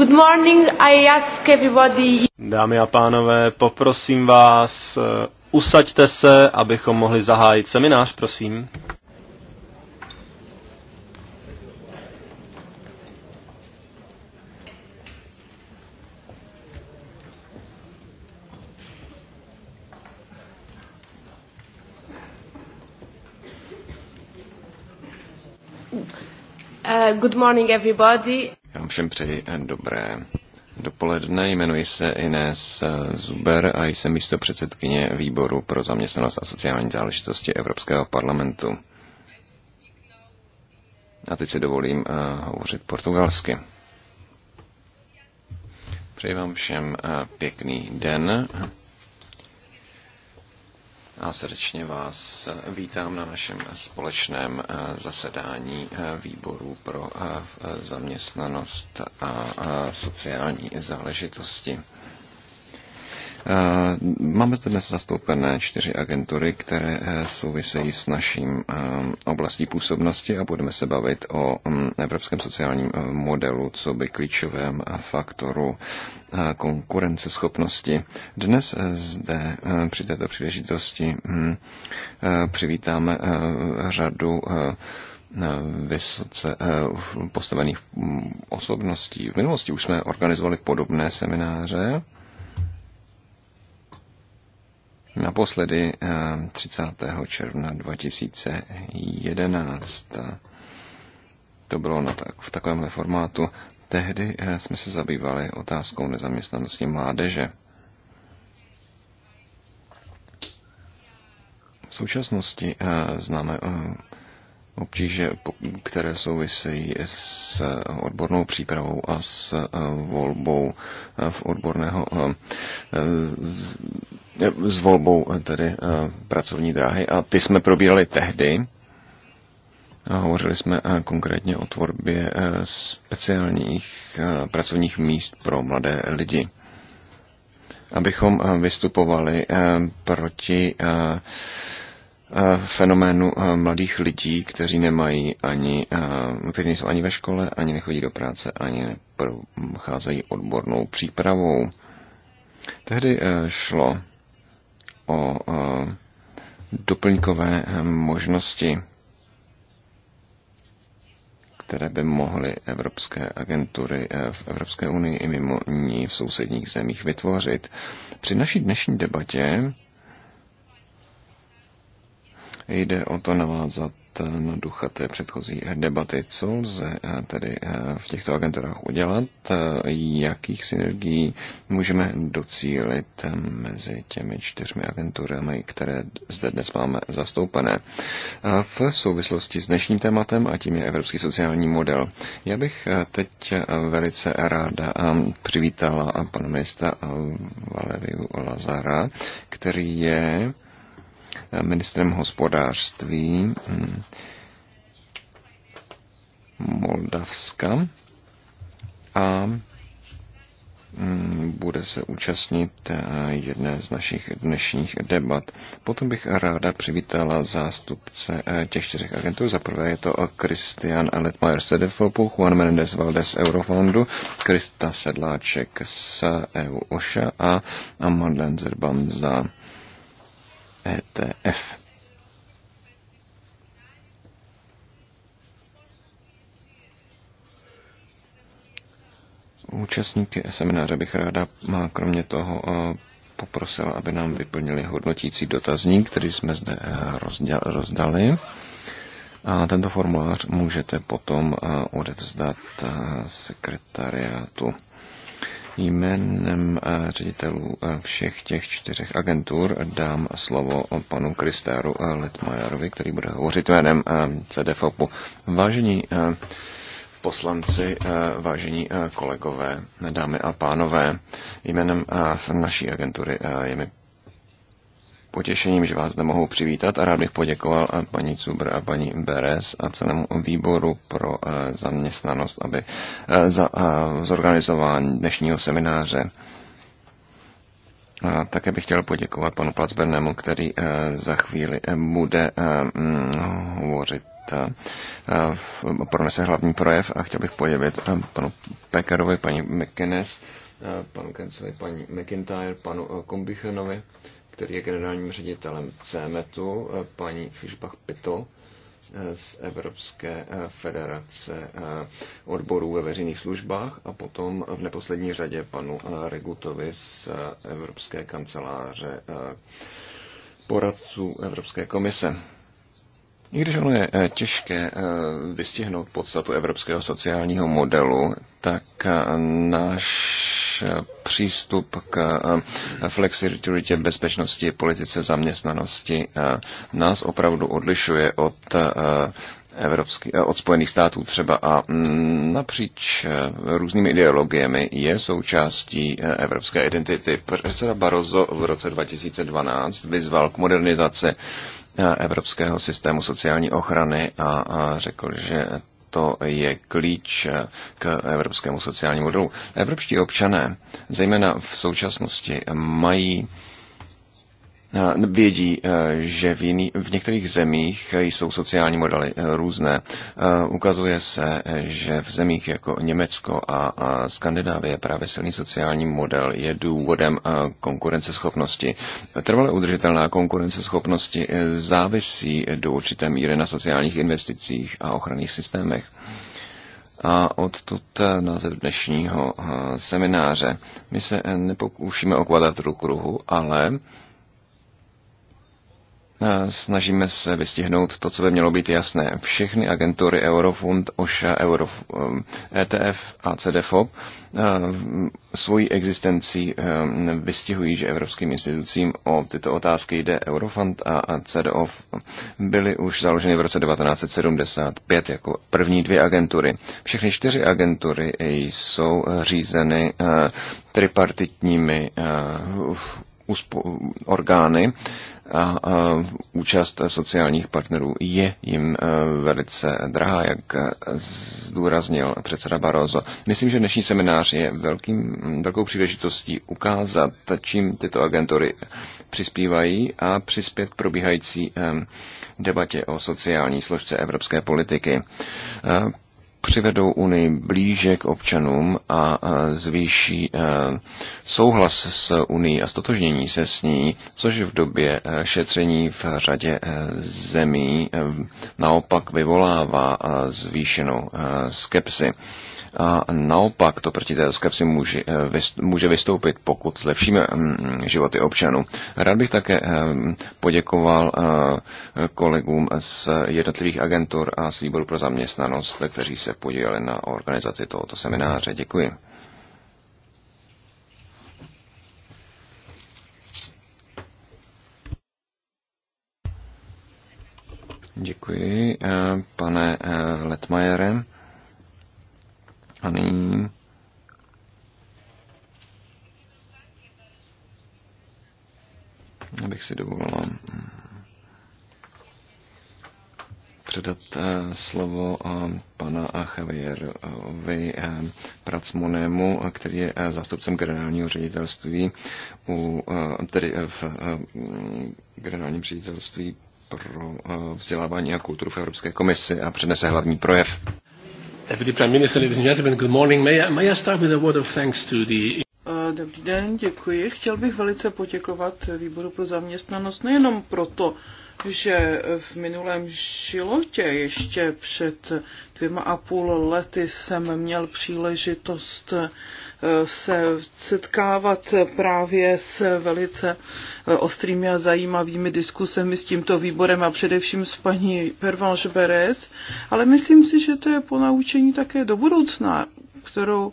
Good morning, I ask everybody... Dámy a pánové, poprosím vás, eh, usaďte se, abychom mohli zahájit seminář, prosím. Eh, good morning everybody. Já vám všem přeji eh, dobré dopoledne. Jmenuji se Ines eh, Zuber a jsem místo předsedkyně výboru pro zaměstnanost a sociální záležitosti Evropského parlamentu. A teď si dovolím eh, hovořit portugalsky. Přeji vám všem pěkný den a srdečně vás vítám na našem společném eh, zasedání eh, výboru pro eh, zaměstnanost a sociální záležitosti. Eh, máme zde dnes zastoupené čtyři agentury, které eh, souvisejí s naším eh, oblastí působnosti a budeme se bavit o mm, evropském sociálním modelu, co by klíčovém faktoru konkurenceschopnosti. Dnes zde při této příležitosti hm, přivítáme řadu vysoce postavených hm, osobností. V minulosti už jsme organizovali podobné semináře naposledy 30. Eh, června 2011. To bylo na tak, v takovémhle formátu. Tehdy eh, jsme se zabývali otázkou nezaměstnanosti mládeže. V současnosti eh, známe obtíže, které souvisejí s eh, odbornou přípravou a s eh, volbou eh, v odborného s volbou tedy pracovní dráhy. A ty jsme probírali tehdy. A hovořili jsme konkrétně o tvorbě speciálních pracovních míst pro mladé lidi abychom vystupovali proti Eh, fenoménu eh, mladých lidí, kteří nemají ani, eh, kteří nejsou ani ve škole, ani nechodí do práce, ani procházejí odbornou přípravou. Tehdy šlo o doplňkové možnosti, které by mohly evropské agentury v Evropské unii i mimo ní v sousedních zemích vytvořit. Při naší dnešní debatě Jde o to navázat na ducha té předchozí debaty, co lze eh, tedy eh, v těchto agenturách udělat, eh, jakých synergií můžeme docílit mezi těmi čtyřmi agenturami, které zde dnes máme zastoupené. V souvislosti s dnešním tématem a tím je Evropský sociální model. Já bych teď velice ráda přivítala pana ministra Valeriu Lazara, který je ministrem hospodářství mm, Moldavska a mm, bude se účastnit eh, jedné z našich dnešních debat. Potom bych ráda přivítala zástupce eh, těch čtyřech agentů. Za prvé je to eh, Christian Letmajer Sedefopu, Juan Menendez Valdez Eurofondu, Krista Sedláček z EU OŠA a Madlen Zerbanza. za ETF. Účastníky semináře bych ráda má kromě toho poprosila, aby nám vyplnili hodnotící dotazník, který jsme zde rozdali. A tento formulář můžete potom odevzdat sekretariátu. Jménem eh, ředitelů eh, všech těch čtyřech agentur dám slovo panu Kristáru eh, Letmajerovi, který bude hovořit jménem CDFOPu. Vážení poslanci, vážení kolegové, dámy a pánové, jménem naší agentury je mi potěšením, že vás zde mohu přivítat a rád bych poděkoval eh, paní Cubr a paní Beres a celému výboru pro eh, zaměstnanost aby eh, za zorganizování dnešního semináře. A také bych chtěl poděkovat panu Placbernému, který za chvíli bude mm, hovořit pronese hlavní projev a chtěl bych pojevit panu Pekarovi, paní McInnes, panu Kencovi, paní McIntyre, panu Kombichenovi který je generálním ředitelem CEMETu, eh, paní Fischbach Pitl eh, z Evropské eh, federace odborů ve veřejných službách a potom v neposlední řadě panu Regutovi z Evropské kanceláře poradců Evropské komise. I když ono je těžké vystihnout podstatu evropského sociálního modelu, tak náš Eh, přístup k eh, flexibilitě, bezpečnosti, politice, zaměstnanosti eh, nás opravdu odlišuje od Evropský, od Spojených států třeba a mm, napříč různými ideologiemi je součástí evropské identity. Předseda Barroso v roce 2012 vyzval k modernizaci evropského systému sociální ochrany a řekl, že to je klíč k evropskému sociálnímu modelu. Evropští občané, zejména v současnosti, mají Eh, vědí, eh, že v, jiný, v některých zemích eh, jsou sociální modely různé. Ukazuje se, že v zemích jako Německo a Skandinávie právě silný sociální model je důvodem konkurenceschopnosti. Trvale udržitelná konkurenceschopnosti závisí do určité míry na sociálních investicích a ochranných systémech. A odtud název dnešního semináře. My se nepokoušíme o kvadraturu kruhu, ale Snažíme se vystihnout to, co by mělo být jasné. Všechny agentury Eurofund, OSHA, Eurof, um, ETF a CDFOP uh, svojí existenci um, vystihují, že evropským institucím o tyto otázky jde Eurofund a CDOF byly už založeny v roce 1975 jako první dvě agentury. Všechny čtyři agentury jsou řízeny uh, tripartitními uh, orgány a účast sociálních partnerů je jim e, velice drahá, jak zdůraznil předseda Barroso. Myslím, že dnešní seminář je velkým, velkou příležitostí ukázat, čím tyto agentury přispívají a přispět k probíhající e, debatě o sociální složce evropské politiky. E, přivedou Unii blíže k občanům a zvýší e, souhlas s Unii a stotožnění se s ní, což v době e, šetření v řadě e, zemí naopak vyvolává zvýšenou skepsi. A naopak to proti této skepsi může, eh, vystoupit, pokud zlepšíme mm, mm, životy občanů. Rád bych také eh, poděkoval eh, kolegům z jednotlivých agentur a z výboru pro zaměstnanost, kteří se podíleli na organizaci tohoto semináře. Děkuji. Děkuji, pane Letmajere. A nyní bych si dovolila mm, předat eh, slovo eh, pana eh, Javierovi Pracmonému, který je zástupcem generálního ředitelství u, tedy v mm, generálním ředitelství pro vzdělávání a kulturu v Evropské komisi a přednese hlavní projev. Deputy Prime Minister, ladies and gentlemen, good morning. May I, may I start with a word of thanks to the... Eh, dobrý den, děkuji. Chtěl bych velice poděkovat výboru pro zaměstnanost nejenom proto, že v minulém životě, ještě před dvěma a půl lety, jsem měl příležitost eh, se setkávat právě s velice eh, ostrými a zajímavými diskusemi s tímto výborem a především s paní Pervanš Beres, ale myslím si, že to je naučení také do budoucna, kterou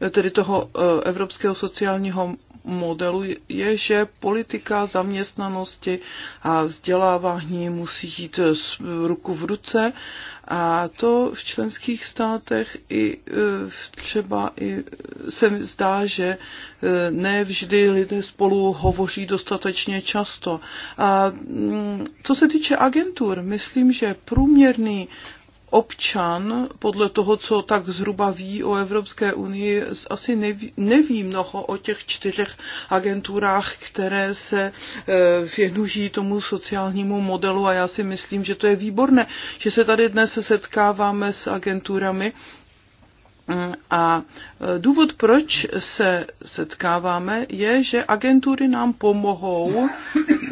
eh, tedy toho Evropského sociálního modelu je, že politika zaměstnanosti a vzdělávání musí jít ruku v ruce a to v členských státech i e, třeba i e, se mi zdá, že e, ne vždy lidé spolu hovoří dostatečně často. A mm, co se týče agentur, myslím, že průměrný občan, podle toho, co tak zhruba ví o Evropské unii, asi neví, neví mnoho o těch čtyřech agenturách, které se eh, věnují tomu sociálnímu modelu a já si myslím, že to je výborné, že se tady dnes setkáváme s agenturami, Mm, a e, důvod, proč se setkáváme, je, že agentury nám pomohou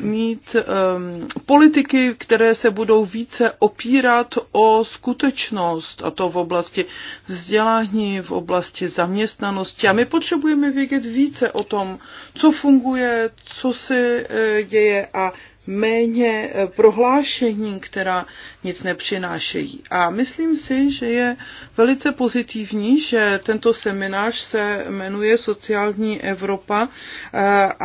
mít um, politiky, které se budou více opírat o skutečnost, a to v oblasti vzdělání, v oblasti zaměstnanosti. A my potřebujeme vědět více o tom, co funguje, co se uh, děje a méně eh, prohlášení, která nic nepřinášejí. A myslím si, že je velice pozitivní, že tento seminář se jmenuje Sociální Evropa eh,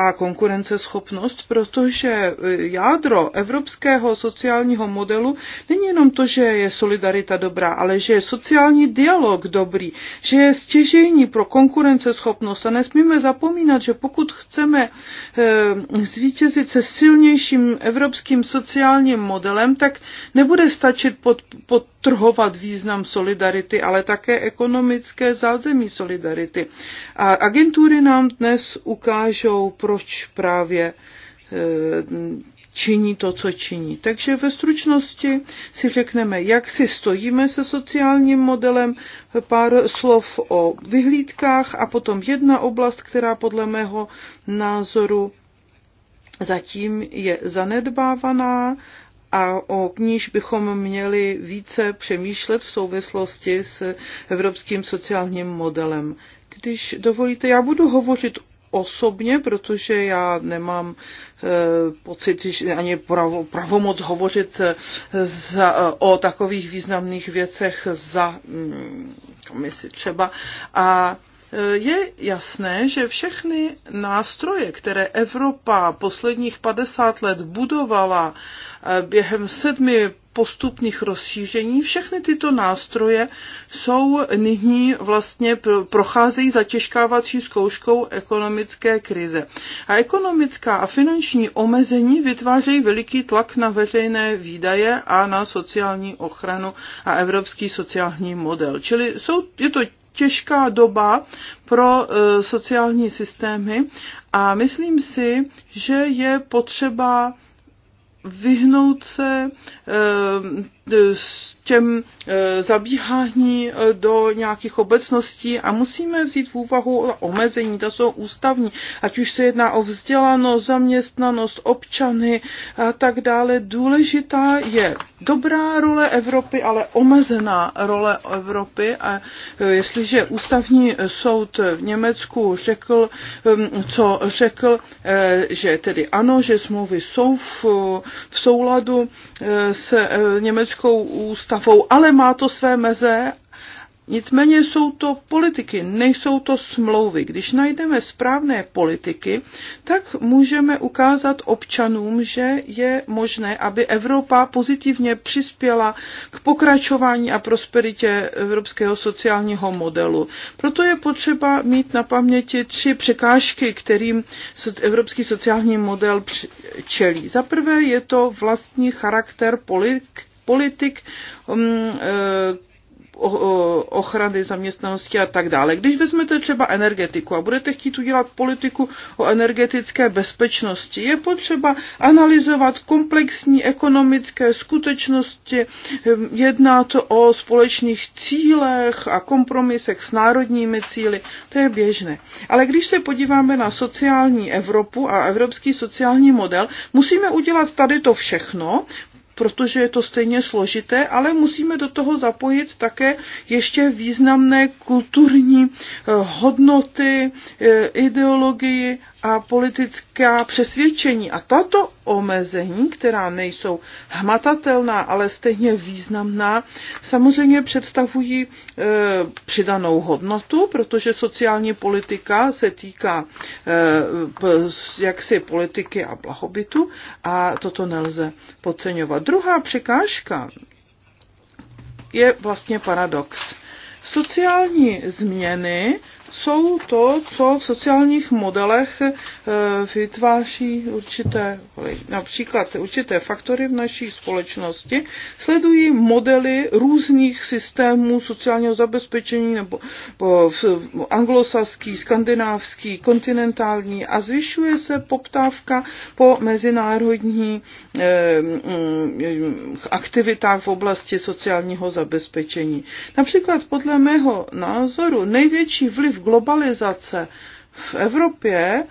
a konkurenceschopnost, protože eh, jádro evropského sociálního modelu není jenom to, že je solidarita dobrá, ale že je sociální dialog dobrý, že je stěžení pro konkurenceschopnost a nesmíme zapomínat, že pokud chceme zvítězit se silnějším evropským sociálním modelem, tak nebude stačit pod, podtrhovat význam solidarity, ale také ekonomické zázemí solidarity. A agentury nám dnes ukážou, proč právě e, činí to, co činí. Takže ve stručnosti si řekneme, jak si stojíme se sociálním modelem, pár slov o vyhlídkách a potom jedna oblast, která podle mého názoru zatím je zanedbávaná a o kníž bychom měli více přemýšlet v souvislosti s evropským sociálním modelem. Když dovolíte, já budu hovořit osobně, protože já nemám e, pocit že ani pravo, pravomoc hovořit eh, za, eh, o takových významných věcech za mm, komisi třeba. A je jasné, že všechny nástroje, které Evropa posledních 50 let budovala eh, během sedmi postupných rozšíření, všechny tyto nástroje jsou nyní vlastně procházejí zatěžkávací zkouškou ekonomické krize. A ekonomická a finanční omezení vytvářejí veliký tlak na veřejné výdaje a na sociální ochranu a evropský sociální model. Čili jsou, je to těžká doba pro e, sociální systémy a myslím si, že je potřeba vyhnout se e, s těm e, zabíhání e, do nějakých obecností a musíme vzít v úvahu omezení, ta jsou ústavní, ať už se jedná o vzdělanost, zaměstnanost, občany a tak dále. Důležitá je dobrá role Evropy, ale omezená role Evropy a e, jestliže ústavní soud v Německu řekl, co řekl, že tedy ano, že smlouvy jsou v, v souladu se Německou politickou ústavou, ale má to své meze. Nicméně jsou to politiky, nejsou to smlouvy. Když najdeme správné politiky, tak můžeme ukázat občanům, že je možné, aby Evropa pozitivně přispěla k pokračování a prosperitě evropského sociálního modelu. Proto je potřeba mít na paměti tři překážky, kterým evropský sociální model čelí. Za prvé je to vlastní charakter politik politik um, eh, ochrany zaměstnanosti a tak dále. Když vezmete třeba energetiku a budete chtít udělat politiku o energetické bezpečnosti, je potřeba analyzovat komplexní ekonomické skutečnosti, eh, jedná to o společných cílech a kompromisech s národními cíly, to je běžné. Ale když se podíváme na sociální Evropu a evropský sociální model, musíme udělat tady to všechno, protože je to stejně složité, ale musíme do toho zapojit také ještě významné kulturní eh, hodnoty, eh, ideologii a politická přesvědčení. A tato omezení, která nejsou hmatatelná, ale stejně významná, samozřejmě představují e, přidanou hodnotu, protože sociální politika se týká e, jaksi politiky a blahobytu a toto nelze podceňovat. Druhá překážka je vlastně paradox. Sociální změny jsou to, co v sociálních modelech eh, vytváří určité, například určité faktory v naší společnosti, sledují modely různých systémů sociálního zabezpečení nebo anglosaský, skandinávský, kontinentální a zvyšuje se poptávka po mezinárodní eh, mm, aktivitách v oblasti sociálního zabezpečení. Například podle mého názoru největší vliv globalizace v Evropě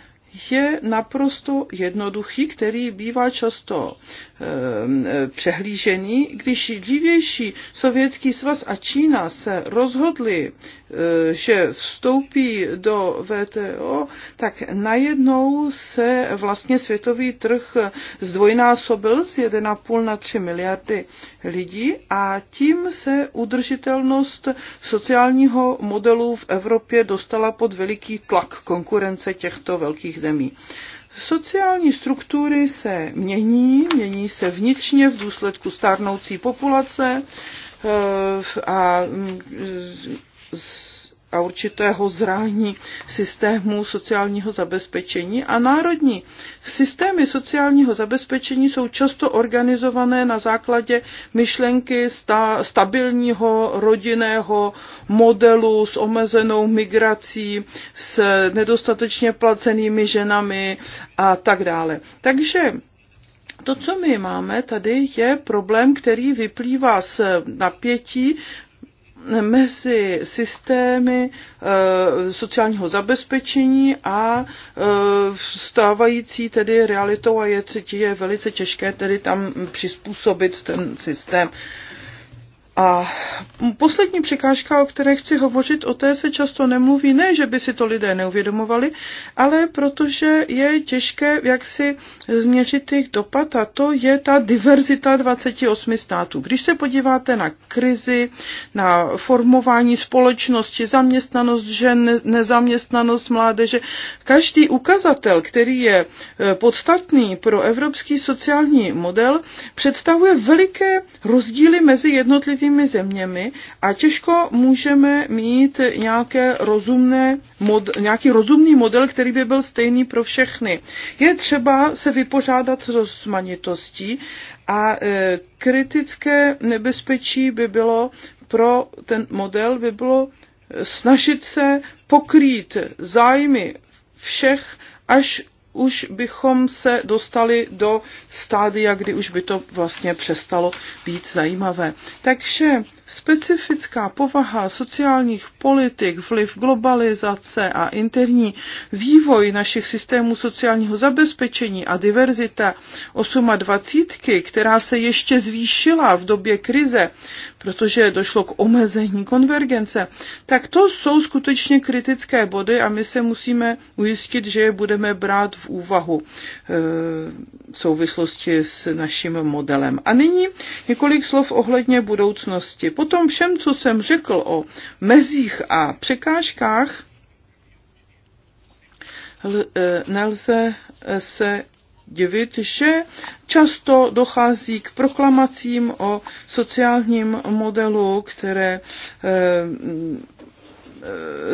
je naprosto jednoduchý, který bývá často Ehm, přehlížený, když dřívější Sovětský svaz a Čína se rozhodli, eh, že vstoupí do VTO, tak najednou se vlastně světový trh zdvojnásobil z 1,5 na 3 miliardy lidí a tím se udržitelnost sociálního modelu v Evropě dostala pod veliký tlak konkurence těchto velkých zemí. Sociální struktury se mění, mění se vnitřně v důsledku stárnoucí populace eh, a mm, a určitého zrání systému sociálního zabezpečení. A národní systémy sociálního zabezpečení jsou často organizované na základě myšlenky sta, stabilního rodinného modelu s omezenou migrací, s nedostatečně placenými ženami a tak dále. Takže to, co my máme tady, je problém, který vyplývá z napětí mezi systémy eh, sociálního zabezpečení a eh, stávající tedy realitou a je, je velice těžké tedy tam přizpůsobit ten systém a poslední překážka, o které chci hovořit, o té se často nemluví, ne, že by si to lidé neuvědomovali, ale protože je těžké jak si změřit jejich dopad a to je ta diverzita 28 států. Když se podíváte na krizi, na formování společnosti, zaměstnanost žen, nezaměstnanost mládeže, každý ukazatel, který je e, podstatný pro evropský sociální model, představuje veliké rozdíly mezi jednotlivými členskými zeměmi a těžko můžeme mít nějaké rozumné, mod, nějaký rozumný model, který by byl stejný pro všechny. Je třeba se vypořádat s rozmanitostí a e, kritické nebezpečí by bylo pro ten model by bylo e, snažit se pokrýt zájmy všech až už bychom se dostali do stádia, kdy už by to vlastně přestalo být zajímavé. Takže Specifická povaha sociálních politik, vliv globalizace a interní vývoj našich systémů sociálního zabezpečení a diverzita 28, která se ještě zvýšila v době krize, protože došlo k omezení konvergence, tak to jsou skutečně kritické body a my se musíme ujistit, že je budeme brát v úvahu e, v souvislosti s naším modelem. A nyní několik slov ohledně budoucnosti tom všem, co jsem řekl o mezích a překážkách, e, nelze e, se divit, že často dochází k proklamacím o sociálním modelu, které e,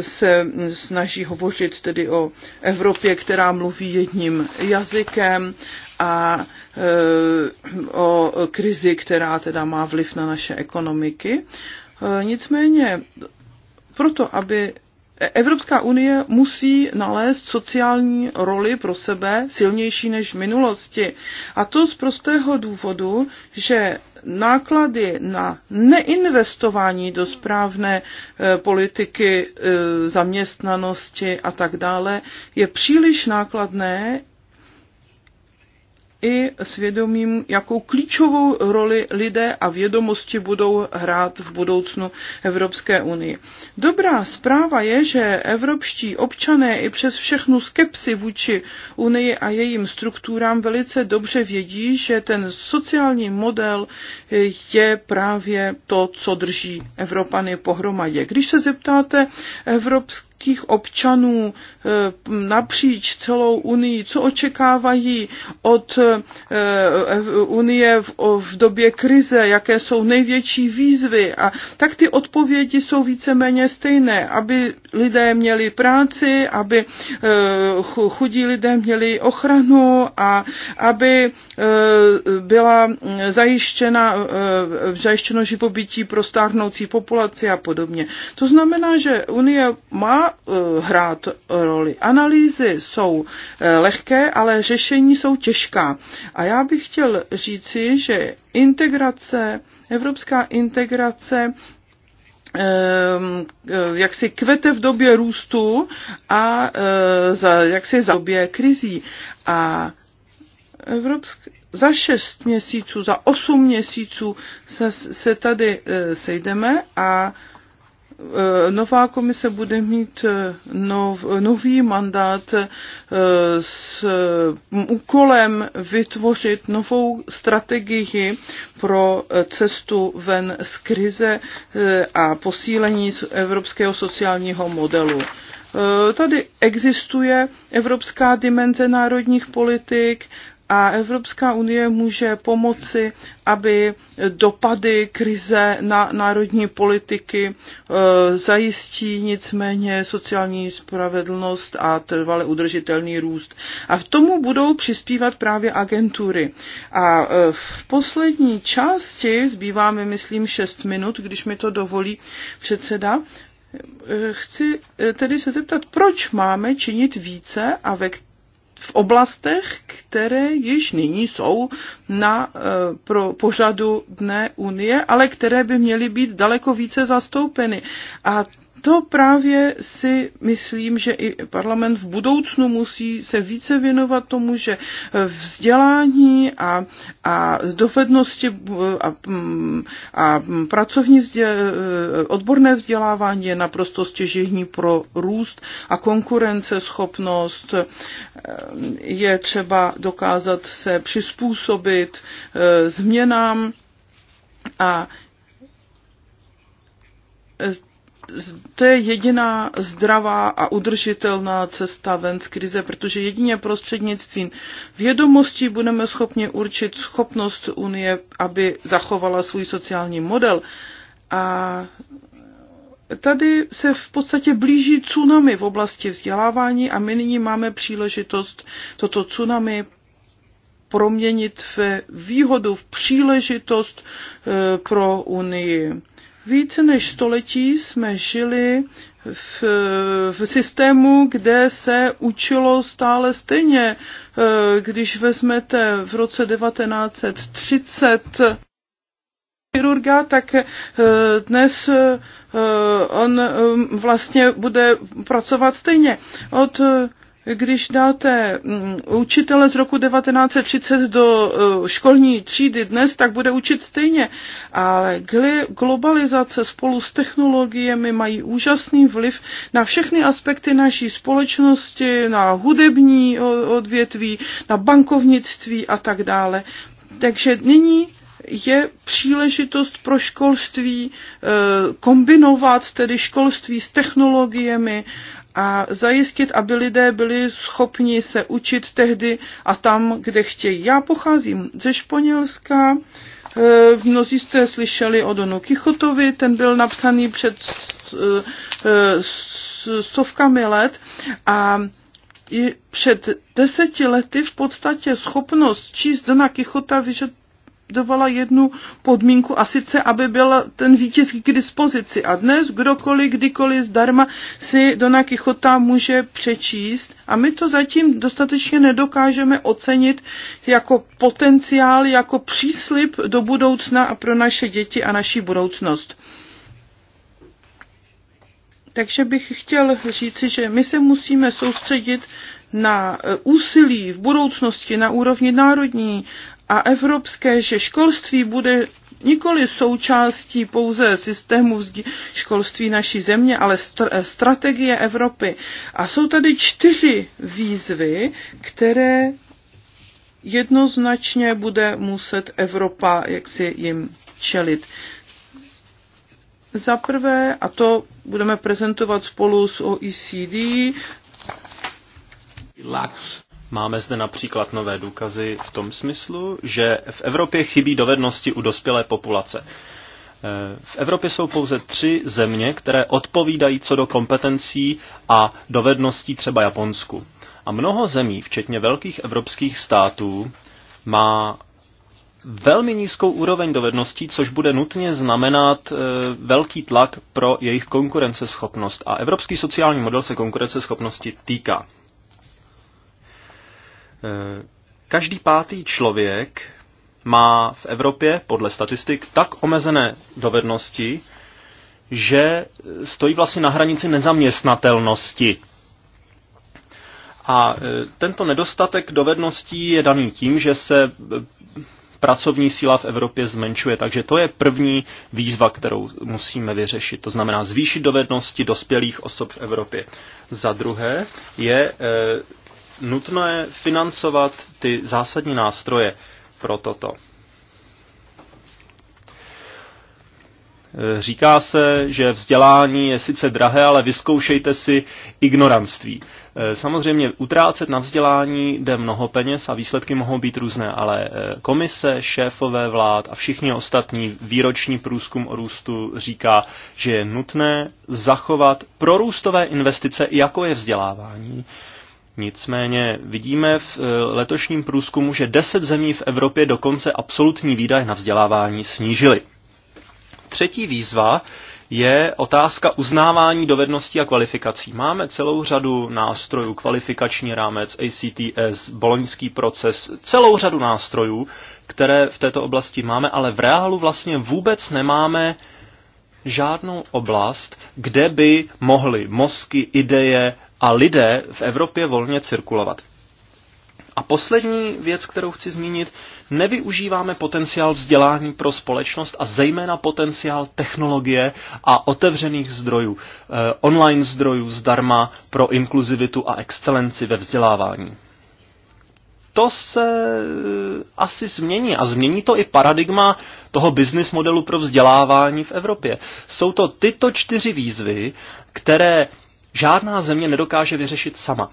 se snaží hovořit tedy o Evropě, která mluví jedním jazykem a eh, o krizi, která teda má vliv na naše ekonomiky. Eh, nicméně proto, aby Evropská unie musí nalézt sociální roli pro sebe silnější než v minulosti. A to z prostého důvodu, že náklady na neinvestování do správné e, politiky e, zaměstnanosti a tak dále je příliš nákladné i svědomím, jakou klíčovou roli lidé a vědomosti budou hrát v budoucnu Evropské unii. Dobrá zpráva je, že evropští občané i přes všechnu skepsi vůči unii a jejím strukturám velice dobře vědí, že ten sociální model je právě to, co drží Evropany pohromadě. Když se zeptáte evropské jakých občanů eh, napříč celou Unii, co očekávají od eh, eh, Unie v době krize, jaké jsou největší výzvy. A tak ty odpovědi jsou víceméně stejné, aby lidé měli práci, aby chudí lidé měli ochranu a aby byla zajištěna, zajištěno živobytí pro stárnoucí populaci a podobně. To znamená, že Unie má hrát roli. Analýzy jsou eh, lehké, ale řešení jsou těžká. A já bych chtěl říci, že integrace, evropská integrace ehm, eh, jak si kvete v době růstu a eh, za, jak si za době krizí. A Evropsk, za šest měsíců, za osm měsíců se, se tady sejdeme a Eh, nová komise bude mít eh, nov, nový mandát eh, s mm, úkolem vytvořit novou strategii pro cestu ven z krize a posílení evropského sociálního modelu. Tady existuje evropská dimenze národních politik a Evropská unie může pomoci, aby dopady krize na národní politiky e, zajistí nicméně sociální spravedlnost a trvale udržitelný růst. A k tomu budou přispívat právě agentury. A e, v poslední části zbývá mi, myslím, 6 minut, když mi to dovolí předseda, e, chci tedy se zeptat, proč máme činit více a ve v oblastech, které již nyní jsou na eh, pro pořadu dne Unie, ale které by měly být daleko více zastoupeny. A to právě si myslím, že i parlament v budoucnu musí se více věnovat tomu, že vzdělání a, a dovednosti a, a pracovní vzdě, odborné vzdělávání je naprosto stěžení pro růst a konkurenceschopnost. Je třeba dokázat se přizpůsobit eh, změnám a to je jediná zdravá a udržitelná cesta ven z krize, protože jedině prostřednictvím vědomostí budeme schopni určit schopnost Unie, aby zachovala svůj sociální model. A tady se v podstatě blíží tsunami v oblasti vzdělávání a my nyní máme příležitost toto tsunami proměnit ve výhodu, v příležitost eh, pro Unii více než století jsme žili v, v systému, kde se učilo stále stejně. Eh, když vezmete v roce 1930 chirurga, tak eh, dnes eh, on vlastně bude pracovat stejně. Od když dáte mm, učitele z roku 1930 do eh, školní třídy dnes, tak bude učit stejně. Ale globalizace spolu s technologiemi mají úžasný vliv na všechny aspekty naší společnosti, na hudební odvětví, na bankovnictví a tak dále. Takže nyní je příležitost pro školství eh, kombinovat tedy školství s technologiemi a zajistit, aby lidé byli schopni se učit tehdy a tam, kde chtějí. Já pocházím ze Španělska, e, mnozí jste slyšeli o Donu Kichotovi, ten byl napsaný před e, e, stovkami let a i před deseti lety v podstatě schopnost číst Dona Kichota vyžadovala dovala jednu podmínku a sice, aby byl ten vítěz k dispozici. A dnes kdokoliv, kdykoliv zdarma si Dona Kichota může přečíst a my to zatím dostatečně nedokážeme ocenit jako potenciál, jako příslip do budoucna a pro naše děti a naší budoucnost. Takže bych chtěl říci, že my se musíme soustředit na eh, úsilí v budoucnosti na úrovni národní a evropské, že školství bude nikoli součástí pouze systému školství naší země, ale str- strategie Evropy. A jsou tady čtyři výzvy, které jednoznačně bude muset Evropa, jak si jim čelit. Za prvé, a to budeme prezentovat spolu s OECD, Relax. Máme zde například nové důkazy v tom smyslu, že v Evropě chybí dovednosti u dospělé populace. E, v Evropě jsou pouze tři země, které odpovídají co do kompetencí a dovedností třeba Japonsku. A mnoho zemí, včetně velkých evropských států, má velmi nízkou úroveň dovedností, což bude nutně znamenat e, velký tlak pro jejich konkurenceschopnost. A evropský sociální model se konkurenceschopnosti týká. Každý pátý člověk má v Evropě podle statistik tak omezené dovednosti, že stojí vlastně na hranici nezaměstnatelnosti. A e, tento nedostatek dovedností je daný tím, že se e, pracovní síla v Evropě zmenšuje. Takže to je první výzva, kterou musíme vyřešit. To znamená zvýšit dovednosti dospělých osob v Evropě. Za druhé je e, nutno je financovat ty zásadní nástroje pro toto. E, říká se, že vzdělání je sice drahé, ale vyzkoušejte si ignoranství. E, samozřejmě utrácet na vzdělání jde mnoho peněz a výsledky mohou být různé, ale e, komise, šéfové vlád a všichni ostatní výroční průzkum o růstu říká, že je nutné zachovat prorůstové investice, jako je vzdělávání, Nicméně vidíme v eh, letošním průzkumu, že 10 zemí v Evropě dokonce absolutní výdaj na vzdělávání snížily. Třetí výzva je otázka uznávání dovedností a kvalifikací. Máme celou řadu nástrojů, kvalifikační rámec, ACTS, boloňský proces, celou řadu nástrojů, které v této oblasti máme, ale v reálu vlastně vůbec nemáme žádnou oblast, kde by mohly mozky, ideje, a lidé v Evropě volně cirkulovat. A poslední věc, kterou chci zmínit, nevyužíváme potenciál vzdělání pro společnost a zejména potenciál technologie a otevřených zdrojů, eh, online zdrojů zdarma pro inkluzivitu a excelenci ve vzdělávání. To se eh, asi změní a změní to i paradigma toho business modelu pro vzdělávání v Evropě. Jsou to tyto čtyři výzvy, které žádná země nedokáže vyřešit sama.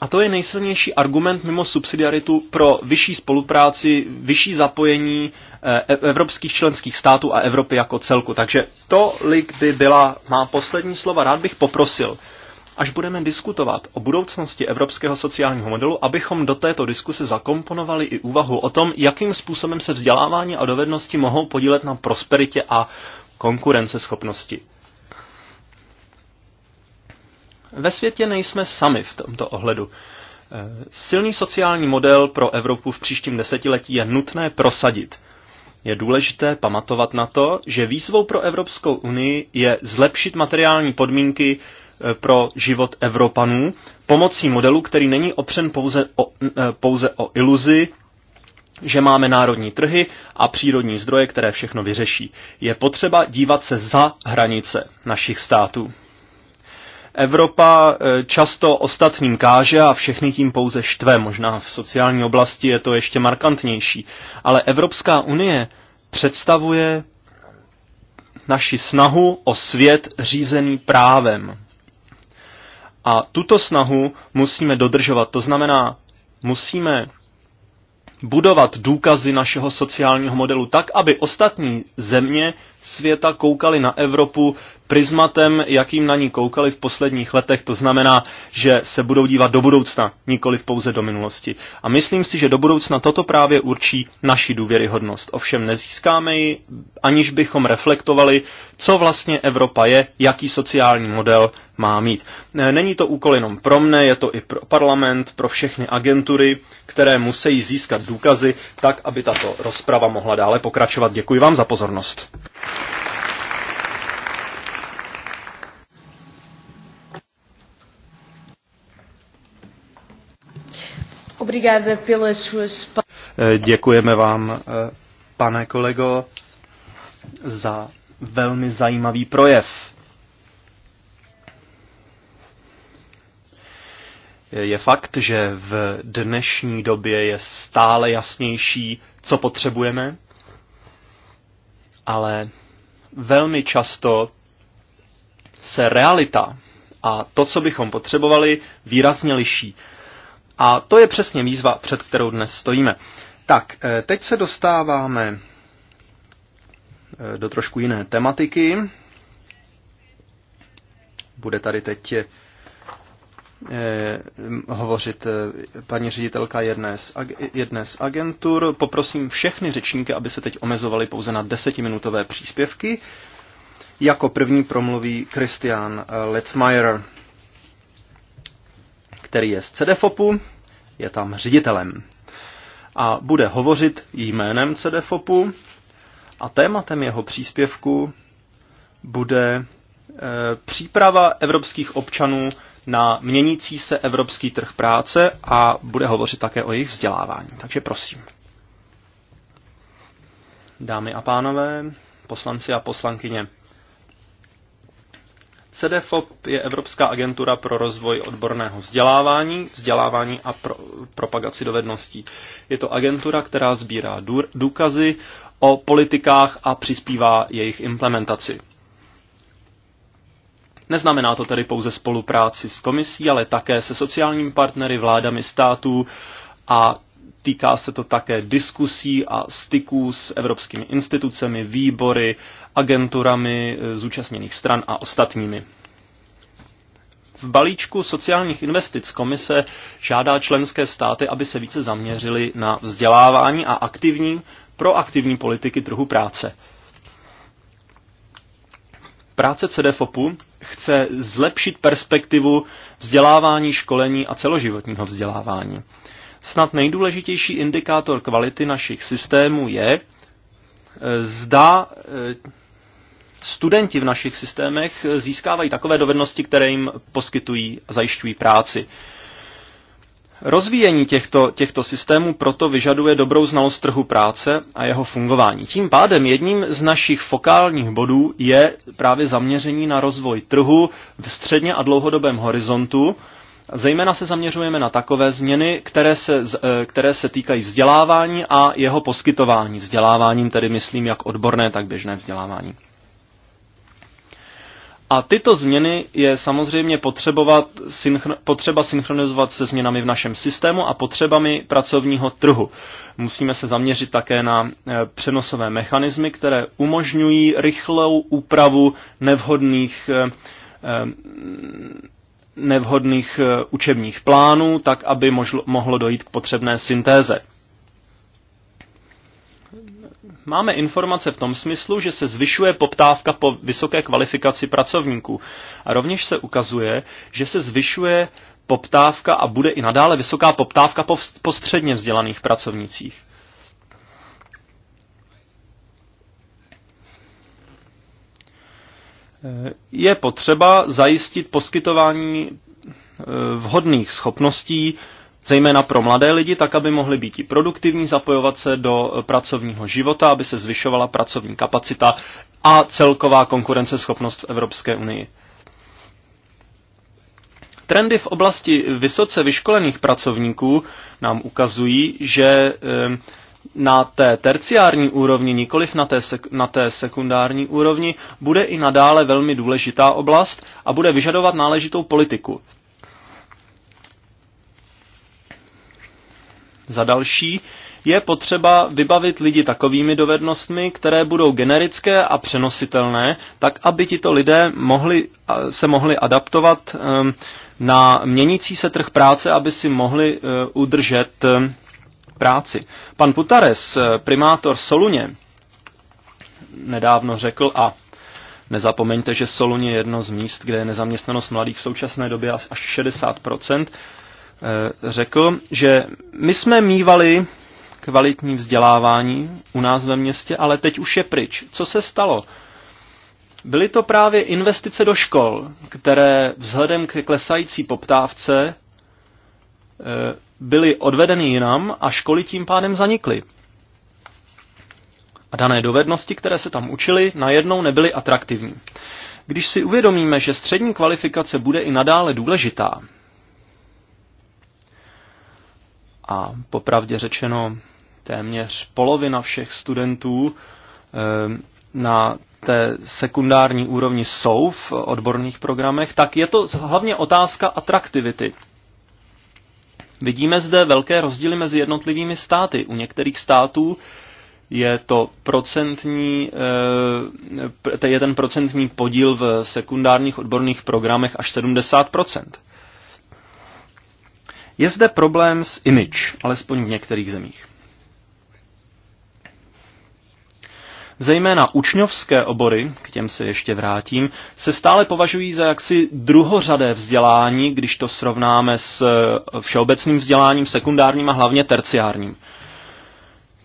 A to je nejsilnější argument mimo subsidiaritu pro vyšší spolupráci, vyšší zapojení eh, e, evropských členských států a Evropy jako celku. Takže tolik by byla má poslední slova. Rád bych poprosil, až budeme diskutovat o budoucnosti evropského sociálního modelu, abychom do této diskuse zakomponovali i úvahu o tom, jakým způsobem se vzdělávání a dovednosti mohou podílet na prosperitě a konkurenceschopnosti. Ve světě nejsme sami v tomto ohledu. Eh, silný sociální model pro Evropu v příštím desetiletí je nutné prosadit. Je důležité pamatovat na to, že výzvou pro Evropskou unii je zlepšit materiální podmínky eh, pro život Evropanů pomocí modelu, který není opřen pouze o, eh, pouze o iluzi, že máme národní trhy a přírodní zdroje, které všechno vyřeší. Je potřeba dívat se za hranice našich států. Evropa eh, často ostatním káže a všechny tím pouze štve. Možná v sociální oblasti je to ještě markantnější. Ale Evropská unie představuje naši snahu o svět řízený právem. A tuto snahu musíme dodržovat. To znamená, musíme budovat důkazy našeho sociálního modelu tak, aby ostatní země světa koukaly na Evropu prismatem, jakým na ní koukali v posledních letech, to znamená, že se budou dívat do budoucna, nikoli pouze do minulosti. A myslím si, že do budoucna toto právě určí naši důvěryhodnost. Ovšem nezískáme ji, aniž bychom reflektovali, co vlastně Evropa je, jaký sociální model má mít. E, není to úkol jenom pro mne, je to i pro parlament, pro všechny agentury, které musí získat důkazy, tak aby tato rozprava mohla dále pokračovat. Děkuji vám za pozornost. Obrigada pelas suas... Eh, děkujeme vám, eh, pane kolego, za velmi zajímavý projev. Eh, je fakt, že v dnešní době je stále jasnější, co potřebujeme, ale velmi často se realita a to, co bychom potřebovali, výrazně liší. A to je přesně výzva, před kterou dnes stojíme. Tak, eh, teď se dostáváme eh, do trošku jiné tematiky. Bude tady teď eh, hovořit paní ředitelka jedné z, jedné z agentur. Poprosím všechny řečníky, aby se teď omezovali pouze na desetiminutové příspěvky. Jako první promluví Christian Letmeyer který je z CDFOPu, je tam ředitelem. A bude hovořit jménem CDFOPu a tématem jeho příspěvku bude e, příprava evropských občanů na měnící se evropský trh práce a bude hovořit také o jejich vzdělávání. Takže prosím. Dámy a pánové, poslanci a poslankyně, CDFOP je Evropská agentura pro rozvoj odborného vzdělávání, vzdělávání a pro, propagaci dovedností. Je to agentura, která sbírá důkazy o politikách a přispívá jejich implementaci. Neznamená to tedy pouze spolupráci s komisí, ale také se sociálními partnery, vládami států a Týká se to také diskusí a styků s evropskými institucemi, výbory, agenturami eh, zúčastněných stran a ostatními. V balíčku sociálních investic komise žádá členské státy, aby se více zaměřili na vzdělávání a aktivní, proaktivní politiky trhu práce. Práce CDFOPu chce zlepšit perspektivu vzdělávání, školení a celoživotního vzdělávání. Snad nejdůležitější indikátor kvality našich systémů je, eh, zda eh, studenti v našich systémech získávají takové dovednosti, které jim poskytují a zajišťují práci. Rozvíjení těchto, těchto systémů proto vyžaduje dobrou znalost trhu práce a jeho fungování. Tím pádem jedním z našich fokálních bodů je právě zaměření na rozvoj trhu v středně a dlouhodobém horizontu Zejména se zaměřujeme na takové změny, které se, eh, které se týkají vzdělávání a jeho poskytování. Vzděláváním tedy myslím jak odborné, tak běžné vzdělávání. A tyto změny je samozřejmě potřebovat, synchro, potřeba synchronizovat se změnami v našem systému a potřebami pracovního trhu. Musíme se zaměřit také na eh, přenosové mechanismy, které umožňují rychlou úpravu nevhodných eh, nevhodných eh, učebních plánů, tak aby možlo, mohlo dojít k potřebné syntéze. Máme informace v tom smyslu, že se zvyšuje poptávka po vysoké kvalifikaci pracovníků. A rovněž se ukazuje, že se zvyšuje poptávka a bude i nadále vysoká poptávka po, po středně vzdělaných pracovnících. je potřeba zajistit poskytování eh, vhodných schopností, zejména pro mladé lidi, tak aby mohli být i produktivní, zapojovat se do pracovního života, aby se zvyšovala pracovní kapacita a celková konkurenceschopnost v Evropské unii. Trendy v oblasti vysoce vyškolených pracovníků nám ukazují, že eh, na té terciární úrovni, nikoliv na té, sek- na té sekundární úrovni, bude i nadále velmi důležitá oblast a bude vyžadovat náležitou politiku. Za další je potřeba vybavit lidi takovými dovednostmi, které budou generické a přenositelné, tak aby tito lidé mohli, se mohli adaptovat ehm, na měnící se trh práce, aby si mohli e, udržet práci. Pan Putares, eh, primátor Soluně, nedávno řekl a nezapomeňte, že Soluně je jedno z míst, kde je nezaměstnanost mladých v současné době až 60%, eh, řekl, že my jsme mývali kvalitní vzdělávání u nás ve městě, ale teď už je pryč. Co se stalo? Byly to právě investice do škol, které vzhledem k klesající poptávce eh, byly odvedeny jinam a školy tím pádem zanikly. A dané dovednosti, které se tam učili, najednou nebyly atraktivní. Když si uvědomíme, že střední kvalifikace bude i nadále důležitá, a popravdě řečeno téměř polovina všech studentů eh, na té sekundární úrovni jsou v odborných programech, tak je to hlavně otázka atraktivity. Vidíme zde velké rozdíly mezi jednotlivými státy. U některých států je to procentní, eh, je ten procentní podíl v sekundárních odborných programech až 70%. Je zde problém s image, alespoň v některých zemích. zejména učňovské obory, k těm se ještě vrátím, se stále považují za jaksi druhořadé vzdělání, když to srovnáme s eh, všeobecným vzděláním, sekundárním a hlavně terciárním.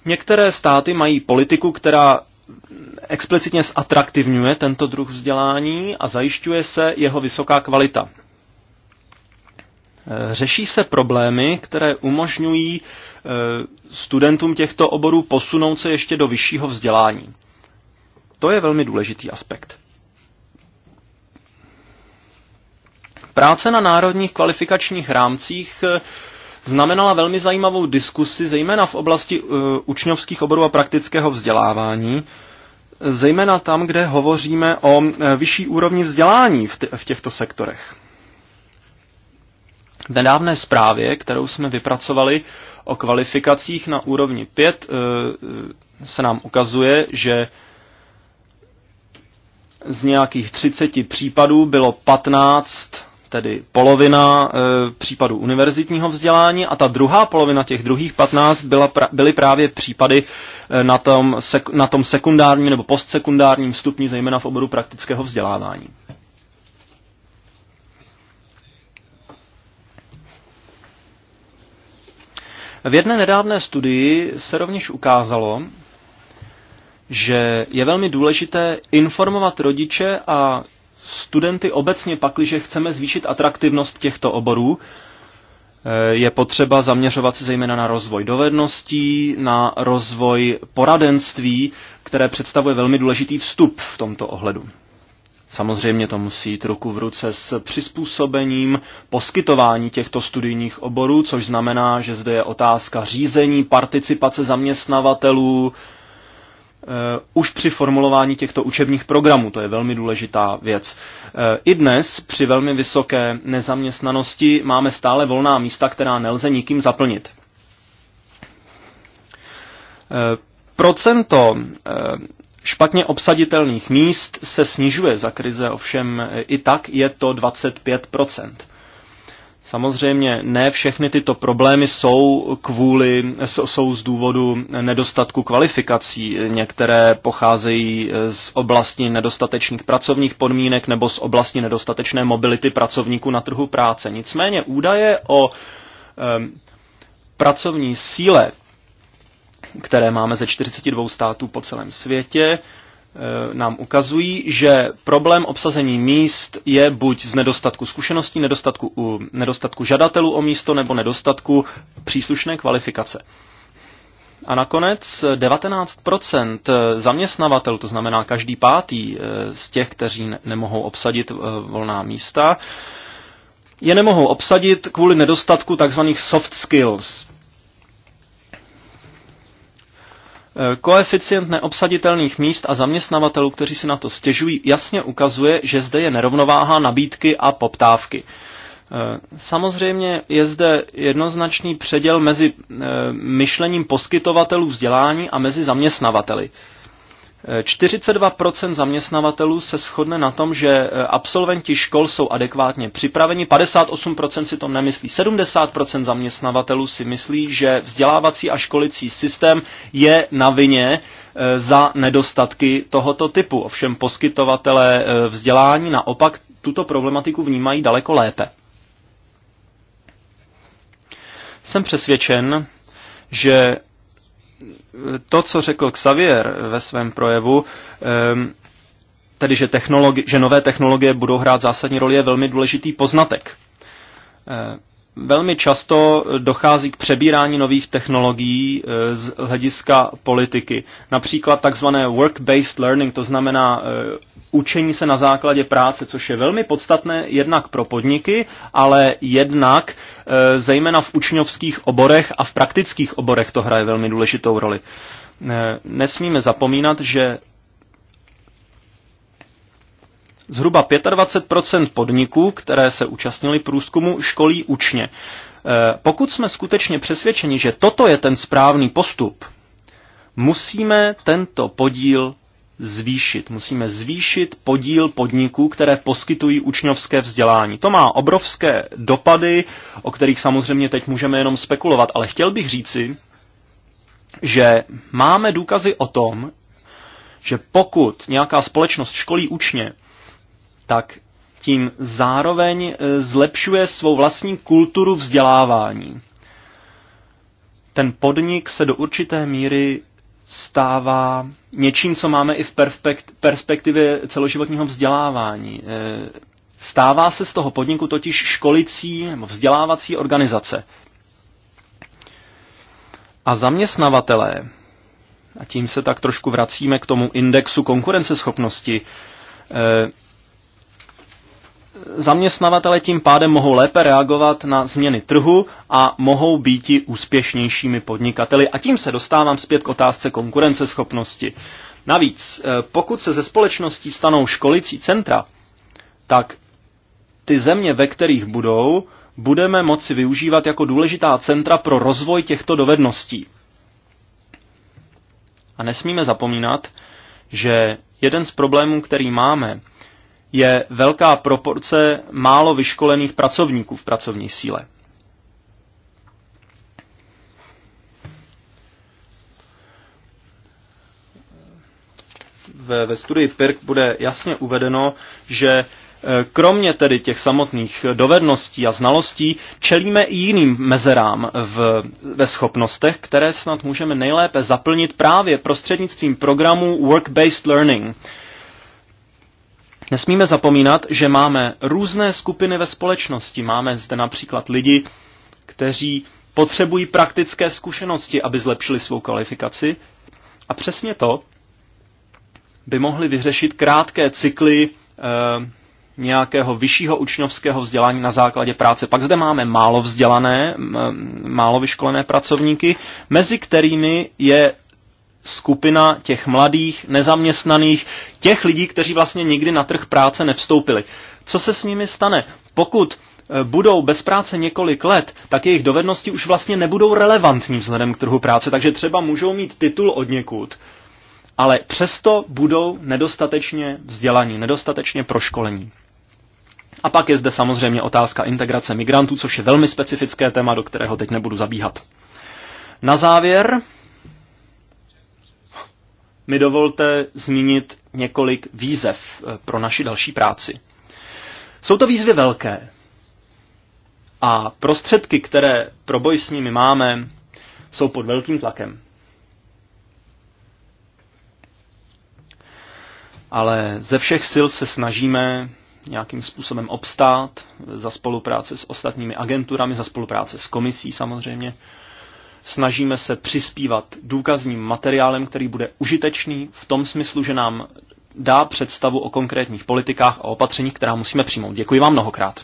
Některé státy mají politiku, která explicitně zatraktivňuje tento druh vzdělání a zajišťuje se jeho vysoká kvalita. Eh, řeší se problémy, které umožňují eh, studentům těchto oborů posunout se ještě do vyššího vzdělání. To je velmi důležitý aspekt. Práce na národních kvalifikačních rámcích eh, znamenala velmi zajímavou diskusi, zejména v oblasti uh, učňovských oborů a praktického vzdělávání, zejména tam, kde hovoříme o uh, vyšší úrovni vzdělání v, v těchto sektorech. V nedávné zprávě, kterou jsme vypracovali o kvalifikacích na úrovni 5, uh, se nám ukazuje, že z nějakých 30 případů bylo 15, tedy polovina e, případů univerzitního vzdělání a ta druhá polovina těch druhých 15 byla pra, byly právě případy e, na, tom sek, na tom sekundárním nebo postsekundárním stupni, zejména v oboru praktického vzdělávání. V jedné nedávné studii se rovněž ukázalo, že je velmi důležité informovat rodiče a studenty obecně pakliže chceme zvýšit atraktivnost těchto oborů, eh, je potřeba zaměřovat se zejména na rozvoj dovedností, na rozvoj poradenství, které představuje velmi důležitý vstup v tomto ohledu. Samozřejmě to musí jít ruku v ruce s přizpůsobením poskytování těchto studijních oborů, což znamená, že zde je otázka řízení, participace zaměstnavatelů, Eh, už při formulování těchto učebních programů. To je velmi důležitá věc. Eh, I dnes při velmi vysoké nezaměstnanosti máme stále volná místa, která nelze nikým zaplnit. Eh, procento špatně obsaditelných míst se snižuje za krize, ovšem i tak je to 25 Samozřejmě ne všechny tyto problémy jsou kvůli, jsou z důvodu nedostatku kvalifikací. Některé pocházejí e, z oblasti nedostatečných pracovních podmínek nebo z oblasti nedostatečné mobility pracovníků na trhu práce. Nicméně údaje o um, pracovní síle, které máme ze 42 států po celém světě, Eh, nám ukazují, že problém obsazení míst je buď z nedostatku zkušeností, nedostatku, u, nedostatku žadatelů o místo nebo nedostatku příslušné kvalifikace. A nakonec 19% eh, zaměstnavatelů, to znamená každý pátý eh, z těch, kteří nemohou obsadit volná místa, je nemohou obsadit kvůli nedostatku tzv. soft skills, Eh, koeficient neobsaditelných míst a zaměstnavatelů, kteří si na to stěžují, jasně ukazuje, že zde je nerovnováha nabídky a poptávky. Eh, samozřejmě je zde jednoznačný předěl mezi eh, myšlením poskytovatelů vzdělání a mezi zaměstnavateli. 42% zaměstnavatelů se shodne na tom, že eh, absolventi škol jsou adekvátně připraveni, 58% si to nemyslí, 70% zaměstnavatelů si myslí, že vzdělávací a školicí systém je na vině eh, za nedostatky tohoto typu. Ovšem poskytovatelé eh, vzdělání naopak tuto problematiku vnímají daleko lépe. Jsem přesvědčen, že to, co řekl Xavier ve svém projevu, ehm, tedy že, technologi- že nové technologie budou hrát zásadní roli, je velmi důležitý poznatek. Ehm, velmi často dochází k přebírání nových technologií eh, z hlediska politiky. Například takzvané work-based learning, to znamená eh, učení se na základě práce, což je velmi podstatné jednak pro podniky, ale jednak eh, zejména v učňovských oborech a v praktických oborech to hraje velmi důležitou roli. Nesmíme zapomínat, že Zhruba 25 podniků, které se účastnili průzkumu, školí učně. E, pokud jsme skutečně přesvědčeni, že toto je ten správný postup, musíme tento podíl zvýšit. Musíme zvýšit podíl podniků, které poskytují učňovské vzdělání. To má obrovské dopady, o kterých samozřejmě teď můžeme jenom spekulovat, ale chtěl bych říci, že máme důkazy o tom, že pokud nějaká společnost školí učně, tak tím zároveň e, zlepšuje svou vlastní kulturu vzdělávání. Ten podnik se do určité míry stává něčím, co máme i v perspektivě celoživotního vzdělávání. E, stává se z toho podniku totiž školicí nebo vzdělávací organizace. A zaměstnavatelé, a tím se tak trošku vracíme k tomu indexu konkurenceschopnosti, e, Zaměstnavatele tím pádem mohou lépe reagovat na změny trhu a mohou být i úspěšnějšími podnikateli. A tím se dostávám zpět k otázce konkurenceschopnosti. Navíc, eh, pokud se ze společností stanou školicí centra, tak ty země, ve kterých budou, budeme moci využívat jako důležitá centra pro rozvoj těchto dovedností. A nesmíme zapomínat, že jeden z problémů, který máme, je velká proporce málo vyškolených pracovníků v pracovní síle. Ve, ve studii PIRK bude jasně uvedeno, že e, kromě tedy těch samotných dovedností a znalostí čelíme i jiným mezerám v, ve schopnostech, které snad můžeme nejlépe zaplnit právě prostřednictvím programu Work-Based Learning – Nesmíme zapomínat, že máme různé skupiny ve společnosti. Máme zde například lidi, kteří potřebují praktické zkušenosti, aby zlepšili svou kvalifikaci. A přesně to by mohli vyřešit krátké cykly e, nějakého vyššího učňovského vzdělání na základě práce. Pak zde máme málo vzdělané, málo vyškolené pracovníky, mezi kterými je skupina těch mladých, nezaměstnaných, těch lidí, kteří vlastně nikdy na trh práce nevstoupili. Co se s nimi stane? Pokud eh, budou bez práce několik let, tak jejich dovednosti už vlastně nebudou relevantní vzhledem k trhu práce, takže třeba můžou mít titul od někud, ale přesto budou nedostatečně vzdělaní, nedostatečně proškolení. A pak je zde samozřejmě otázka integrace migrantů, což je velmi specifické téma, do kterého teď nebudu zabíhat. Na závěr mi dovolte zmínit několik výzev eh, pro naši další práci. Jsou to výzvy velké a prostředky, které pro boj s nimi máme, jsou pod velkým tlakem. Ale ze všech sil se snažíme nějakým způsobem obstát eh, za spolupráce s ostatními agenturami, za spolupráce s komisí samozřejmě Snažíme se přispívat důkazním materiálem, který bude užitečný v tom smyslu, že nám dá představu o konkrétních politikách a opatřeních, která musíme přijmout. Děkuji vám mnohokrát.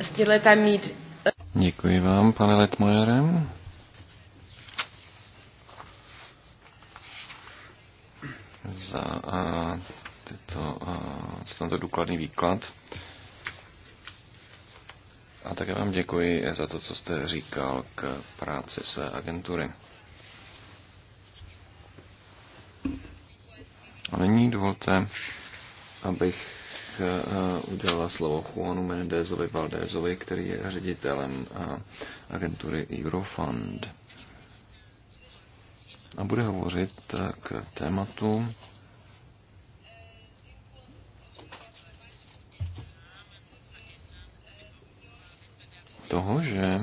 Sr. Letamir. Děkuji vám, pane Letmojere. za tyto, tento důkladný výklad. A také vám děkuji za to, co jste říkal k práci své agentury. A nyní dovolte, abych e, udělala slovo Juanu Mendezovi Valdezovi, který je ředitelem agentury Eurofund a bude hovořit eh, k tématu toho, že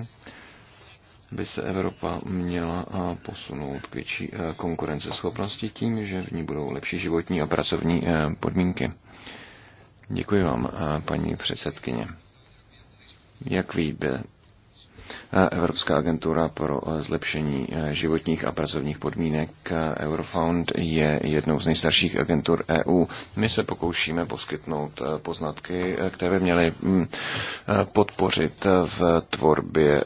by se Evropa měla eh, posunout k větší eh, konkurenceschopnosti tím, že v ní budou lepší životní a pracovní podmínky. Děkuji vám, paní předsedkyně. Jak víte, Eh, Evropská agentura pro eh, zlepšení eh, životních a pracovních podmínek Eurofound je jednou z nejstarších agentur EU. My se pokoušíme poskytnout poznatky, které by měly mm, podpořit v tvorbě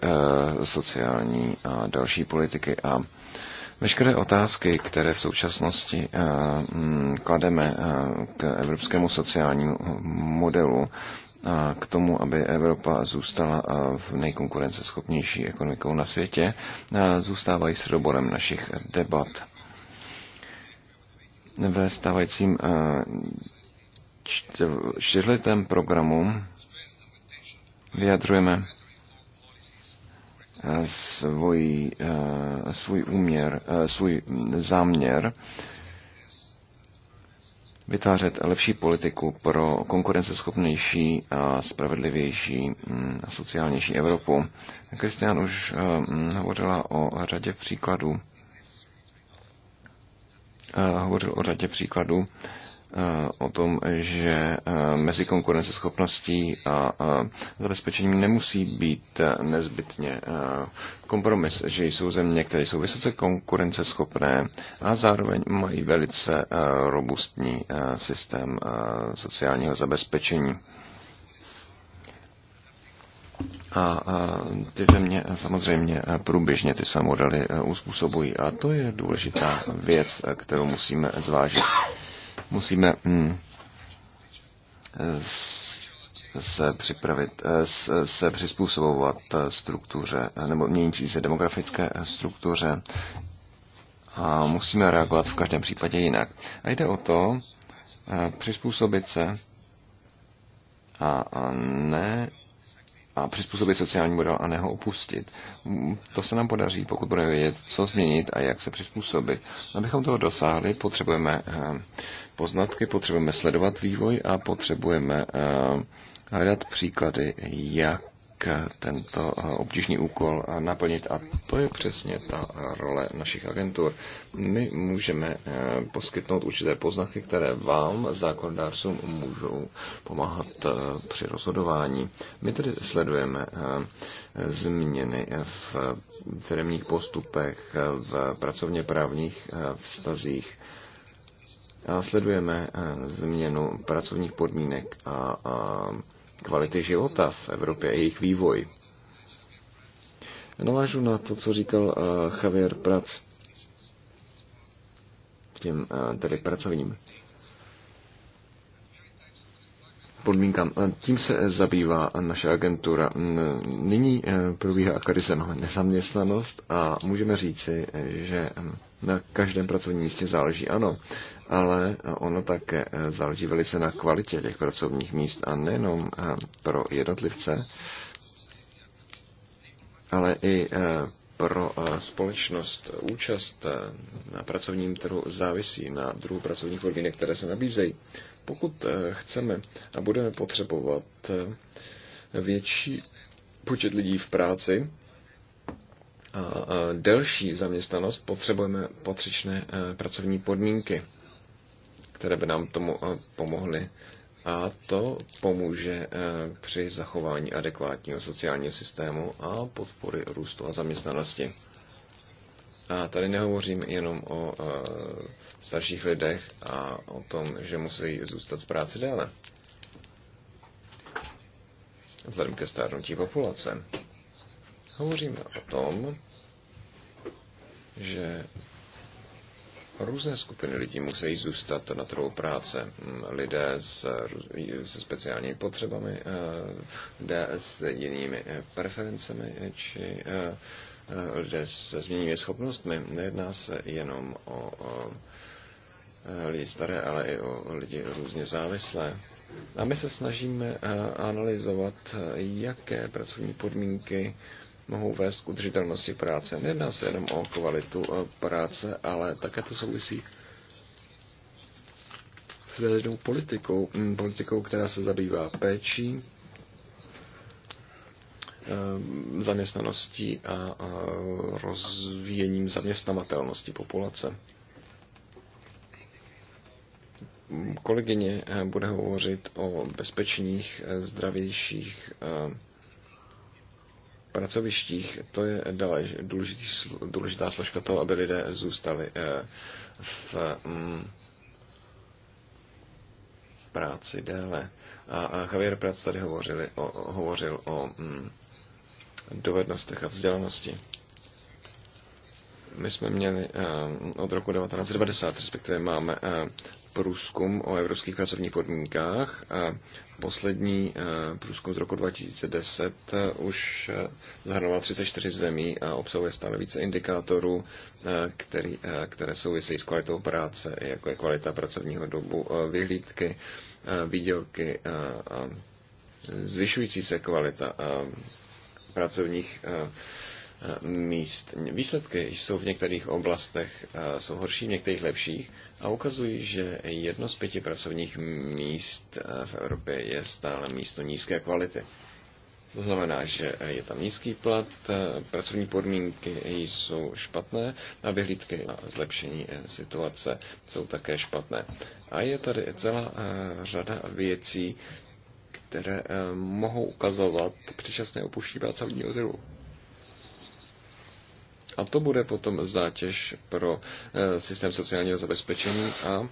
sociální a další politiky a Veškeré otázky, které v současnosti mm, klademe k evropskému sociálnímu modelu, k tomu, aby Evropa zůstala v nejkonkurenceschopnější ekonomikou na světě, zůstávají sroborem našich debat. Ve stávajícím čtyřletém programu vyjadřujeme svůj, svůj úměr, svůj záměr vytvářet lepší politiku pro konkurenceschopnější a spravedlivější mm, a sociálnější Evropu. Kristian už eh, mm, hovořila o řadě příkladů. Eh, hovořil o řadě příkladů Eh, o tom, že eh, mezi konkurenceschopností a zabezpečením nemusí být eh, nezbytně kompromis, že jsou země, které jsou vysoce konkurenceschopné a zároveň mají velice robustní systém sociálního zabezpečení. A ty země samozřejmě průběžně ty své modely uspůsobují. A to je důležitá věc, kterou musíme zvážit. Musíme mm, eh, se připravit, eh, se přizpůsobovat eh, struktuře nebo měnící se demografické struktuře a musíme reagovat v každém případě jinak. A jde o to přizpůsobit se a, a ne a přizpůsobit sociální model a ne ho opustit. Mm, to se nám podaří, pokud budeme vědět, co změnit a jak se přizpůsobit. Abychom toho dosáhli, potřebujeme poznatky, potřebujeme sledovat vývoj a potřebujeme eh, hledat příklady, jak tento eh, obtížný úkol eh, naplnit. A to je přesně ta role našich agentur. My můžeme poskytnout určité poznatky, které vám, zákonodárcům, můžou pomáhat při rozhodování. My tedy sledujeme změny v firmních postupech, v pracovně právních vztazích sledujeme eh, změnu pracovních podmínek a kvality života v Evropě a jejich vývoj. Navážu na to, co říkal eh, Javier Prac k těm eh, tedy pracovním podmínkám. Tím se zabývá naše agentura. Nyní probíhá krize, na nezaměstnanost a můžeme říci, že na každém pracovním místě záleží. Ano, ale ono také eh, záleží velice na kvalitě těch pracovních míst a nejenom eh, pro jednotlivce, ale i eh, pro společnost účast na pracovním trhu závisí na druhu pracovních podmínek, které se nabízejí. Pokud chceme a budeme potřebovat větší počet lidí v práci a delší zaměstnanost, potřebujeme potřičné pracovní podmínky které by nám tomu eh, pomohly. A to pomůže eh, při zachování adekvátního sociálního systému a podpory růstu a zaměstnanosti. A tady nehovořím jenom o eh, starších lidech a o tom, že musí zůstat v práci déle. Vzhledem ke stárnutí populace. Hovoříme o tom, že Různé skupiny lidí musí zůstat na trhu práce. Mm, lidé s, se speciálními potřebami, eh, lidé s jinými eh, preferencemi či eh, lidé se změnými schopnostmi. Nejedná se jenom o, o lidi staré, ale i o lidi různě závislé. A my se snažíme analyzovat, jaké pracovní podmínky mohou vést k udržitelnosti práce. Nejedná se jenom o kvalitu eh, práce, ale také to souvisí s jednou politikou, mm, politikou, která se zabývá péčí, eh, zaměstnaností a rozvíjením zaměstnavatelnosti populace. Kolegyně eh, bude hovořit o bezpečných, zdravějších pracovištích, to je důležitý, důležitá složka toho, aby lidé zůstali eh, v mm, práci déle. A Javier Prac tady hovořil o, hovořil o mm, dovednostech a vzdělanosti. My jsme měli eh, od roku 1990, respektive máme eh, průzkum o evropských pracovních podmínkách. Poslední eh, průzkum z roku 2010 eh, už eh, zahrnoval 34 zemí a obsahuje stále více indikátorů, který, které souvisejí s kvalitou práce, jako je kvalita pracovního dobu, vyhlídky, výdělky, zvyšující se kvalita pracovních Eh, míst. Výsledky jsou v některých oblastech eh, jsou horší, v některých lepších a ukazují, že jedno z pěti pracovních míst eh, v Evropě je stále místo nízké kvality. To znamená, že je tam nízký plat, pracovní podmínky jsou špatné a vyhlídky na zlepšení situace jsou také špatné. A je tady celá řada věcí, které mohou ukazovat předčasné opuštění pracovního trhu. A to bude potom zátěž pro eh, systém sociálního zabezpečení a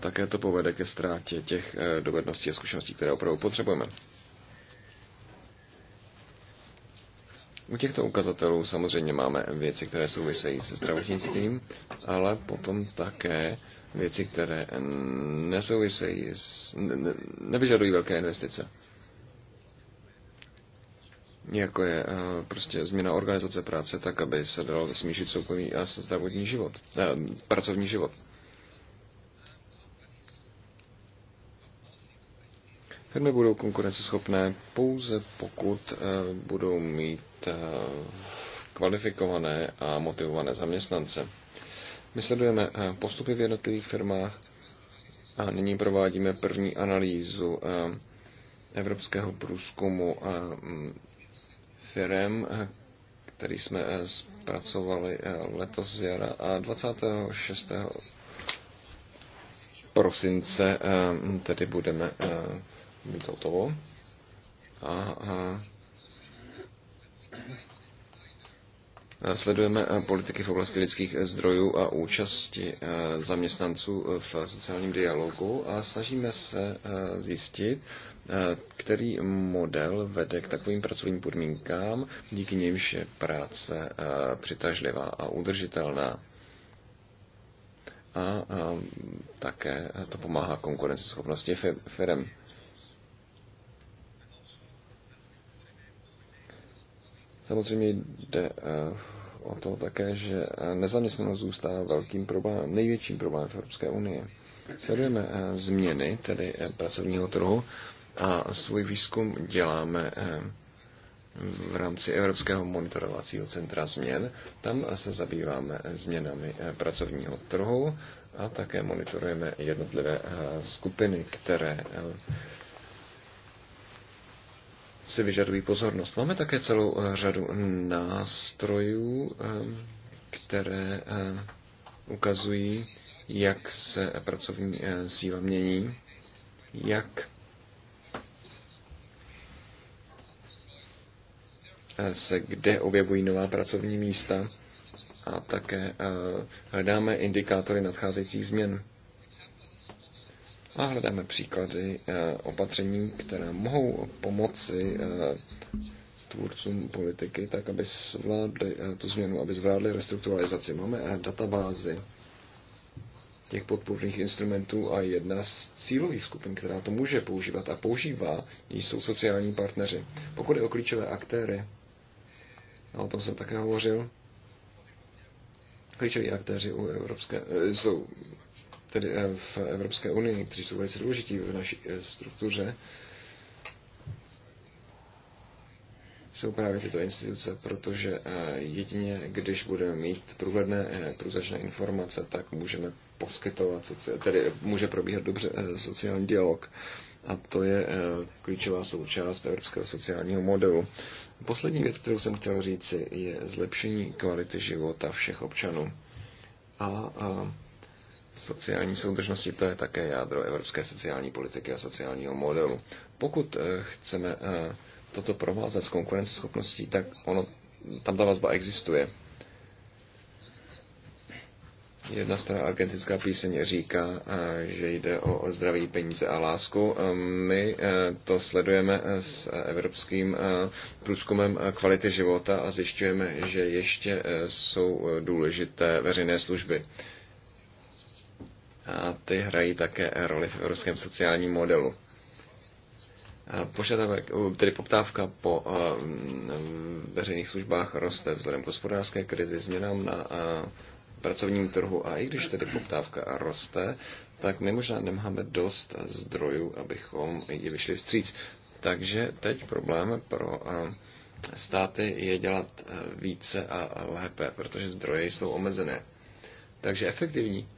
také to povede ke ztrátě těch eh, dovedností a zkušeností, které opravdu potřebujeme. U těchto ukazatelů samozřejmě máme věci, které souvisejí se zdravotnictvím, ale potom také věci, které nesouvisejí, s, ne, nevyžadují velké investice jako je eh, prostě změna organizace práce tak, aby se dalo smíšit soukromý a zdravotní život, eh, pracovní život. Firmy budou konkurenceschopné pouze pokud eh, budou mít eh, kvalifikované a motivované zaměstnance. My sledujeme postupy v jednotlivých firmách a nyní provádíme první analýzu evropského průzkumu firm, eh, který jsme eh, zpracovali eh, letos z jara a 26. prosince tedy budeme mít hotovo. A, a Sledujeme eh, politiky v oblasti lidských eh, zdrojů a účasti eh, zaměstnanců v sociálním dialogu a snažíme se zjistit, který model vede k takovým pracovním podmínkám, díky nimž je práce přitažlivá a udržitelná. A, také to pomáhá konkurenceschopnosti firm. Samozřejmě jde o to také, že nezaměstnanost zůstává velkým problémem, největším problémem v Evropské unii. Sledujeme eh, změny tedy eh, pracovního trhu a svůj výzkum děláme eh, v rámci Evropského monitorovacího centra změn. Tam se zabýváme změnami pracovního trhu a také monitorujeme jednotlivé skupiny, které si vyžadují pozornost. Máme také celou eh, řadu nástrojů, eh, které eh, ukazují, jak se pracovní síla mění, jak se kde objevují nová pracovní místa a také hledáme indikátory nadcházejících změn a hledáme příklady eh, opatření, které mohou pomoci eh, tvůrcům politiky, tak aby zvládli eh, tu změnu, aby zvládli restrukturalizaci. Máme databázy těch podpůrných instrumentů a jedna z cílových skupin, která to může používat a používá, jsou sociální partneři. Pokud je o klíčové aktéry, a no, o tom jsem také hovořil, klíčoví aktéři u Evropské, jsou tedy eh, v Evropské unii, kteří jsou velice důležití v naší eh, struktuře, jsou právě tyto instituce, protože eh, jedině když budeme mít průhledné průzačné informace, tak můžeme poskytovat, tedy může probíhat dobře sociální dialog. A to je klíčová součást evropského sociálního modelu. Poslední věc, kterou jsem chtěl říci, je zlepšení kvality života všech občanů. A, a sociální soudržnosti, to je také jádro evropské sociální politiky a sociálního modelu. Pokud eh, chceme eh, toto provázat s konkurenceschopností, tak ono, tam ta vazba existuje. Jedna stará argentinská píseň říká, eh, že jde o zdraví, peníze a lásku. My to sledujeme s evropským průzkumem kvality života a zjišťujeme, že ještě jsou důležité veřejné služby a ty hrají také roli v evropském sociálním modelu. Požadavek, tedy poptávka po eh, mm, veřejných službách roste vzhledem k hospodářské krizi, změnám na eh, pracovním trhu. A i když tedy poptávka roste, tak my možná nemáme dost zdrojů, abychom ji vyšli vstříc. Takže teď problém pro eh, státy je dělat více a lépe, protože zdroje jsou omezené. Takže efektivní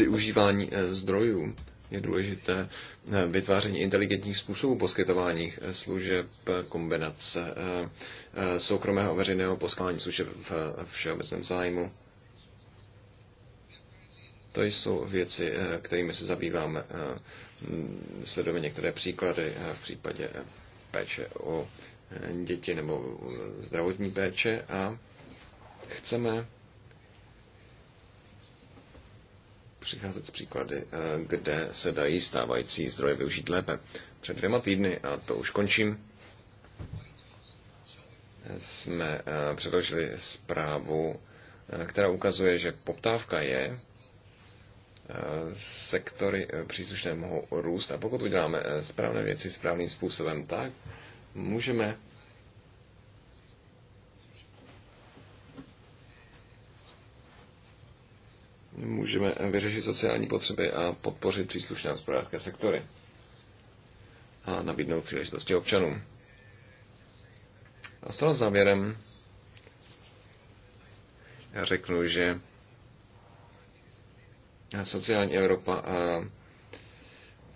využívání eh, zdrojů. Je důležité eh, vytváření inteligentních způsobů poskytování eh, služeb, kombinace soukromého a veřejného poskytování služeb v všeobecném zájmu. To jsou věci, kterými se zabýváme. Mm, sledujeme některé příklady v případě péče o děti nebo zdravotní péče a chceme přicházet s příklady, eh, kde se dají stávající zdroje využít lépe. Před dvěma týdny, a to už končím, jsme eh, předložili zprávu, eh, která ukazuje, že poptávka je, sektory příslušné mohou růst a pokud uděláme správné věci správným způsobem, tak můžeme můžeme vyřešit sociální potřeby a podpořit příslušné hospodářské sektory a nabídnout příležitosti občanům. A toho závěrem já řeknu, že sociální Evropa a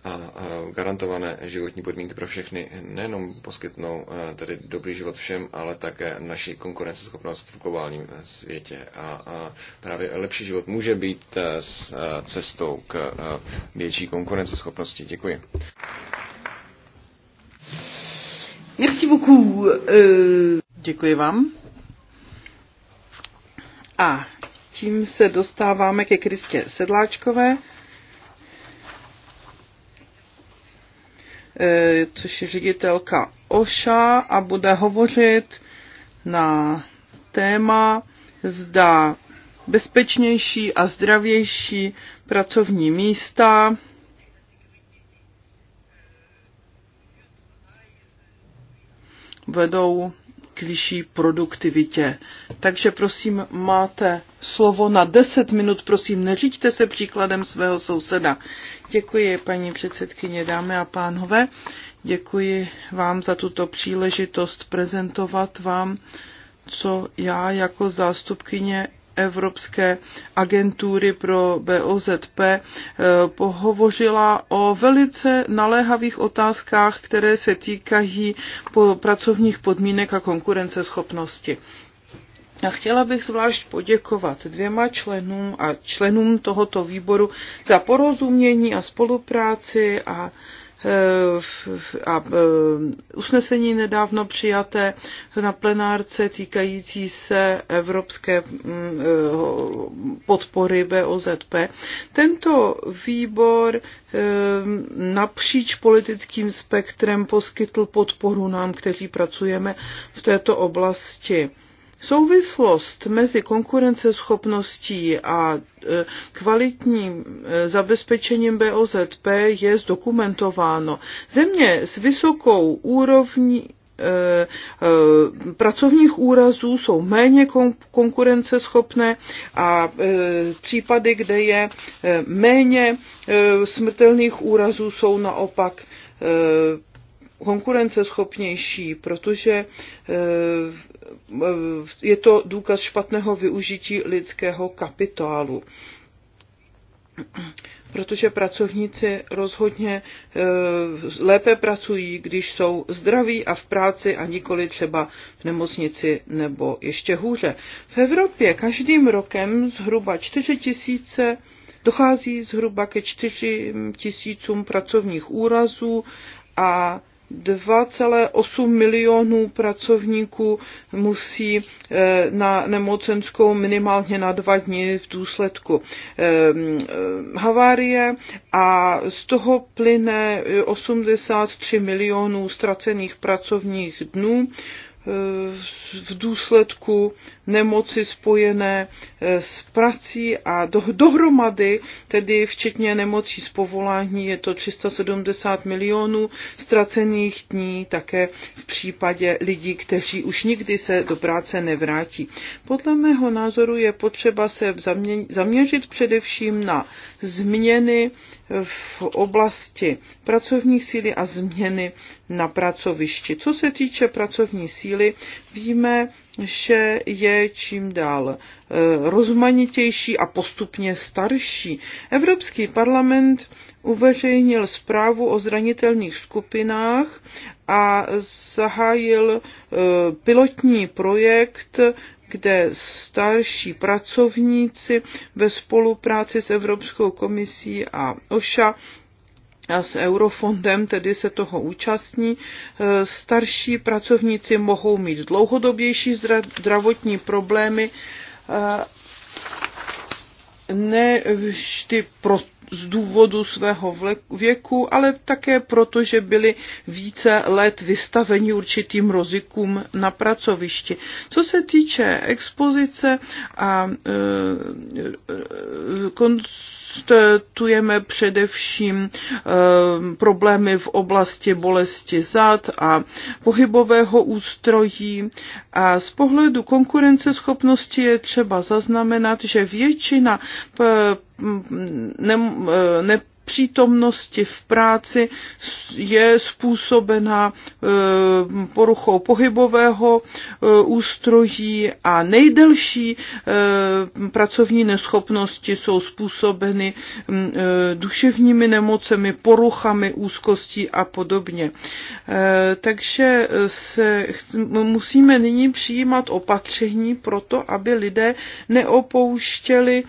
a garantované životní podmínky pro všechny nejenom poskytnou tedy dobrý život všem, ale také naši konkurenceschopnost v globálním světě. A právě lepší život může být e, s e, cestou k e, větší konkurenceschopnosti. Děkuji. Merci beaucoup. Děkuji vám. A tím se dostáváme ke Kristě Sedláčkové. E, což je ředitelka OŠA a bude hovořit na téma, zda bezpečnější a zdravější pracovní místa vedou vyšší produktivitě. Takže prosím, máte slovo na 10 minut, prosím, neříďte se příkladem svého souseda. Děkuji, paní předsedkyně, dámy a pánové. Děkuji vám za tuto příležitost prezentovat vám, co já jako zástupkyně Evropské agentury pro BOZP eh, pohovořila o velice naléhavých otázkách, které se týkají pracovních podmínek a konkurenceschopnosti. A chtěla bych zvlášť poděkovat dvěma členům a členům tohoto výboru za porozumění a spolupráci a Eh, a eh, usnesení nedávno přijaté na plenárce týkající se evropské mm, eh, podpory BOZP. Tento výbor napříč politickým spektrem poskytl podporu nám, kteří pracujeme v této oblasti. Souvislost mezi konkurenceschopností a e, kvalitním e, zabezpečením BOZP je zdokumentováno. Země s vysokou úrovní e, pracovních úrazů jsou méně konkurenceschopné a případy, kde je méně smrtelných úrazů, jsou naopak konkurenceschopnější, protože eh, je to důkaz špatného využití lidského kapitálu protože pracovníci rozhodně eh, lépe pracují, když jsou zdraví a v práci a nikoli třeba v nemocnici nebo ještě hůře. V Evropě každým rokem zhruba 4 tisíce dochází zhruba ke 4 tisícům pracovních úrazů a 2,8 milionů pracovníků musí eh, na nemocenskou minimálně na dva dny v důsledku eh, havárie a z toho plyne 83 milionů ztracených pracovních dnů v důsledku nemoci spojené eh, s prací a do, dohromady, tedy včetně nemocí z povolání, je to 370 milionů ztracených dní také v případě lidí, kteří už nikdy se do práce nevrátí. Podle mého názoru je potřeba se zaměřit především na změny v oblasti pracovní síly a změny na pracovišti. Co se týče pracovní síly, víme, že je čím dál eh, rozmanitější a postupně starší. Evropský parlament uveřejnil zprávu o zranitelných skupinách a zahájil eh, pilotní projekt kde starší pracovníci ve spolupráci s Evropskou komisí a OŠA a s eurofondem tedy se toho účastní. E, starší pracovníci mohou mít dlouhodobější zdravotní problémy, e, ne vždy proto, z důvodu svého věku, ale také proto, že byli více let vystaveni určitým rizikům na pracovišti. Co se týče expozice a e, e, e konc konstatujeme především eh, problémy v oblasti bolesti zad a pohybového ústrojí. A z pohledu konkurenceschopnosti je třeba zaznamenat, že většina eh, ne, eh, přítomnosti v práci je způsobena eh, poruchou pohybového eh, ústrojí a nejdelší eh, pracovní neschopnosti jsou způsobeny mm, duševními nemocemi, poruchami úzkostí a podobně. Takže se musíme nyní přijímat opatření pro to, aby lidé neopouštěli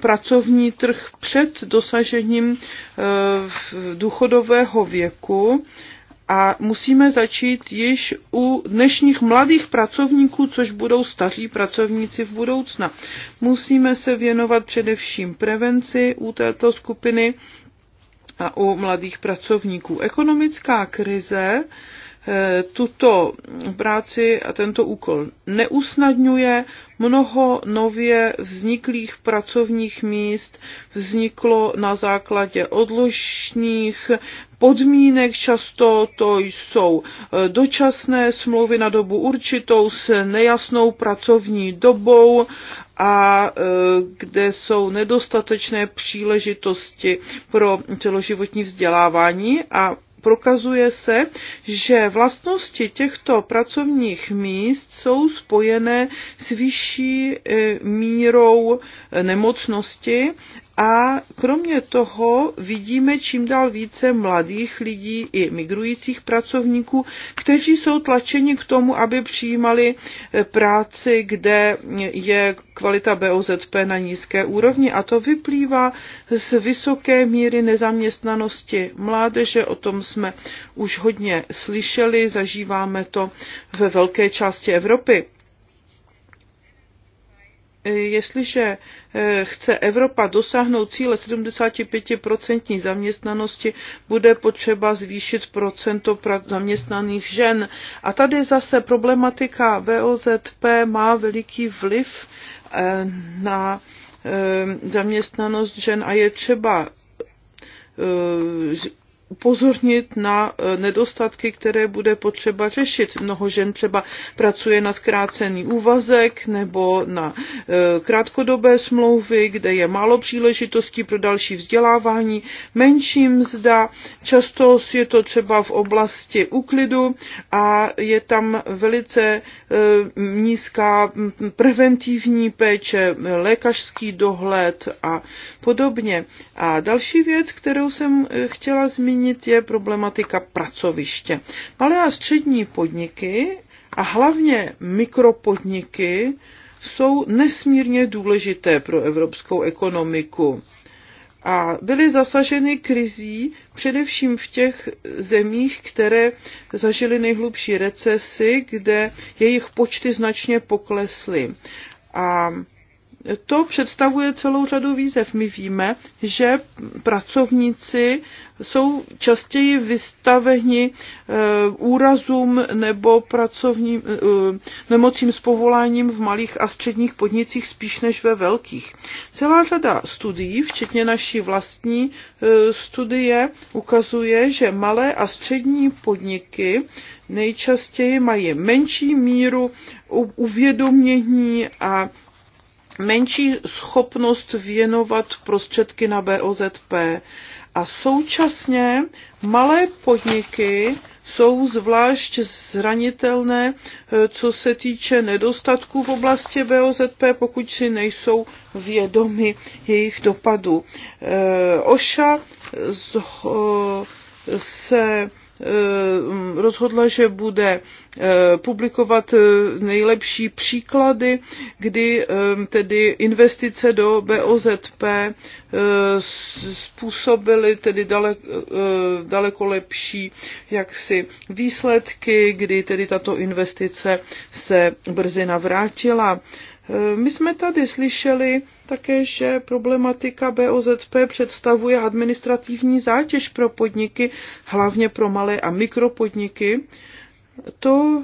pracovní trh před dosažením snížením eh, důchodového věku a musíme začít již u dnešních mladých pracovníků, což budou staří pracovníci v budoucna. Musíme se věnovat především prevenci u této skupiny a u mladých pracovníků. Ekonomická krize Eh, tuto práci a tento úkol neusnadňuje. Mnoho nově vzniklých pracovních míst vzniklo na základě odložných podmínek. Často to jsou eh, dočasné smlouvy na dobu určitou s nejasnou pracovní dobou a eh, kde jsou nedostatečné příležitosti pro celoživotní vzdělávání a prokazuje se, že vlastnosti těchto pracovních míst jsou spojené s vyšší e, mírou e, nemocnosti a kromě toho vidíme čím dál více mladých lidí i migrujících pracovníků, kteří jsou tlačeni k tomu, aby přijímali eh, práci, kde je kvalita BOZP na nízké úrovni. A to vyplývá z vysoké míry nezaměstnanosti mládeže. O tom jsme už hodně slyšeli, zažíváme to ve velké části Evropy. E, jestliže e, chce Evropa dosáhnout cíle 75% zaměstnanosti, bude potřeba zvýšit procento zaměstnaných žen. A tady zase problematika VOZP má veliký vliv e, na zaměstnanost žen a je třeba upozornit na eh, nedostatky, které bude potřeba řešit. Mnoho žen třeba pracuje na zkrácený úvazek nebo na eh, krátkodobé smlouvy, kde je málo příležitostí pro další vzdělávání, menší mzda, často je to třeba v oblasti úklidu a je tam velice eh, nízká hm, preventivní péče, lékařský dohled a podobně. A další věc, kterou jsem chtěla zmínit, zmínit, je problematika pracoviště. Malé a střední podniky a hlavně mikropodniky jsou nesmírně důležité pro evropskou ekonomiku a byly zasaženy krizí především v těch zemích, které zažily nejhlubší recesi, kde jejich počty značně poklesly. A to představuje celou řadu výzev. My víme, že pracovníci jsou častěji vystaveni eh, úrazům nebo pracovním, eh, nemocím s povoláním v malých a středních podnicích spíš než ve velkých. Celá řada studií, včetně naší vlastní eh, studie, ukazuje, že malé a střední podniky nejčastěji mají menší míru uvědomění a menší schopnost věnovat prostředky na BOZP a současně malé podniky jsou zvlášť zranitelné, eh, co se týče nedostatků v oblasti BOZP, pokud si nejsou vědomi jejich dopadů. Eh, OŠA eh, se Eh, rozhodla, že bude eh, publikovat eh, nejlepší příklady, kdy tedy investice do BOZP způsobily tedy daleko, daleko lepší jaksi výsledky, kdy tedy tato investice se brzy navrátila. Eh, my jsme tady slyšeli také, že problematika BOZP představuje administrativní zátěž pro podniky, hlavně pro malé a mikropodniky. To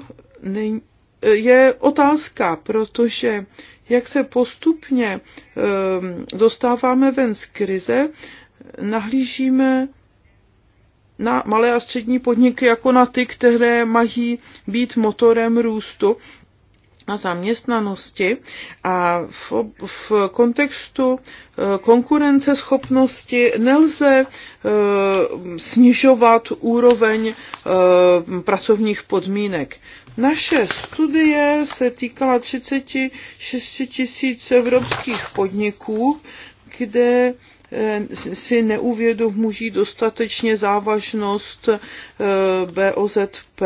je otázka, protože jak se postupně eh, dostáváme ven z krize, nahlížíme na malé a střední podniky jako na ty, které mají být motorem růstu a zaměstnanosti a v, v kontextu eh, konkurenceschopnosti nelze eh, snižovat úroveň eh, pracovních podmínek. Naše studie se týkala 36 tisíc evropských podniků, kde Eh, si neuvědomují dostatečně závažnost eh, BOZP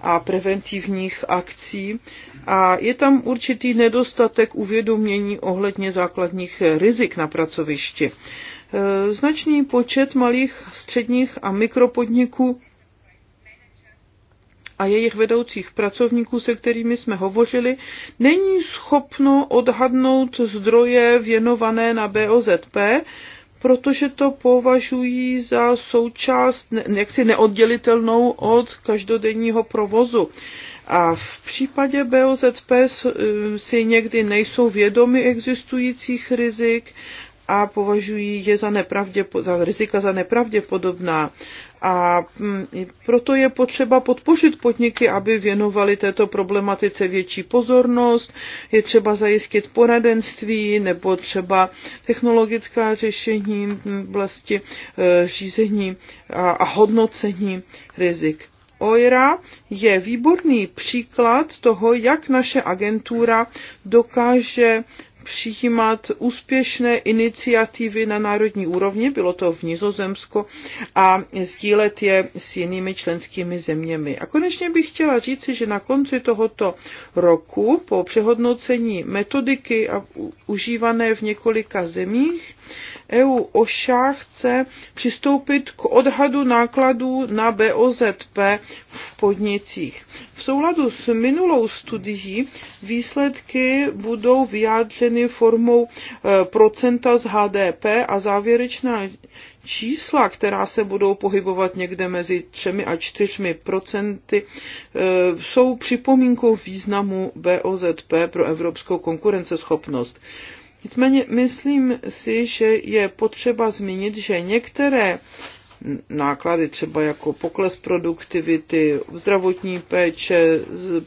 a preventivních akcí a je tam určitý nedostatek uvědomění ohledně základních rizik na pracovišti. Eh, značný počet malých, středních a mikropodniků a jejich vedoucích pracovníků, se kterými jsme hovořili, není schopno odhadnout zdroje věnované na BOZP protože to považují za součást jaksi neoddělitelnou od každodenního provozu. A v případě BOZP eh, si někdy nejsou vědomi existujících rizik a považují je za, nepravděpo- za rizika za nepravděpodobná. A mm, proto je potřeba podpořit podniky, aby věnovali této problematice větší pozornost. Je třeba zajistit poradenství nebo třeba technologická řešení vlasti e, řízení a hodnocení rizik. OIRA je výborný příklad toho, jak naše agentura dokáže přijímat úspěšné iniciativy na národní úrovni, bylo to v Nizozemsku, a sdílet je s jinými členskými zeměmi. A konečně bych chtěla říci, že na konci tohoto roku po přehodnocení metodiky a užívané v několika zemích EU OŠA chce přistoupit k odhadu nákladů na BOZP v podnicích. V souladu s minulou studií výsledky budou vyjádřeny stanoveny formou eh, procenta z HDP a závěrečná čísla, která se budou pohybovat někde mezi 3 a 4 procenty, eh, jsou připomínkou významu BOZP pro evropskou konkurenceschopnost. Nicméně myslím si, že je potřeba zmínit, že některé náklady, třeba jako pokles produktivity, zdravotní péče,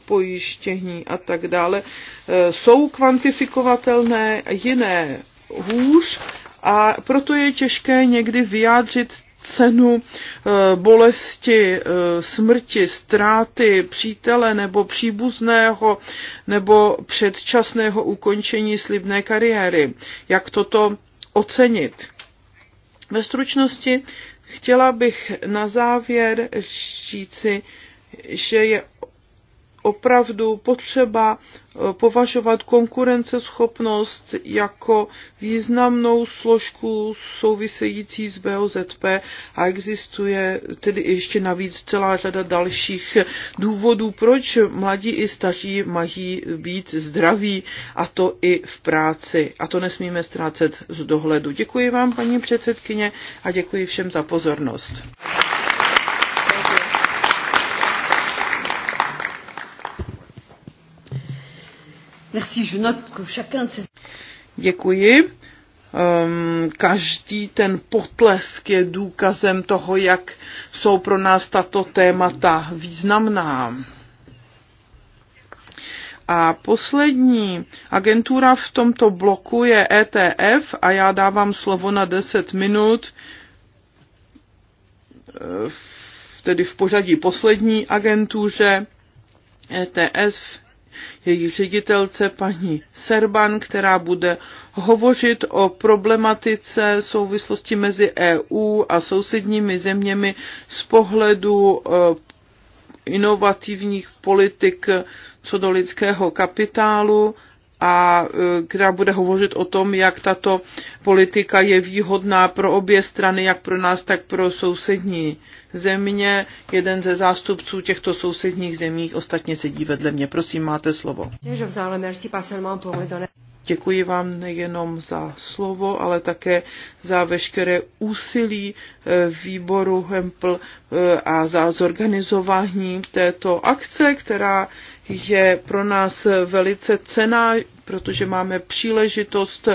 pojištění a tak dále, eh, jsou kvantifikovatelné, jiné hůř a proto je těžké někdy vyjádřit cenu eh, bolesti, eh, smrti, ztráty přítele nebo příbuzného nebo předčasného ukončení slibné kariéry. Jak toto ocenit? Ve stručnosti Chtěla bych na závěr říci, že je opravdu potřeba eh, považovat konkurenceschopnost jako významnou složku související s BOZP a existuje tedy ještě navíc celá řada dalších důvodů, proč mladí i staří mají být zdraví a to i v práci. A to nesmíme ztrácet z dohledu. Děkuji vám, paní předsedkyně, a děkuji všem za pozornost. Děkuji. Um, každý ten potlesk je důkazem toho, jak jsou pro nás tato témata významná. A poslední agentura v tomto bloku je ETF a já dávám slovo na 10 minut, eh, tedy v pořadí poslední agentuře ETF její ředitelce paní Serban, která bude hovořit o problematice souvislosti mezi EU a sousedními zeměmi z pohledu eh, inovativních politik eh, co do lidského kapitálu a e, která bude hovořit o tom, jak tato politika je výhodná pro obě strany, jak pro nás, tak pro sousední země. Jeden ze zástupců těchto sousedních zemí ostatně sedí vedle mě. Prosím, máte slovo. Děkuji vám nejenom za slovo, ale také za veškeré úsilí eh, výboru Hempl eh, a za zorganizování této akce, která je pro nás velice cená, protože máme příležitost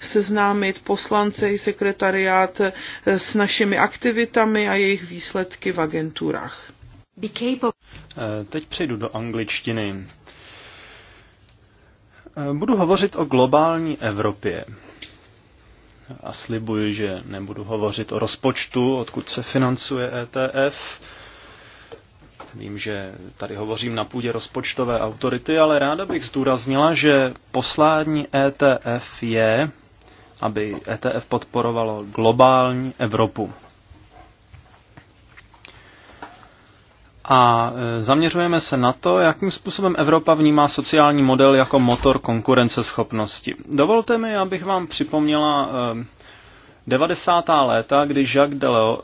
seznámit poslance i sekretariát eh, s našimi aktivitami a jejich výsledky v agenturách. Teď přejdu do angličtiny. Budu hovořit o globální Evropě. A slibuji, že nebudu hovořit o rozpočtu, odkud se financuje ETF. Vím, že tady hovořím na půdě rozpočtové autority, ale ráda bych zdůraznila, že poslání ETF je, aby ETF podporovalo globální Evropu. a e, zaměřujeme se na to, jakým způsobem Evropa vnímá sociální model jako motor konkurenceschopnosti. Dovolte mi, abych vám připomněla 90. E, léta, kdy Jacques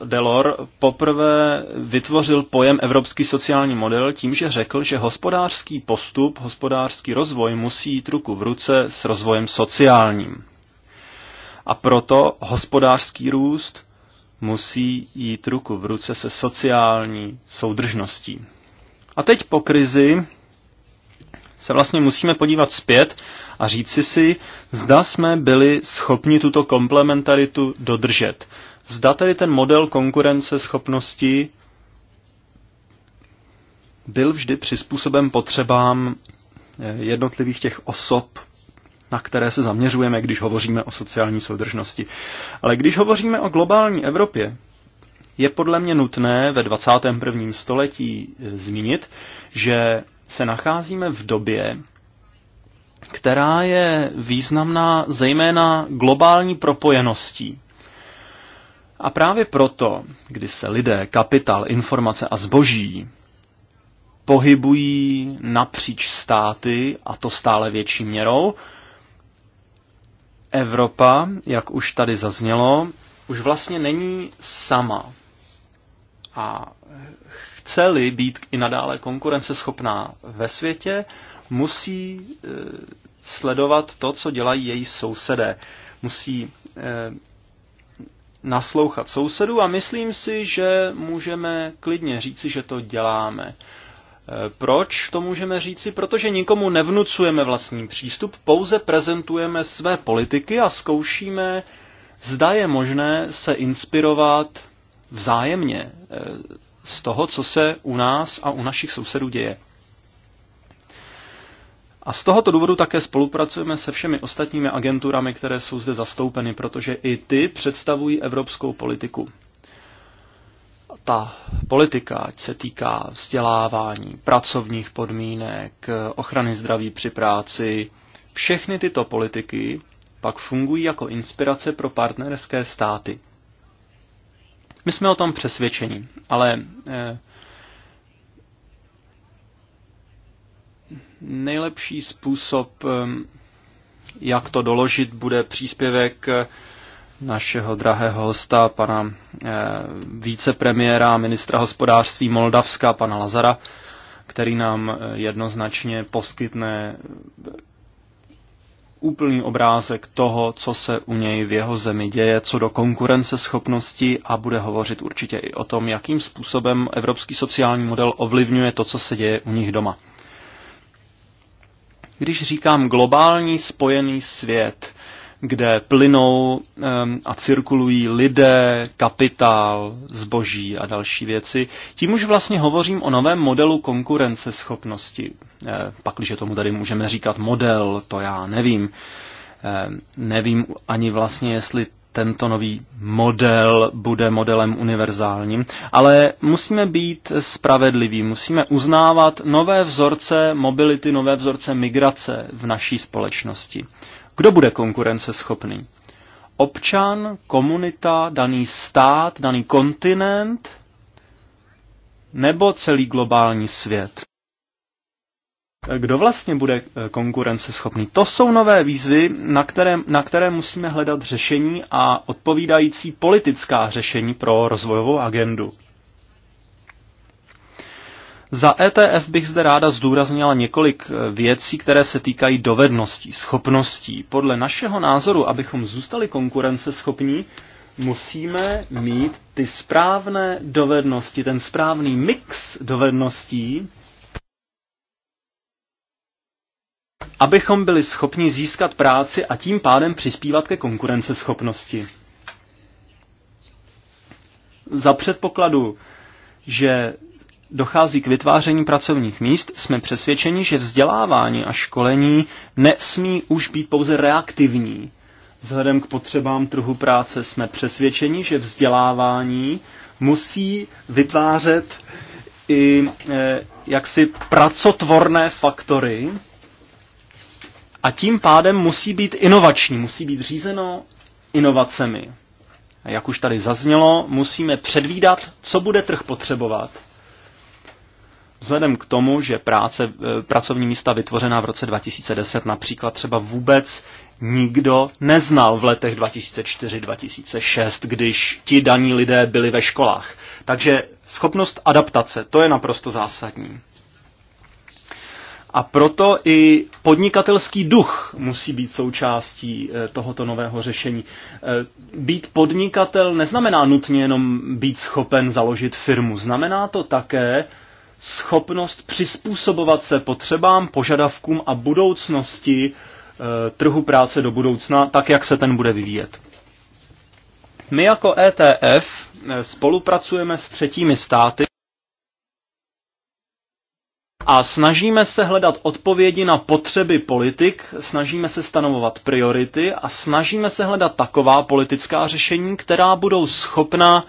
Delors poprvé vytvořil pojem evropský sociální model tím, že řekl, že hospodářský postup, hospodářský rozvoj musí jít ruku v ruce s rozvojem sociálním. A proto hospodářský růst musí jít ruku v ruce se sociální soudržností. A teď po krizi se vlastně musíme podívat zpět a říci si, zda jsme byli schopni tuto komplementaritu dodržet. Zda tedy ten model konkurence schopnosti byl vždy přizpůsobem potřebám jednotlivých těch osob na které se zaměřujeme, když hovoříme o sociální soudržnosti. Ale když hovoříme o globální Evropě, je podle mě nutné ve 21. století eh, zmínit, že se nacházíme v době, která je významná zejména globální propojeností. A právě proto, kdy se lidé, kapitál, informace a zboží pohybují napříč státy, a to stále větší měrou, Evropa, jak už tady zaznělo, už vlastně není sama. A chce-li být i nadále konkurenceschopná ve světě, musí e, sledovat to, co dělají její sousedé. Musí e, naslouchat sousedů a myslím si, že můžeme klidně říci, že to děláme. Proč to můžeme říci? Protože nikomu nevnucujeme vlastní přístup, pouze prezentujeme své politiky a zkoušíme, zda je možné se inspirovat vzájemně eh, z toho, co se u nás a u našich sousedů děje. A z tohoto důvodu také spolupracujeme se všemi ostatními agenturami, které jsou zde zastoupeny, protože i ty představují evropskou politiku ta politika, ať se týká vzdělávání, pracovních podmínek, ochrany zdraví při práci, všechny tyto politiky pak fungují jako inspirace pro partnerské státy. My jsme o tom přesvědčeni, ale eh, nejlepší způsob, eh, jak to doložit, bude příspěvek eh, našeho drahého hosta, pana eh, vicepremiéra, ministra hospodářství Moldavska, pana Lazara, který nám eh, jednoznačně poskytne eh, úplný obrázek toho, co se u něj v jeho zemi děje, co do konkurenceschopnosti a bude hovořit určitě i o tom, jakým způsobem evropský sociální model ovlivňuje to, co se děje u nich doma. Když říkám globální spojený svět, kde plynou a cirkulují lidé, kapitál, zboží a další věci. Tím už vlastně hovořím o novém modelu konkurenceschopnosti. Eh, pakliže tomu tady můžeme říkat model, to já nevím. Nevím ani vlastně, jestli tento nový model bude modelem univerzálním, ale musíme být spravedliví, musíme uznávat nové vzorce mobility, nové vzorce migrace v naší společnosti. Kdo bude konkurenceschopný? Občan, komunita, daný stát, daný kontinent nebo celý globální svět? Kdo vlastně bude eh, konkurenceschopný? To jsou nové výzvy, na které, na které musíme hledat řešení a odpovídající politická řešení pro rozvojovou agendu. Za ETF bych zde ráda zdůraznila několik eh, věcí, které se týkají dovedností, schopností. Podle našeho názoru, abychom zůstali konkurenceschopní, musíme mít ty správné dovednosti, ten správný mix dovedností, abychom byli schopni získat práci a tím pádem přispívat ke konkurenceschopnosti. Za předpokladu, že dochází k vytváření pracovních míst, jsme přesvědčeni, že vzdělávání a školení nesmí už být pouze reaktivní. Vzhledem k potřebám trhu práce jsme přesvědčeni, že vzdělávání musí vytvářet i e, jaksi pracotvorné faktory a tím pádem musí být inovační, musí být řízeno inovacemi. A jak už tady zaznělo, musíme předvídat, co bude trh potřebovat Vzhledem k tomu, že práce, eh, pracovní místa vytvořená v roce 2010 například třeba vůbec nikdo neznal v letech 2004-2006, když ti daní lidé byli ve školách. Takže schopnost adaptace, to je naprosto zásadní. A proto i podnikatelský duch musí být součástí eh, tohoto nového řešení. Eh, být podnikatel neznamená nutně jenom být schopen založit firmu. Znamená to také schopnost přizpůsobovat se potřebám, požadavkům a budoucnosti eh, trhu práce do budoucna, tak jak se ten bude vyvíjet. My jako ETF eh, spolupracujeme s třetími státy a snažíme se hledat odpovědi na potřeby politik, snažíme se stanovovat priority a snažíme se hledat taková politická řešení, která budou schopna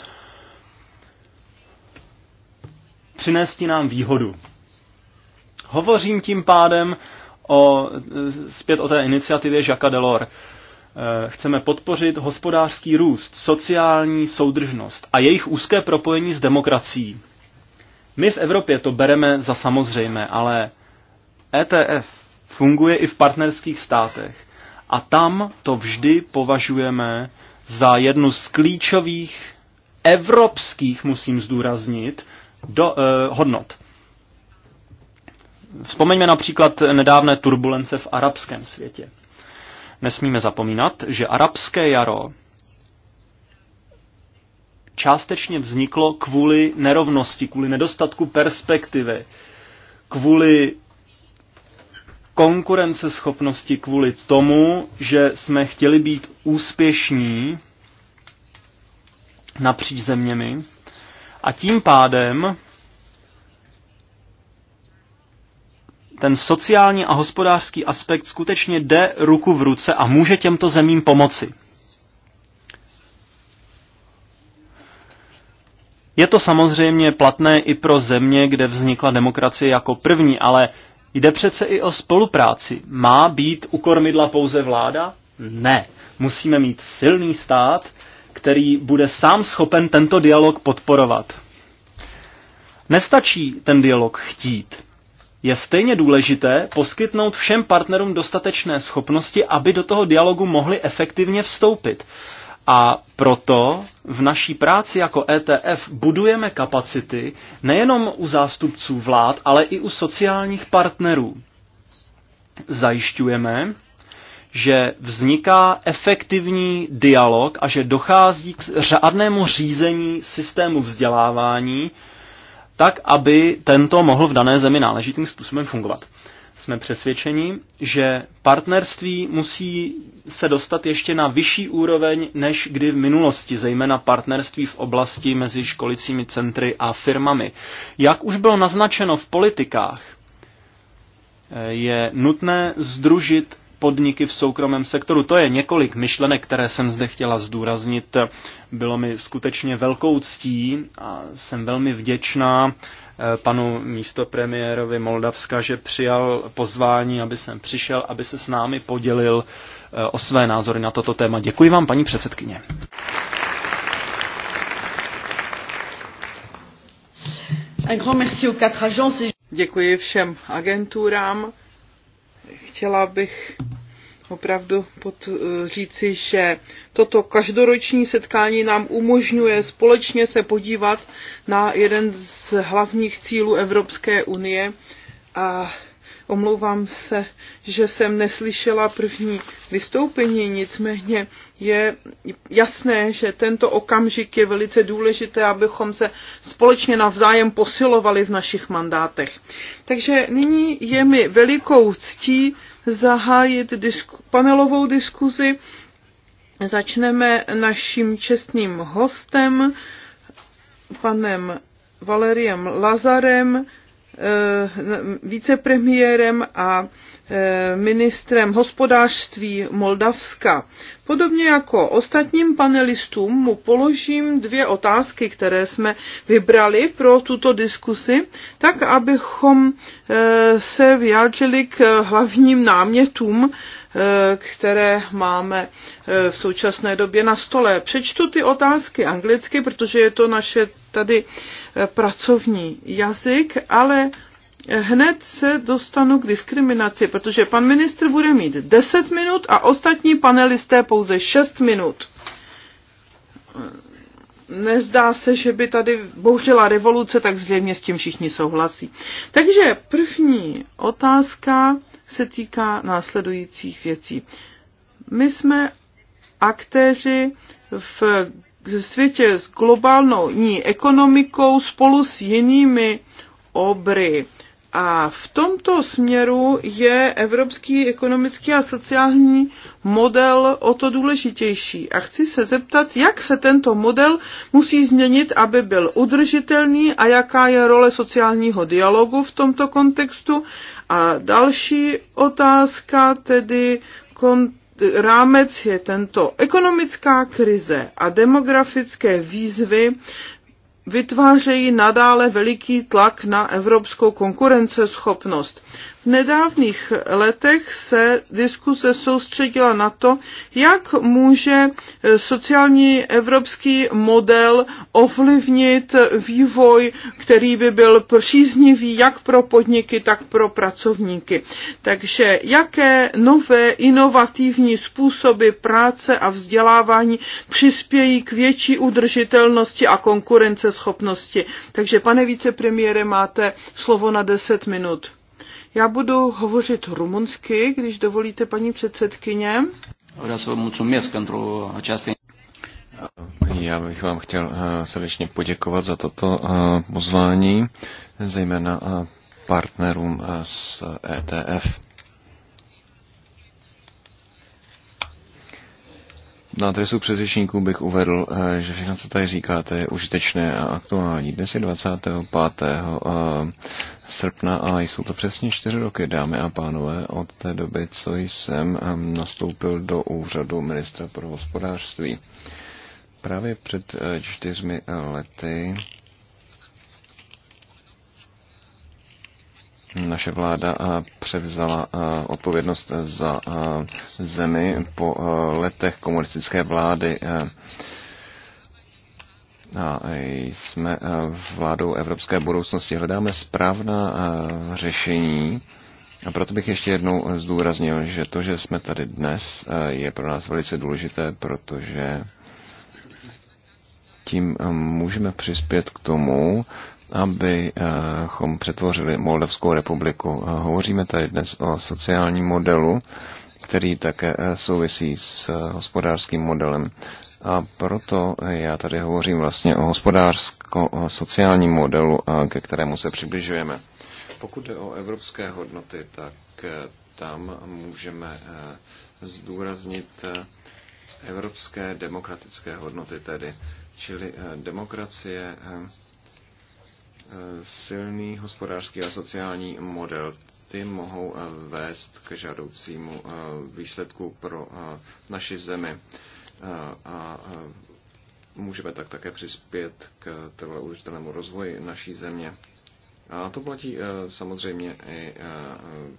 ti nám výhodu. Hovořím tím pádem o, zpět o té iniciativě Jacques Delors. Eh, chceme podpořit hospodářský růst, sociální soudržnost a jejich úzké propojení s demokracií. My v Evropě to bereme za samozřejmé, ale ETF funguje i v partnerských státech. A tam to vždy považujeme za jednu z klíčových evropských, musím zdůraznit, do, eh, hodnot. Vzpomeňme například nedávné turbulence v arabském světě. Nesmíme zapomínat, že arabské jaro částečně vzniklo kvůli nerovnosti, kvůli nedostatku perspektivy, kvůli konkurenceschopnosti, kvůli tomu, že jsme chtěli být úspěšní napříč zeměmi a tím pádem ten sociální a hospodářský aspekt skutečně jde ruku v ruce a může těmto zemím pomoci. Je to samozřejmě platné i pro země, kde vznikla demokracie jako první, ale jde přece i o spolupráci. Má být u kormidla pouze vláda? Ne. Musíme mít silný stát, který bude sám schopen tento dialog podporovat. Nestačí ten dialog chtít. Je stejně důležité poskytnout všem partnerům dostatečné schopnosti, aby do toho dialogu mohli efektivně vstoupit. A proto v naší práci jako ETF budujeme kapacity nejenom u zástupců vlád, ale i u sociálních partnerů. Zajišťujeme, že vzniká efektivní dialog a že dochází k řádnému řízení systému vzdělávání, tak aby tento mohl v dané zemi náležitým způsobem fungovat. Jsme přesvědčeni, že partnerství musí se dostat ještě na vyšší úroveň než kdy v minulosti, zejména partnerství v oblasti mezi školicími centry a firmami. Jak už bylo naznačeno v politikách, je nutné združit podniky v soukromém sektoru. To je několik myšlenek, které jsem zde chtěla zdůraznit. Bylo mi skutečně velkou ctí a jsem velmi vděčná eh, panu místopremiérovi Moldavska, že přijal pozvání, aby sem přišel, aby se s námi podělil eh, o své názory na toto téma. Děkuji vám, paní předsedkyně. Děkuji všem agenturám. Chtěla bych opravdu pod, eh, říci, že toto každoroční setkání nám umožňuje společně se podívat na jeden z hlavních cílů Evropské unie a Omlouvám se, že jsem neslyšela první vystoupení, nicméně je jasné, že tento okamžik je velice důležité, abychom se společně navzájem posilovali v našich mandátech. Takže nyní je mi velikou ctí zahájit disku, panelovou diskuzi. Začneme naším čestným hostem, panem Valeriem Lazarem, eh, vicepremiérem a Eh, ministrem hospodářství Moldavska. Podobně jako ostatním panelistům mu položím dvě otázky, které jsme vybrali pro tuto diskusi, tak abychom eh, se vyjádřili k hlavním námětům, eh, které máme v současné době na stole. Přečtu ty otázky anglicky, protože je to naše tady pracovní jazyk, ale hned se dostanu k diskriminaci, protože pan ministr bude mít 10 minut a ostatní panelisté pouze 6 minut. Nezdá se, že by tady bouřila revoluce, tak zřejmě s tím všichni souhlasí. Takže první otázka se týká následujících věcí. My jsme aktéři v světě s globální ekonomikou spolu s jinými obry. A v tomto směru je evropský ekonomický a sociální model o to důležitější. A chci se zeptat, jak se tento model musí změnit, aby byl udržitelný a jaká je role sociálního dialogu v tomto kontextu. A další otázka, tedy rámec je tento ekonomická krize a demografické výzvy vytvářejí nadále veliký tlak na evropskou konkurenceschopnost. V nedávných letech se diskuse soustředila na to, jak může eh, sociální evropský model ovlivnit vývoj, který by byl příznivý jak pro podniky, tak pro pracovníky. Takže jaké nové inovativní způsoby práce a vzdělávání přispějí k větší udržitelnosti a konkurenceschopnosti. Takže pane vicepremiére, máte slovo na 10 minut. Já budu hovořit rumunsky, když dovolíte, paní předsedkyně. Já bych vám chtěl eh, srdečně poděkovat za toto eh, pozvání, zejména eh, partnerům z ETF. Na adresu předřečníků bych uvedl, eh, že všechno, co tady říkáte, je užitečné a aktuální. Dnes je 25. Eh, srpna a jsou to přesně čtyři roky, dámy a pánové, od té doby, co jsem eh, nastoupil do úřadu ministra pro hospodářství. Právě před čtyřmi lety naše vláda eh, převzala eh, odpovědnost za eh, zemi po letech komunistické vlády. A jsme vládou evropské budoucnosti. Hledáme správná řešení. A proto bych ještě jednou zdůraznil, že to, že jsme tady dnes, je pro nás velice důležité, protože tím můžeme přispět k tomu, abychom přetvořili Moldavskou republiku. Hovoříme tady dnes o sociálním modelu, který také eh, souvisí s eh, hospodářským modelem. A proto já tady hovořím vlastně o hospodářsko-sociálním modelu, eh, ke kterému se přibližujeme. Pokud jde o evropské hodnoty, tak tam můžeme zdůraznit evropské demokratické hodnoty tedy, čili demokracie, silný hospodářský a sociální model, ty mohou eh, vést k žádoucímu eh, výsledku pro eh, naši zemi. A můžeme tak také přispět k trvale užitelnému rozvoji naší země. A to platí samozřejmě i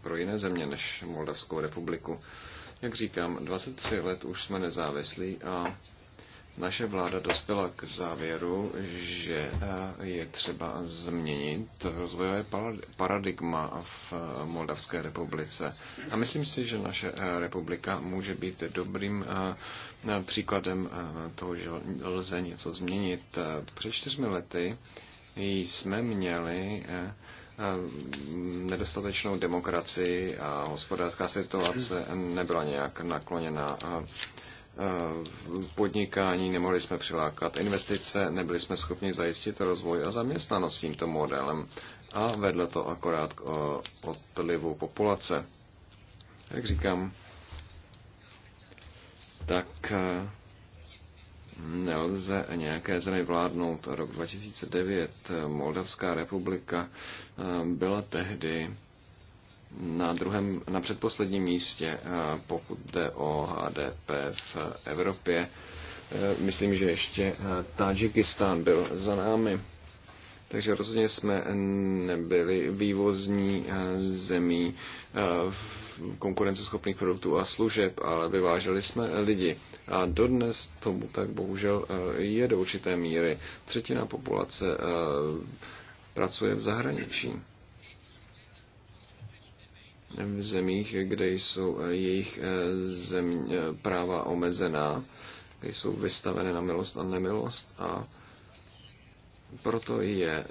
pro jiné země než Moldavskou republiku. Jak říkám, 23 let už jsme nezávislí a naše vláda dospěla k závěru, že eh, je třeba změnit rozvojové paradigma v Moldavské republice. A myslím si, že naše eh, republika může být dobrým eh, příkladem toho, že lze něco změnit. Před čtyřmi lety jsme měli nedostatečnou demokracii a hospodářská situace nebyla nějak nakloněna Eh, podnikání, nemohli jsme přilákat investice, nebyli jsme schopni zajistit rozvoj a zaměstnanost tímto modelem a vedle to akorát k eh, odlivu populace. Jak říkám, tak eh, nelze nějaké zemi vládnout. Rok 2009 Moldavská republika byla tehdy na druhém, na předposledním místě, eh, pokud jde o HDP v Evropě. Eh, myslím, že ještě eh, Tadžikistán byl za námi. Takže rozhodně jsme nebyli vývozní zemí konkurenceschopných produktů a služeb, ale vyváželi jsme lidi. A dodnes tomu tak bohužel je do určité míry. Třetina populace pracuje v zahraničí v zemích, kde jsou eh, jejich eh, země, eh, práva omezená, kde jsou vystaveny na milost a nemilost a proto je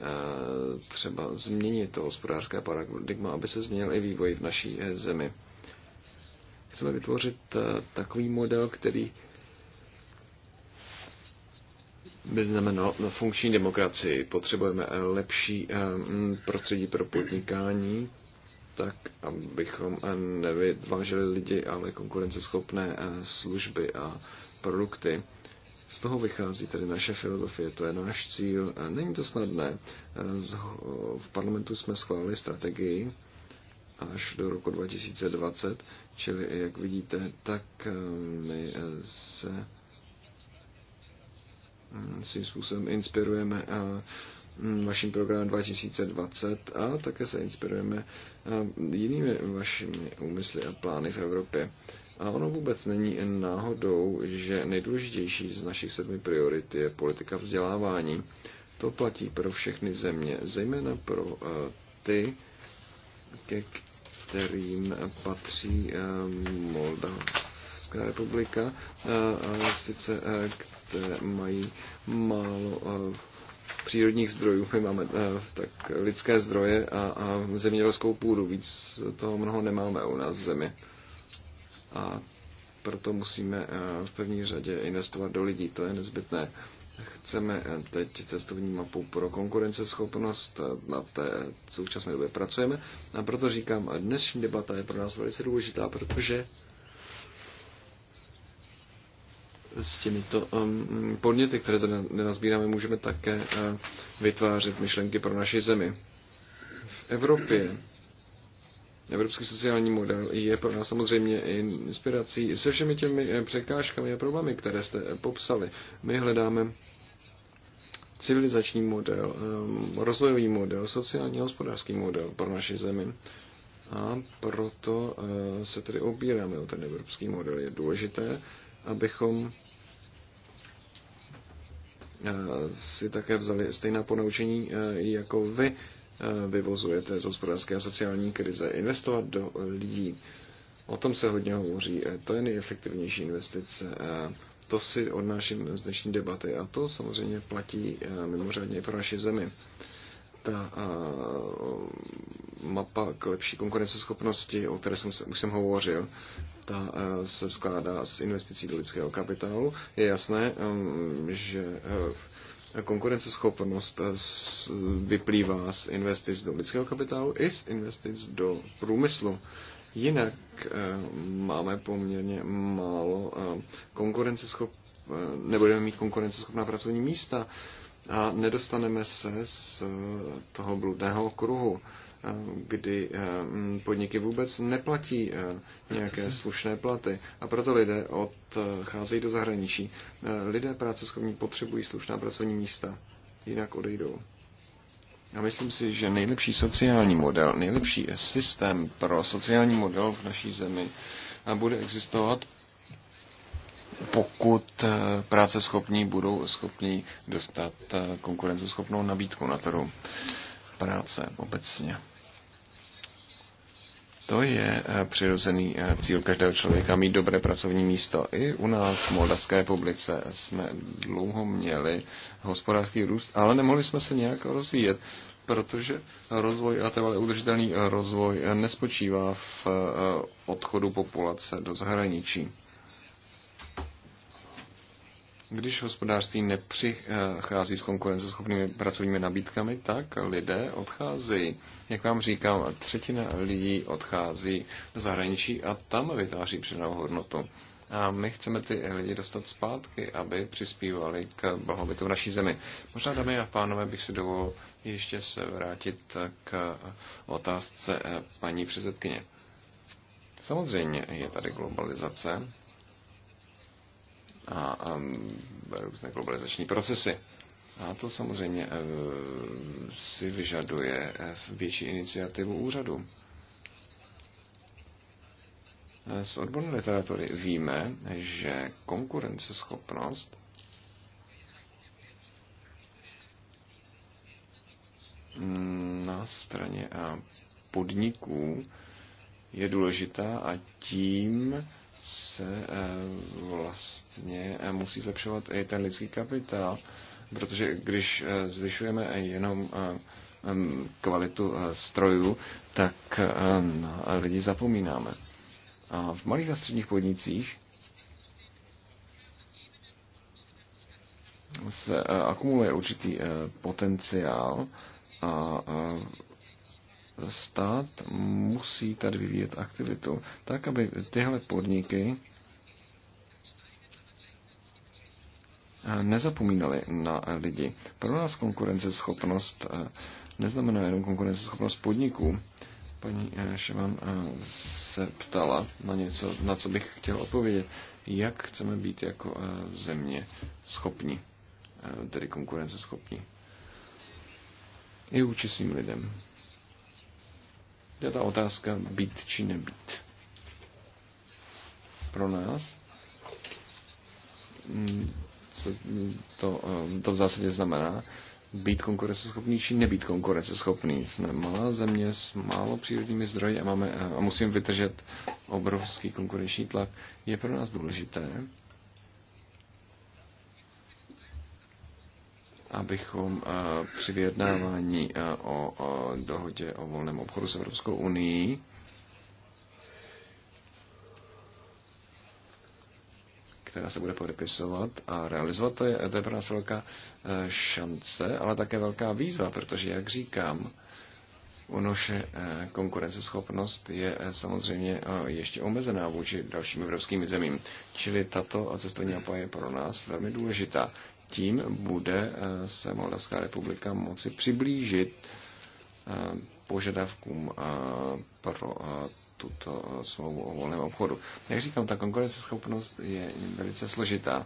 třeba změnit to hospodářské paradigma, aby se změnil i vývoj v naší zemi. Chceme vytvořit takový model, který by znamenal funkční demokracii. Potřebujeme lepší prostředí pro podnikání, tak abychom eh, nevytvářeli lidi, ale konkurenceschopné eh, služby a produkty. Z toho vychází tedy naše filozofie, to je náš cíl. Eh, není to snadné. V parlamentu jsme schválili strategii až do roku 2020, čili jak vidíte, tak my se mm, svým způsobem inspirujeme vaším programem 2020 a také se inspirujeme eh, jinými vašimi úmysly a plány v Evropě. A ono vůbec není náhodou, že nejdůležitější z našich sedmi priorit je politika vzdělávání. To platí pro všechny země, zejména pro eh, ty, ke kterým patří eh, Moldavská republika, sice které mají málo přírodních zdrojů. My máme eh, tak lidské zdroje a, a zemědělskou půdu. Víc toho mnoho nemáme u nás v zemi. A proto musíme eh, v první řadě investovat do lidí. To je nezbytné. Chceme eh, teď cestovní mapu pro konkurenceschopnost, na té současné době pracujeme. A proto říkám, dnešní debata je pro nás velice důležitá, protože s těmito um, podněty, které zde nazbíráme, můžeme také uh, vytvářet myšlenky pro naši zemi. V Evropě evropský sociální model je pro nás samozřejmě inspirací se všemi těmi eh, překážkami a problémy, které jste eh, popsali. My hledáme civilizační model, eh, rozvojový model, sociální a hospodářský model pro naši zemi. A proto se tedy obíráme o ten evropský model. Je důležité, abychom Eh, si také vzali stejná ponaučení eh, jako vy eh, vyvozujete z hospodářské a sociální krize. Investovat do lidí, o tom se hodně hovoří, to je nejefektivnější investice. To si odnáším z dnešní debaty a to samozřejmě platí mimořádně pro naši zemi ta mapa k lepší konkurenceschopnosti, o které jsem, už jsem hovořil, ta se skládá z investicí do lidského kapitálu. Je jasné, um, že e, konkurenceschopnost e, vyplývá z investic do lidského kapitálu i z investic do průmyslu. Jinak e, máme poměrně málo konkurenceschop, nebudeme mít konkurenceschopná pracovní místa a nedostaneme se z eh, toho bludného kruhu, eh, kdy eh, podniky vůbec neplatí nějaké slušné platy a proto lidé odcházejí do zahraničí. Lidé práceschopní potřebují slušná pracovní místa, jinak odejdou. Já myslím si, že nejlepší sociální model, nejlepší systém pro sociální model v naší zemi bude existovat, pokud eh, práce schopní budou schopní dostat eh, konkurenceschopnou nabídku na trhu práce obecně. To je eh, přirozený cíl každého člověka mít dobré pracovní místo. I u nás v Moldavské republice jsme dlouho měli hospodářský růst, ale nemohli jsme se nějak rozvíjet, protože rozvoj a trvalý udržitelný rozvoj nespočívá v odchodu populace do zahraničí. Když hospodářství nepřichází s konkurenceschopnými pracovními nabídkami, tak lidé odcházejí. Jak vám říkám, třetina lidí odchází do zahraničí a tam vytváří přidanou hodnotu. A my chceme ty lidi dostat zpátky, aby přispívali k blahobytu v naší zemi. Možná, dámy a pánové, bych si dovolil ještě se vrátit k otázce eh, paní předsedkyně. Samozřejmě je tady globalizace, a, a různé globalizační procesy. A to samozřejmě e, si vyžaduje e, větší iniciativu úřadu. E, z odborné literatury víme, že konkurenceschopnost na straně podniků je důležitá a tím se eh, vlastně eh, musí zlepšovat i ten lidský kapitál, protože když eh, zvyšujeme jenom kvalitu strojů, tak na lidi zapomínáme. A v malých a středních podnicích se akumuluje určitý potenciál a stát musí tady vyvíjet aktivitu, tak aby tyhle podniky nezapomínali na lidi. Pro nás konkurenceschopnost eh, neznamená jenom konkurenceschopnost podniků. Paní eh, Ševan eh, se ptala na něco, na co bych chtěl odpovědět. Jak chceme být jako země schopni, tedy konkurenceschopní? I vůči svým lidem je ta otázka být či nebýt. Pro nás to, to v zásadě znamená být konkurenceschopný či nebýt konkurenceschopný. Jsme malá země s málo přírodními zdroji a, máme, a musím vytržet obrovský konkurenční tlak. Je pro nás důležité, abychom eh, při vyjednávání eh, o dohodě o volném obchodu s Evropskou unii která se bude podepisovat a realizovat, to je, to je pro nás velká eh, šance, ale také velká výzva, protože, jak říkám, naše konkurenceschopnost je samozřejmě ještě omezená vůči dalším evropským zemím. Čili tato cestovní mapa je pro nás velmi důležitá tím bude eh, se Moldavská republika moci přiblížit eh, požadavkům eh, pro tuto smlouvu o volném obchodu. Jak říkám, ta konkurenceschopnost je velice složitá.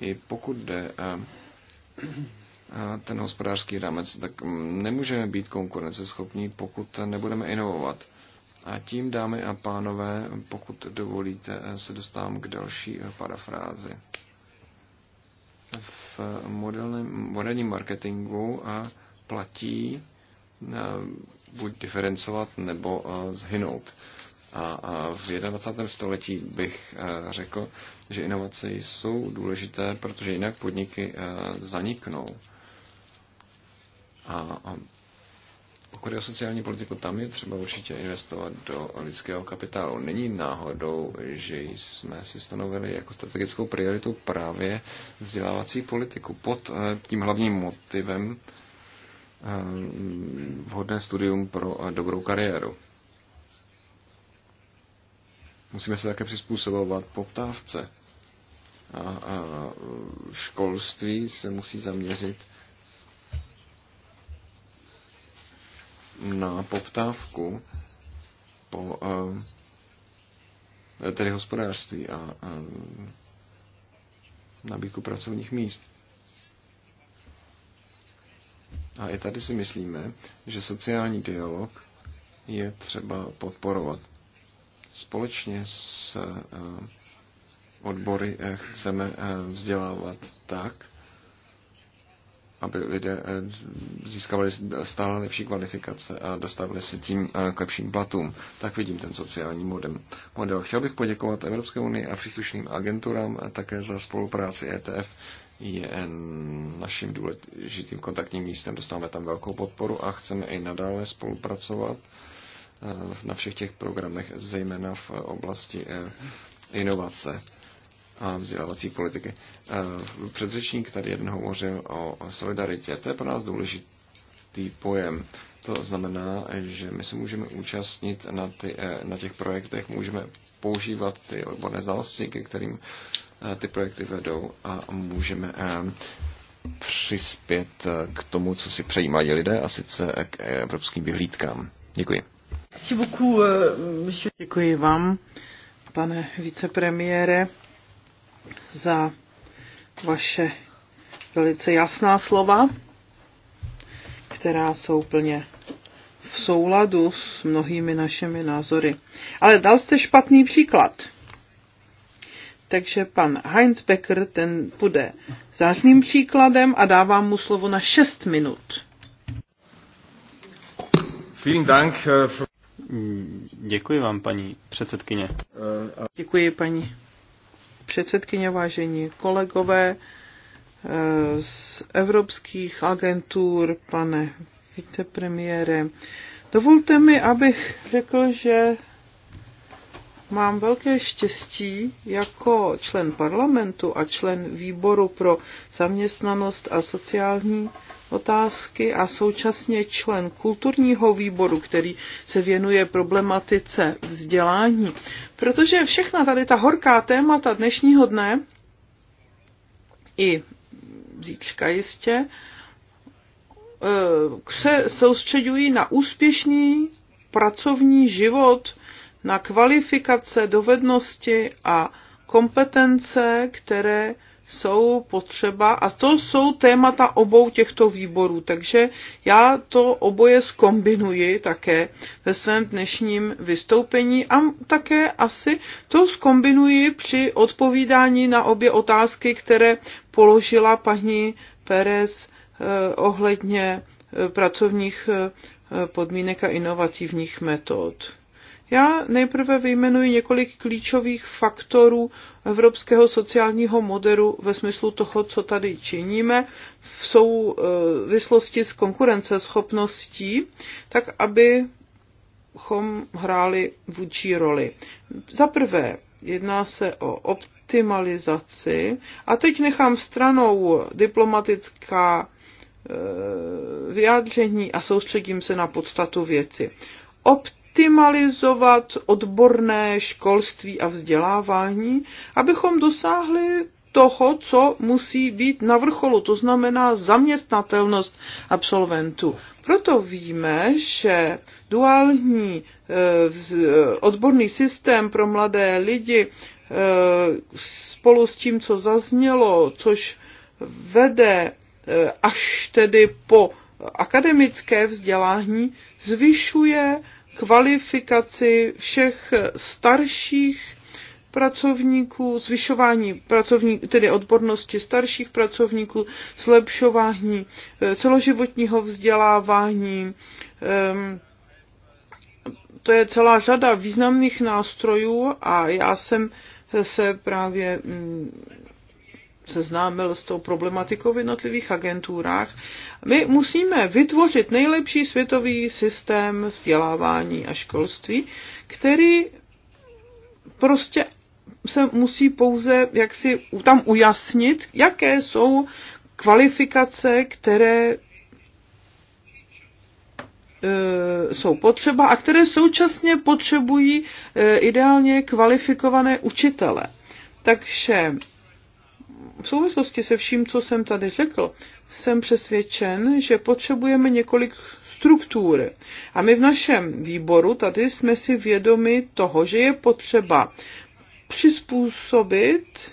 I pokud jde ten hospodářský rámec, tak mm, nemůžeme být konkurenceschopní, pokud nebudeme inovovat. A tím, dámy a pánové, pokud dovolíte, se dostávám k další parafrázi. V v moderním, moderním marketingu a platí eh, buď diferencovat nebo eh, zhynout. A v 21. století bych eh, řekl, že inovace jsou důležité, protože jinak podniky zaniknou. A pokud je o sociální politiku, tam je třeba určitě investovat do lidského kapitálu. Není náhodou, že jsme si stanovili jako strategickou prioritu právě vzdělávací politiku pod eh, tím hlavním motivem eh, vhodné studium pro eh, dobrou kariéru. Musíme se také přizpůsobovat poptávce. A, a školství se musí zaměřit na poptávku po eh, tedy hospodářství a nabídku pracovních míst. A i tady si myslíme, že sociální dialog je třeba podporovat. Společně s eh, odbory eh, chceme vzdělávat tak, aby lidé eh, získávali stále lepší kvalifikace a dostávali se tím eh, k lepším platům. Tak vidím ten sociální model. model. Chtěl bych poděkovat Evropské unii a příslušným agenturám eh, také za spolupráci ETF. Je naším důležitým kontaktním místem, dostáváme tam velkou podporu a chceme i nadále spolupracovat na všech těch programech, zejména v oblasti inovace vzdělávací politiky. Eh, předřečník tady jeden hovořil o solidaritě. To je pro nás důležitý pojem. To znamená, že my se můžeme účastnit na, ty, eh, na těch projektech, můžeme používat ty odborné znalosti, ke kterým eh, ty projekty vedou a můžeme přispět k tomu, co si přejímají lidé, a sice k evropským vyhlídkám. Děkuji. Euh, Děkuji vám, pane vicepremiére za vaše velice jasná slova, která jsou plně v souladu s mnohými našimi názory. Ale dal jste špatný příklad. Takže pan Heinz Becker, ten bude zářným příkladem a dávám mu slovo na 6 minut. Vielen Dank. Eh, Děkuji vám, paní předsedkyně. Děkuji, paní předsedkyně, vážení kolegové eh, z evropských agentur, pane vicepremiére. Dovolte mi, abych řekl, že mám velké štěstí jako člen parlamentu a člen výboru pro zaměstnanost a sociální otázky a současně člen kulturního výboru, který se věnuje problematice vzdělání. Protože všechna tady ta horká témata dnešního dne i zítřka jistě, eh, se soustředují na úspěšný pracovní život, na kvalifikace, dovednosti a kompetence, které jsou potřeba, a to jsou témata obou těchto výborů, takže já to oboje zkombinuji také ve svém dnešním vystoupení a také asi to zkombinuji při odpovídání na obě otázky, které položila paní Pérez eh, ohledně eh, pracovních eh, podmínek a inovativních metod. Já nejprve vyjmenuji několik klíčových faktorů evropského sociálního modelu ve smyslu toho, co tady činíme v souvislosti e, s konkurenceschopností, tak abychom hráli vůči roli. Za prvé, jedná se o optimalizaci a teď nechám stranou diplomatická e, vyjádření a soustředím se na podstatu věci. Opt optimalizovat odborné školství a vzdělávání, abychom dosáhli toho, co musí být na vrcholu, to znamená zaměstnatelnost absolventů. Proto víme, že duální e, e, odborný systém pro mladé lidi e, spolu s tím, co zaznělo, což vede až tedy po akademické vzdělání, zvyšuje kvalifikaci všech starších pracovníků, zvyšování pracovní, tedy odbornosti starších pracovníků, zlepšování eh, celoživotního vzdělávání. Ehm, to je celá řada významných nástrojů a já jsem se právě mm, seznámil s tou problematikou v jednotlivých agenturách. My musíme vytvořit nejlepší světový systém vzdělávání a školství, který prostě se musí pouze jaksi tam ujasnit, jaké jsou kvalifikace, které e, jsou potřeba a které současně potřebují e, ideálně kvalifikované učitele. Takže v souvislosti se vším, co jsem tady řekl, jsem přesvědčen, že potřebujeme několik struktur. A my v našem výboru tady jsme si vědomi toho, že je potřeba přizpůsobit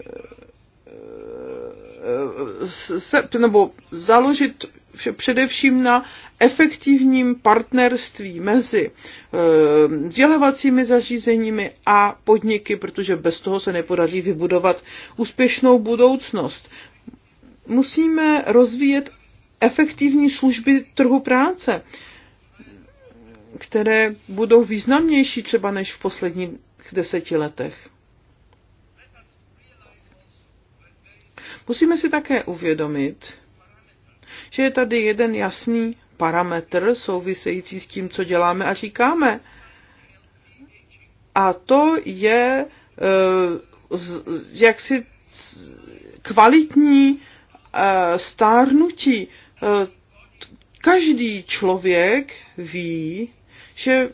eh, eh, se, nebo založit především na efektivním partnerství mezi eh, vzdělávacími zařízeními a podniky, protože bez toho se nepodaří vybudovat úspěšnou budoucnost. Musíme rozvíjet efektivní služby trhu práce, které budou významnější třeba než v posledních deseti letech. Musíme si také uvědomit, že je tady jeden jasný parametr související s tím, co děláme a říkáme. A to je eh, jaksi kvalitní eh, stárnutí. Eh, každý člověk ví, že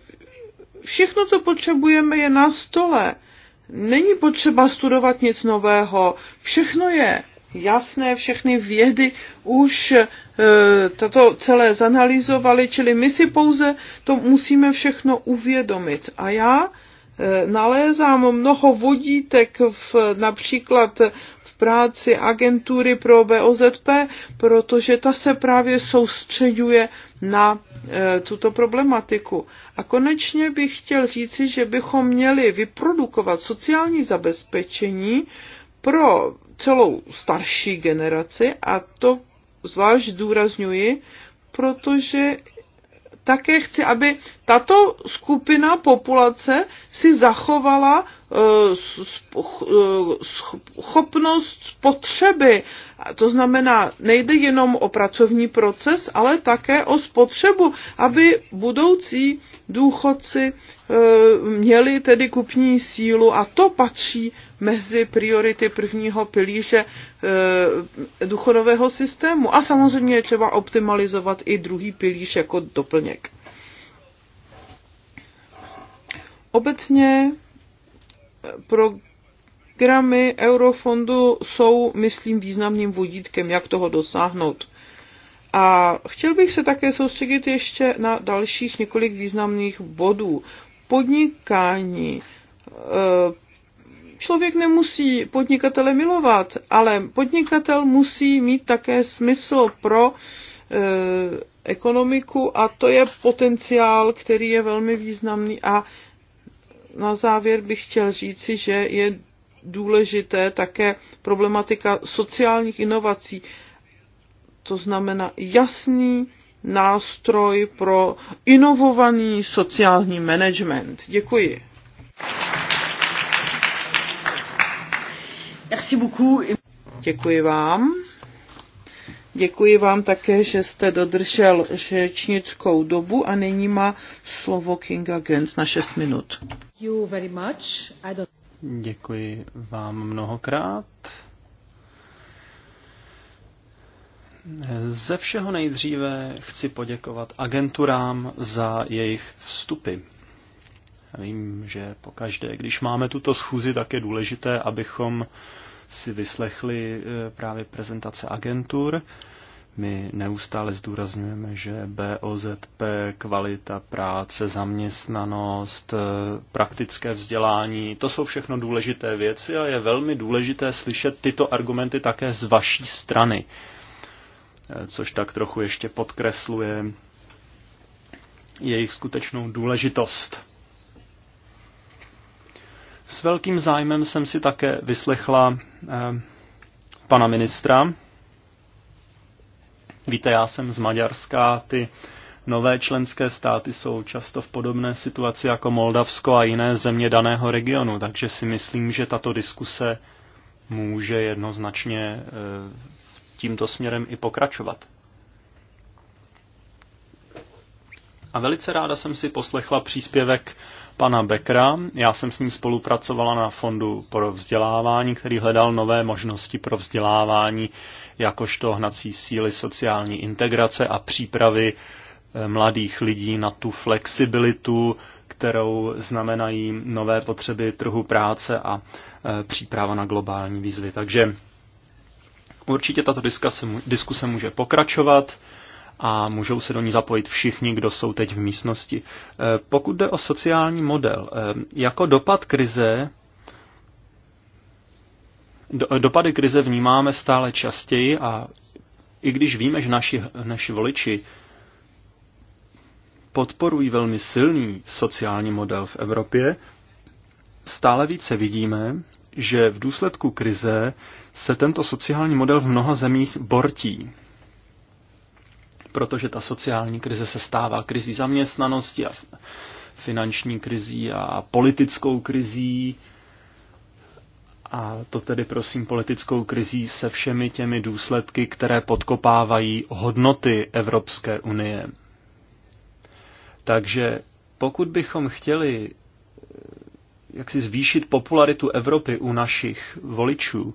všechno, co potřebujeme, je na stole. Není potřeba studovat nic nového, všechno je jasné, všechny vědy už e, toto celé zanalizovaly, čili my si pouze to musíme všechno uvědomit. A já e, nalézám mnoho vodítek v, například v práci agentury pro BOZP, protože ta se právě soustředuje na e, tuto problematiku. A konečně bych chtěl říci, že bychom měli vyprodukovat sociální zabezpečení pro celou starší generaci a to zvlášť zdůrazňuji, protože také chci, aby tato skupina populace si zachovala schopnost spotřeby. To znamená, nejde jenom o pracovní proces, ale také o spotřebu, aby budoucí důchodci e, měli tedy kupní sílu a to patří mezi priority prvního pilíře e, důchodového systému. A samozřejmě je třeba optimalizovat i druhý pilíř jako doplněk. Obecně programy eurofondu jsou, myslím, významným vodítkem, jak toho dosáhnout. A chtěl bych se také soustředit ještě na dalších několik významných bodů. Podnikání. E, člověk nemusí podnikatele milovat, ale podnikatel musí mít také smysl pro e, ekonomiku a to je potenciál, který je velmi významný a na závěr bych chtěl říci, že je důležité také problematika sociálních inovací, to znamená jasný nástroj pro inovovaný sociální management. Děkuji. Merci beaucoup. Děkuji vám. Děkuji vám také, že jste dodržel řečnickou dobu a nyní má slovo Kinga Gens na 6 minut. Děkuji vám mnohokrát. Ze všeho nejdříve chci poděkovat agenturám za jejich vstupy. Já vím, že pokaždé, když máme tuto schůzi, tak je důležité, abychom si vyslechli e, právě prezentace agentur. My neustále zdůrazňujeme, že BOZP, kvalita práce, zaměstnanost, e, praktické vzdělání, to jsou všechno důležité věci a je velmi důležité slyšet tyto argumenty také z vaší strany, e, což tak trochu ještě podkresluje jejich skutečnou důležitost. S velkým zájmem jsem si také vyslechla eh, pana ministra. Víte, já jsem z Maďarska, ty nové členské státy jsou často v podobné situaci jako Moldavsko a jiné země daného regionu, takže si myslím, že tato diskuse může jednoznačně eh, tímto směrem i pokračovat. A velice ráda jsem si poslechla příspěvek pana Bekra. Já jsem s ním spolupracovala na Fondu pro vzdělávání, který hledal nové možnosti pro vzdělávání, jakožto hnací síly sociální integrace a přípravy eh, mladých lidí na tu flexibilitu, kterou znamenají nové potřeby trhu práce a eh, příprava na globální výzvy. Takže určitě tato diskuse, může pokračovat a můžou se do ní zapojit všichni, kdo jsou teď v místnosti. Eh, pokud jde o sociální model, eh, jako dopad krize dopady krize vnímáme stále častěji a i když víme, že naši, naši voliči podporují velmi silný sociální model v Evropě, stále více vidíme, že v důsledku krize se tento sociální model v mnoha zemích bortí protože ta sociální krize se stává krizí zaměstnanosti a finanční krizí a politickou krizí. A to tedy prosím politickou krizí se všemi těmi důsledky, které podkopávají hodnoty Evropské unie. Takže pokud bychom chtěli eh, jak si zvýšit popularitu Evropy u našich voličů,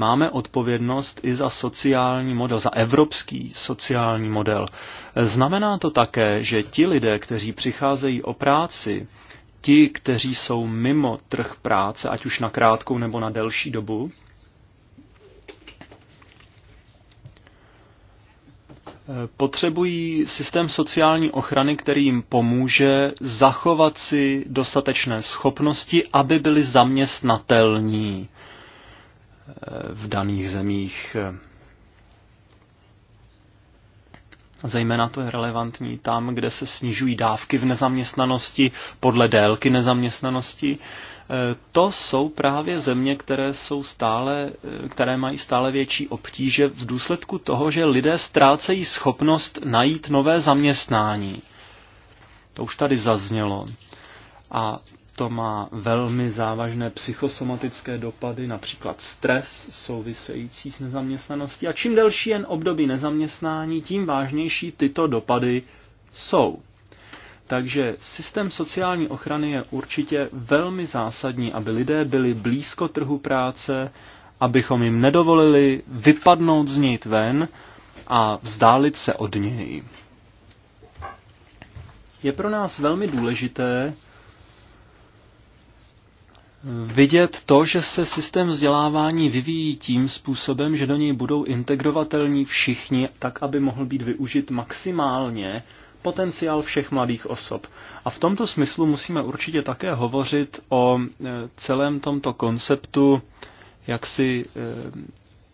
Máme odpovědnost i za sociální model, za evropský sociální model. Znamená to také, že ti lidé, kteří přicházejí o práci, ti, kteří jsou mimo trh práce, ať už na krátkou nebo na delší dobu, potřebují systém sociální ochrany, který jim pomůže zachovat si dostatečné schopnosti, aby byli zaměstnatelní v daných zemích. Zejména to je relevantní tam, kde se snižují dávky v nezaměstnanosti podle délky nezaměstnanosti. To jsou právě země, které, jsou stále, které mají stále větší obtíže v důsledku toho, že lidé ztrácejí schopnost najít nové zaměstnání. To už tady zaznělo. A to má velmi závažné psychosomatické dopady, například stres související s nezaměstnaností. A čím delší jen období nezaměstnání, tím vážnější tyto dopady jsou. Takže systém sociální ochrany je určitě velmi zásadní, aby lidé byli blízko trhu práce, abychom jim nedovolili vypadnout z něj ven a vzdálit se od něj. Je pro nás velmi důležité, vidět to, že se systém vzdělávání vyvíjí tím způsobem, že do něj budou integrovatelní všichni, tak aby mohl být využit maximálně potenciál všech mladých osob. A v tomto smyslu musíme určitě také hovořit o e, celém tomto konceptu jaksi e,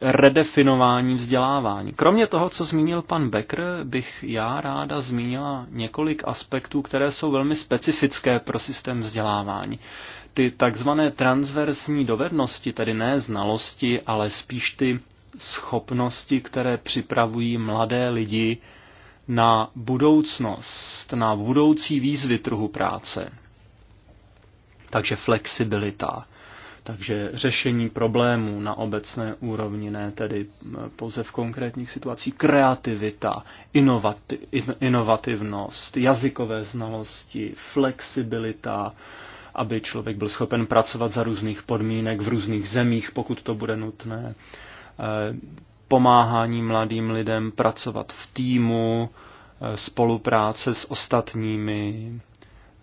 redefinování vzdělávání. Kromě toho, co zmínil pan Becker, bych já ráda zmínila několik aspektů, které jsou velmi specifické pro systém vzdělávání ty takzvané transversní dovednosti, tedy ne znalosti, ale spíš ty schopnosti, které připravují mladé lidi na budoucnost, na budoucí výzvy trhu práce. Takže flexibilita, takže řešení problémů na obecné úrovni, ne tedy eh, pouze v konkrétních situacích, kreativita, inovativnost, jazykové znalosti, flexibilita, aby člověk byl schopen pracovat za různých podmínek v různých zemích, pokud to bude nutné. Eh, pomáhání mladým lidem pracovat v týmu, eh, spolupráce s ostatními,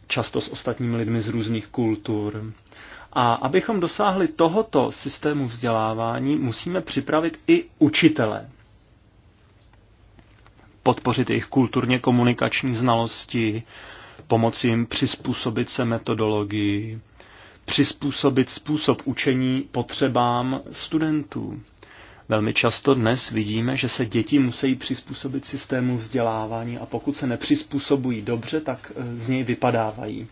často s ostatními lidmi z různých kultur. A abychom dosáhli tohoto systému vzdělávání, musíme připravit i učitele. Podpořit jejich kulturně komunikační znalosti, pomoci jim přizpůsobit se metodologii, přizpůsobit způsob učení potřebám studentů. Velmi často dnes vidíme, že se děti musí přizpůsobit systému vzdělávání a pokud se nepřizpůsobují dobře, tak eh, z něj vypadávají.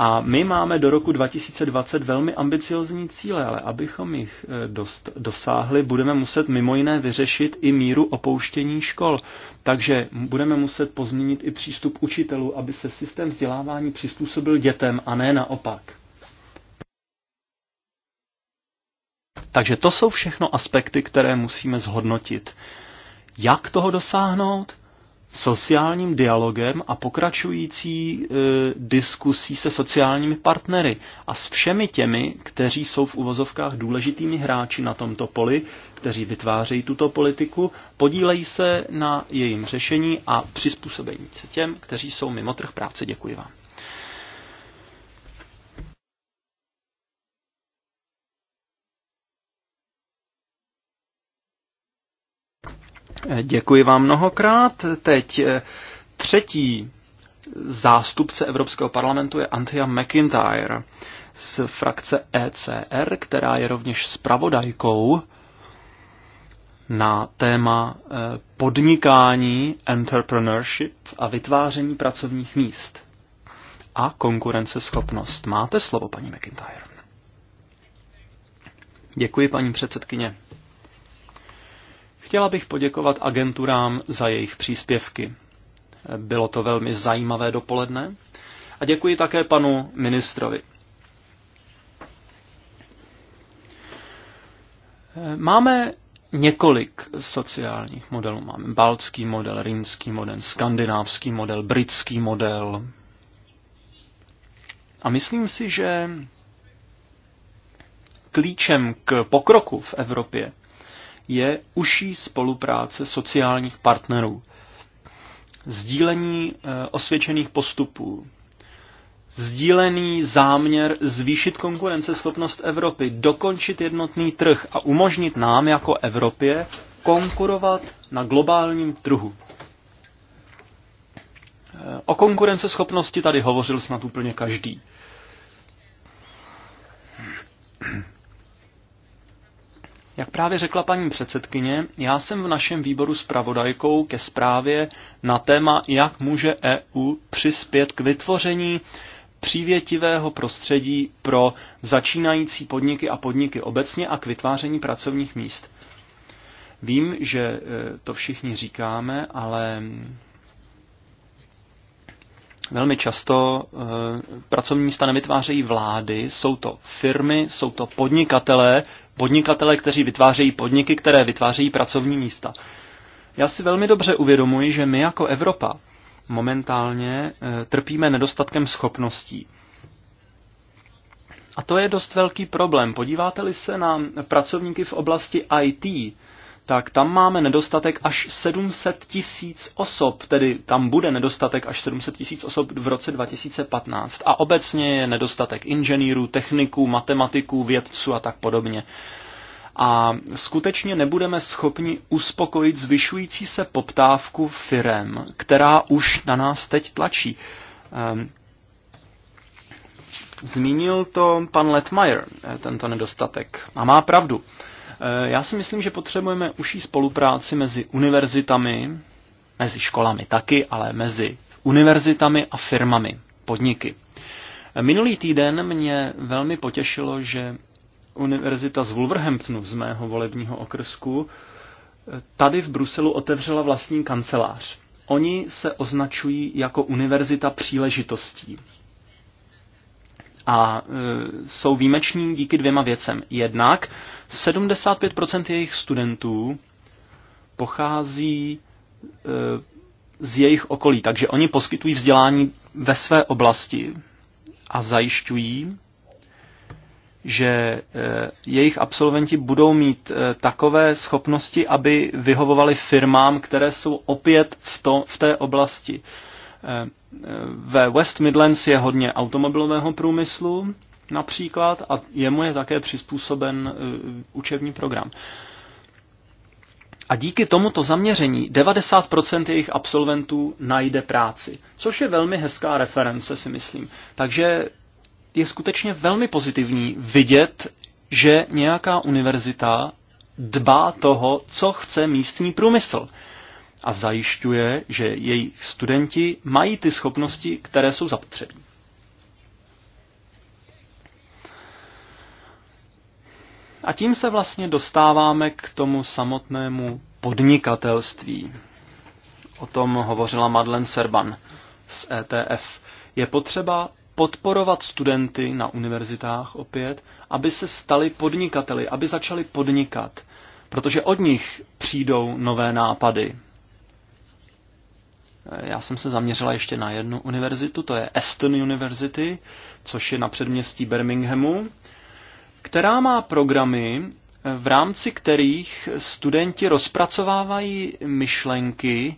A my máme do roku 2020 velmi ambiciozní cíle, ale abychom jich eh, dost, dosáhli, budeme muset mimo jiné vyřešit i míru opouštění škol. Takže budeme muset pozměnit i přístup učitelů, aby se systém vzdělávání přizpůsobil dětem a ne naopak. Takže to jsou všechno aspekty, které musíme zhodnotit. Jak toho dosáhnout? sociálním dialogem a pokračující e, diskusí se sociálními partnery a s všemi těmi, kteří jsou v uvozovkách důležitými hráči na tomto poli, kteří vytvářejí tuto politiku, podílejí se na jejím řešení a přizpůsobení se těm, kteří jsou mimo trh práce. Děkuji vám. Děkuji vám mnohokrát. Teď eh, třetí zástupce Evropského parlamentu je Anthea McIntyre z frakce ECR, která je rovněž spravodajkou na téma eh, podnikání, entrepreneurship a vytváření pracovních míst a konkurenceschopnost. Máte slovo, paní McIntyre. Děkuji, paní předsedkyně. Chtěla bych poděkovat agenturám za jejich příspěvky. Bylo to velmi zajímavé dopoledne a děkuji také panu ministrovi. Máme několik sociálních modelů. Máme baltský model, rýnský model, skandinávský model, britský model. A myslím si, že klíčem k pokroku v Evropě je užší spolupráce sociálních partnerů, sdílení eh, osvědčených postupů, sdílený záměr zvýšit konkurenceschopnost Evropy, dokončit jednotný trh a umožnit nám jako Evropě konkurovat na globálním trhu. Eh, o konkurenceschopnosti tady hovořil snad úplně každý. Jak právě řekla paní předsedkyně, já jsem v našem výboru s pravodajkou ke zprávě na téma, jak může EU přispět k vytvoření přívětivého prostředí pro začínající podniky a podniky obecně a k vytváření pracovních míst. Vím, že e, to všichni říkáme, ale Velmi často eh, pracovní místa nevytvářejí vlády, jsou to firmy, jsou to podnikatelé, podnikatelé, kteří vytvářejí podniky, které vytvářejí pracovní místa. Já si velmi dobře uvědomuji, že my jako Evropa momentálně eh, trpíme nedostatkem schopností. A to je dost velký problém. Podíváte-li se na pracovníky v oblasti IT, tak tam máme nedostatek až 700 tisíc osob, tedy tam bude nedostatek až 700 tisíc osob v roce 2015. A obecně je nedostatek inženýrů, techniků, matematiků, vědců a tak podobně. A skutečně nebudeme schopni uspokojit zvyšující se poptávku firem, která už na nás teď tlačí. Ehm, zmínil to pan Letmeyer, eh, tento nedostatek. A má pravdu. Eh, já si myslím, že potřebujeme užší spolupráci mezi univerzitami, mezi školami taky, ale mezi univerzitami a firmami, podniky. Eh, minulý týden mě velmi potěšilo, že univerzita z Wolverhamptonu, z mého volebního okrsku, eh, tady v Bruselu otevřela vlastní kancelář. Oni se označují jako univerzita příležitostí a e, jsou výjimeční díky dvěma věcem. Jednak 75% jejich studentů pochází e, z jejich okolí, takže oni poskytují vzdělání ve své oblasti a zajišťují, že e, jejich absolventi budou mít takové schopnosti, aby vyhovovali firmám, které jsou opět v, to, v té oblasti. Eh, ve West Midlands je hodně automobilového průmyslu například a jemu je také přizpůsoben eh, učební program. A díky tomuto zaměření 90% jejich absolventů najde práci, což je velmi hezká reference, si myslím. Takže je skutečně velmi pozitivní vidět, že nějaká univerzita dbá toho, co chce místní průmysl a zajišťuje, že jejich studenti mají ty schopnosti, které jsou zapotřebí. A tím se vlastně dostáváme k tomu samotnému podnikatelství. O tom hovořila Madeleine Serban z ETF. Je potřeba podporovat studenty na univerzitách opět, aby se stali podnikateli, aby začali podnikat, protože od nich přijdou nové nápady, já jsem se zaměřila ještě na jednu univerzitu, to je Aston University, což je na předměstí Birminghamu, která má programy, v rámci kterých studenti rozpracovávají myšlenky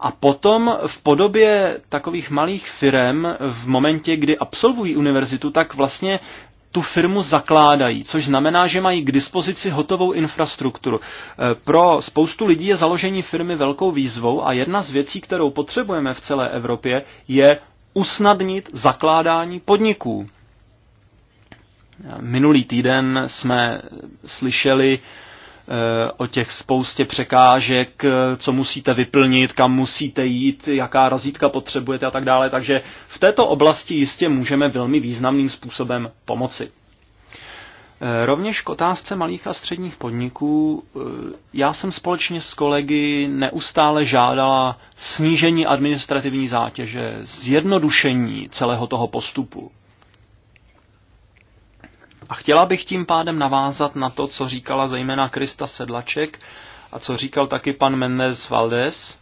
a potom v podobě takových malých firm v momentě, kdy absolvují univerzitu, tak vlastně tu firmu zakládají, což znamená, že mají k dispozici hotovou infrastrukturu. E, pro spoustu lidí je založení firmy velkou výzvou a jedna z věcí, kterou potřebujeme v celé Evropě, je usnadnit zakládání podniků. E, minulý týden jsme slyšeli o těch spoustě překážek, eh, co musíte vyplnit, kam musíte jít, jaká razítka potřebujete a tak dále. Takže v této oblasti jistě můžeme velmi významným způsobem pomoci. Eh, rovněž k otázce malých a středních podniků. Eh, já jsem společně s kolegy neustále žádala snížení administrativní zátěže, zjednodušení celého toho postupu. A chtěla bych tím pádem navázat na to, co říkala zejména Krista Sedlaček a co říkal taky pan Mendez Valdez.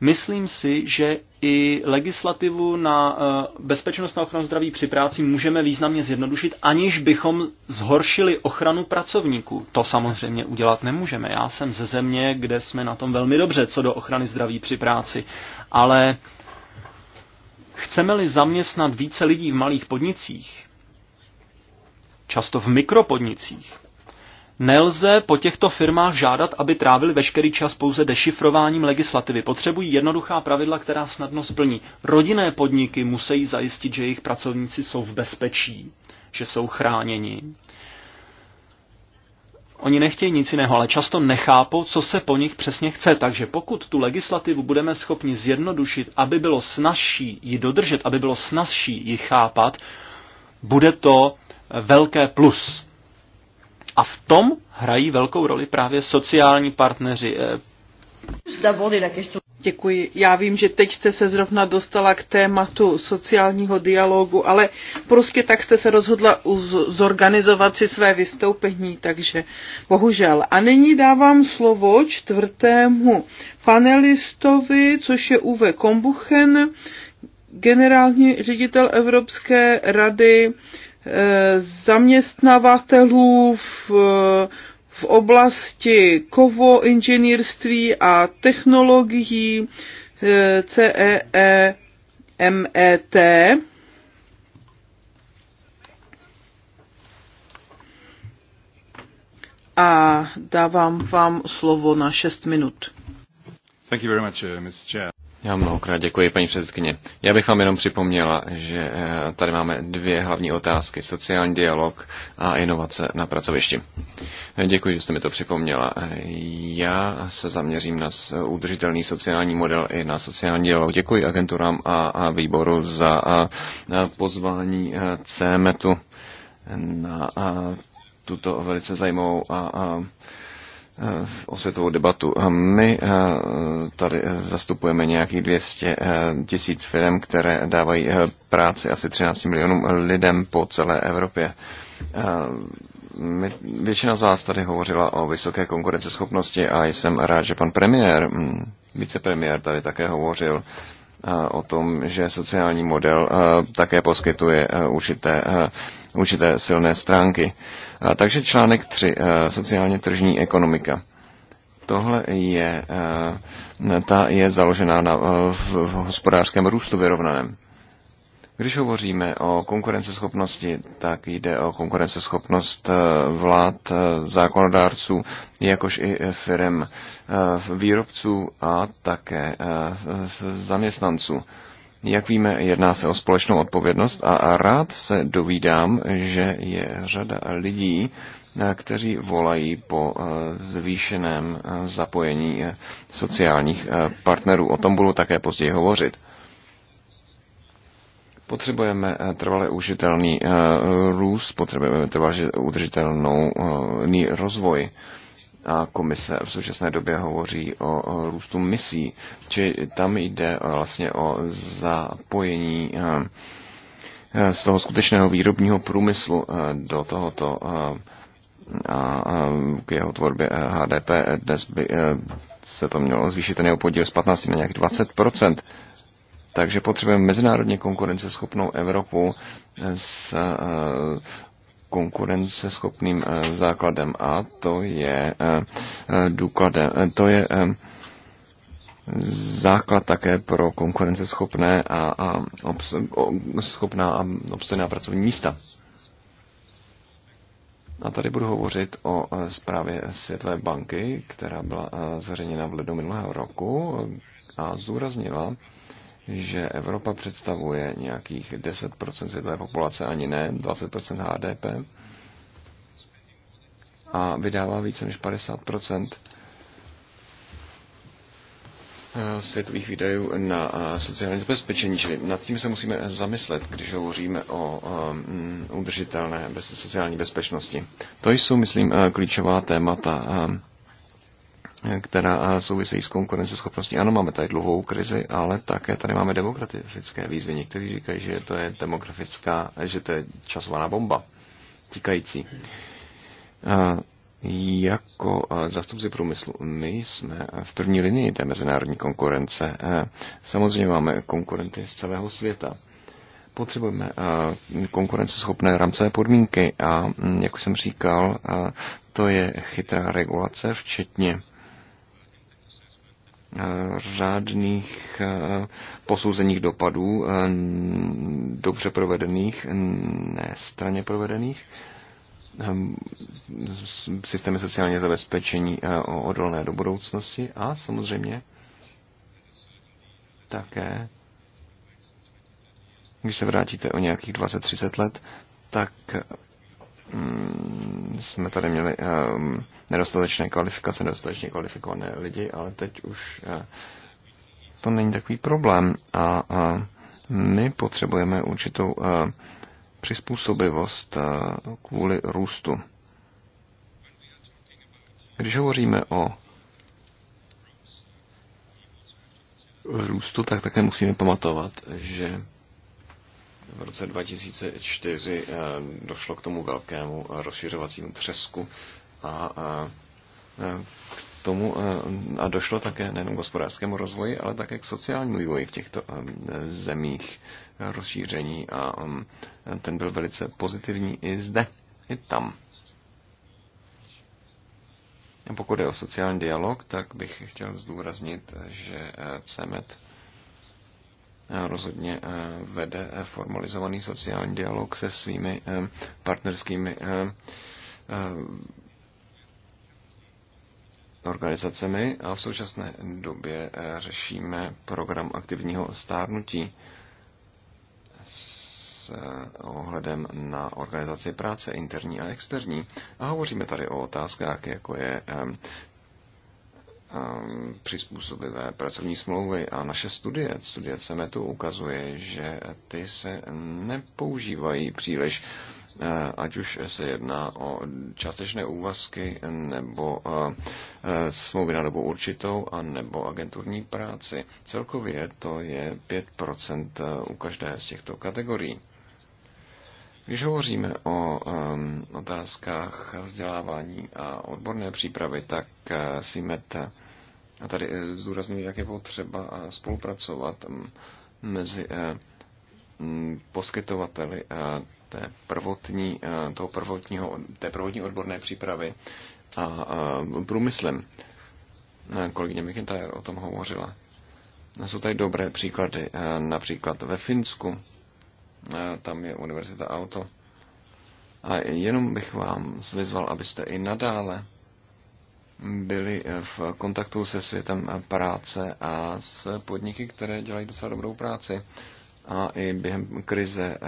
Myslím si, že i legislativu na eh, bezpečnost na ochranu zdraví při práci můžeme významně zjednodušit, aniž bychom zhoršili ochranu pracovníků. To samozřejmě udělat nemůžeme. Já jsem ze země, kde jsme na tom velmi dobře co do ochrany zdraví při práci, ale chceme-li zaměstnat více lidí v malých podnicích, často v mikropodnicích. Nelze po těchto firmách žádat, aby trávili veškerý čas pouze dešifrováním legislativy. Potřebují jednoduchá pravidla, která snadno splní. Rodinné podniky musí zajistit, že jejich pracovníci jsou v bezpečí, že jsou chráněni. Oni nechtějí nic jiného, ale často nechápou, co se po nich přesně chce. Takže pokud tu legislativu budeme schopni zjednodušit, aby bylo snažší ji dodržet, aby bylo snažší ji chápat, bude to velké plus. A v tom hrají velkou roli právě sociální partneři. Eh, Děkuji. Já vím, že teď jste se zrovna dostala k tématu sociálního dialogu, ale prostě tak jste se rozhodla zorganizovat si své vystoupení, takže bohužel. A nyní dávám slovo čtvrtému panelistovi, což je Uwe Kombuchen, generální ředitel Evropské rady zaměstnavatelů v, v oblasti kovo inženýrství a technologií CEEMET. A dávám vám slovo na 6 minut. Thank you very much, uh, Ms. Chair. Já mnohokrát děkuji, paní předsedkyně. Já bych vám jenom připomněla, že eh, tady máme dvě hlavní otázky. Sociální dialog a inovace na pracovišti. Eh, děkuji, že jste mi to připomněla. Eh, já se zaměřím na udržitelný sociální model i na sociální dialog. Děkuji agenturám a výboru za pozvání CEMETu na tuto velice zajímavou a Eh, osvětovou debatu. My eh, tady eh, zastupujeme nějakých 200 tisíc firm, které dávají práci asi 13 milionům lidem po celé Evropě. My, většina z vás tady hovořila o vysoké konkurenceschopnosti a jsem rád, že pan premiér, hm, vicepremiér tady také hovořil o tom, že sociální model také poskytuje určité, určité silné stránky takže článek 3. Eh, sociálně tržní ekonomika. Tohle je, eh, ta je založená na, eh, v, v hospodářském růstu vyrovnaném. Když hovoříme o konkurenceschopnosti, tak jde o konkurenceschopnost vlád, zákonodárců, jakož i firm, výrobců a také zaměstnanců. Jak víme, jedná se o společnou odpovědnost a rád se dovídám, že je řada lidí, eh, kteří volají po eh, zvýšeném eh, zapojení sociálních partnerů. O tom budu také později hovořit. Potřebujeme trvale užitelný růst, potřebujeme trvale udržitelný rozvoj a komise v současné době hovoří o růstu misí, či tam jde vlastně o zapojení eh, z toho skutečného výrobního průmyslu eh, do tohoto eh, a k jeho tvorbě HDP dnes by se to mělo zvýšit ten jeho podíl z 15 na nějak 20%. Takže potřebujeme mezinárodně konkurenceschopnou Evropu s konkurenceschopným eh, základem a to je eh, eh, důkladem, to je základ také pro konkurenceschopné a, a obs, schopná a obstojná pracovní místa. A tady budu hovořit o zprávě Světové banky, která byla zveřejněna v lednu minulého roku a zdůraznila, že Evropa představuje nějakých 10% světové populace, ani ne, 20% HDP a vydává více než 50% eh, světových výdajů na eh, sociální zabezpečení. Čili nad tím se musíme zamyslet, když hovoříme o eh, udržitelné sociální bezpečnosti. To jsou, myslím, klíčová témata která souvisejí s konkurenceschopností. Ano, máme tady dlouhou krizi, ale také tady máme demografické výzvy. Někteří říkají, že to je demografická, že to je časovaná bomba A Jako zastupci průmyslu, my jsme v první linii té mezinárodní konkurence. Samozřejmě máme konkurenty z celého světa potřebujeme konkurenceschopné rámcové podmínky a, jak už jsem říkal, to je chytrá regulace, včetně řádných eh, posouzeních dopadů, eh, dobře provedených, ne straně provedených, ehm, systémy sociálně zabezpečení eh, odolné do budoucnosti a samozřejmě také, když se vrátíte o nějakých 20-30 let, tak mm, jsme tady měli ehm, nedostatečné kvalifikace, nedostatečně kvalifikované lidi, ale teď už eh, to není takový problém a my potřebujeme určitou eh, přizpůsobivost eh, kvůli růstu. Když hovoříme o růstu, tak také musíme pamatovat, že v roce 2004 došlo k tomu velkému rozšiřovacímu třesku, a, a k tomu a došlo také nejenom k hospodářskému rozvoji, ale také k sociálnímu vývoji v těchto zemích rozšíření a ten byl velice pozitivní i zde, i tam. A pokud je o sociální dialog, tak bych chtěl zdůraznit, že e, CEMET e, rozhodně e, vede formalizovaný sociální dialog se svými partnerskými organizacemi a v současné době eh, řešíme program aktivního stárnutí s eh, ohledem na organizaci práce interní a externí. A hovoříme tady o otázkách, jako je ehm, ehm, přizpůsobivé pracovní smlouvy a naše studie, studie CEMETu ukazuje, že ty se nepoužívají příliš Eh, ať už se jedná o částečné úvazky nebo eh, smlouvy na dobu určitou a nebo agenturní práci. Celkově to je 5% eh, u každé z těchto kategorií. Když hovoříme o um, otázkách vzdělávání a odborné přípravy, tak uh, met a tady zdůraznuju, jak je potřeba spolupracovat mm, mezi uh, poskytovateli uh, té prvotní, eh, toho prvotního, té prvotní odborné přípravy a, a průmyslem. Eh, kolegyně McIntyre o tom hovořila. Jsou tady dobré příklady, eh, například ve Finsku, tam je univerzita auto. A jenom bych vám vyzval, abyste i nadále byli v kontaktu se světem práce a s podniky, které dělají docela dobrou práci. A i během krize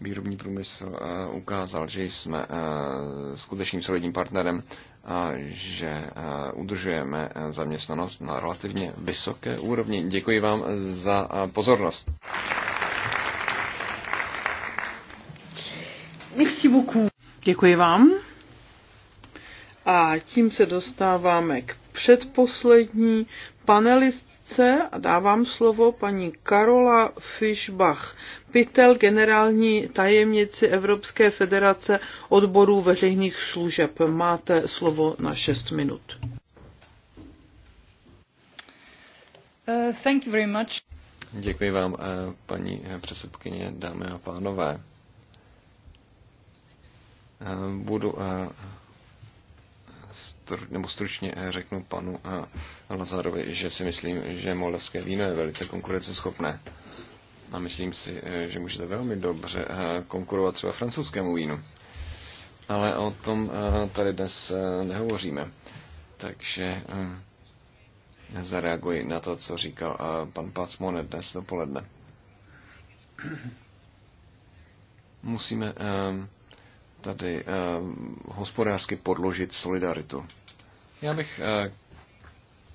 výrobní průmysl eh, ukázal, že jsme eh, skutečným solidním partnerem a že eh, udržujeme zaměstnanost na relativně vysoké úrovni. Děkuji vám za pozornost. Merci beaucoup. Děkuji vám. A tím se dostáváme k předposlední panelist krátce a dávám slovo paní Karola Fischbach, pytel generální tajemnici Evropské federace odborů veřejných služeb. Máte slovo na 6 minut. Uh, thank you very much. Děkuji vám, uh, paní uh, předsedkyně, dámy a pánové. Uh, budu nebo stručně eh, řeknu panu eh, Lazarovi, že si myslím, že moldavské víno je velice konkurenceschopné. A myslím si, eh, že můžete velmi dobře konkurovat třeba francouzskému vínu. Ale o tom tady dnes nehovoříme. Takže zareaguji na to, co říkal pan Pacmone dnes dopoledne. Musíme tady eh, hospodářsky podložit solidaritu. Já bych eh,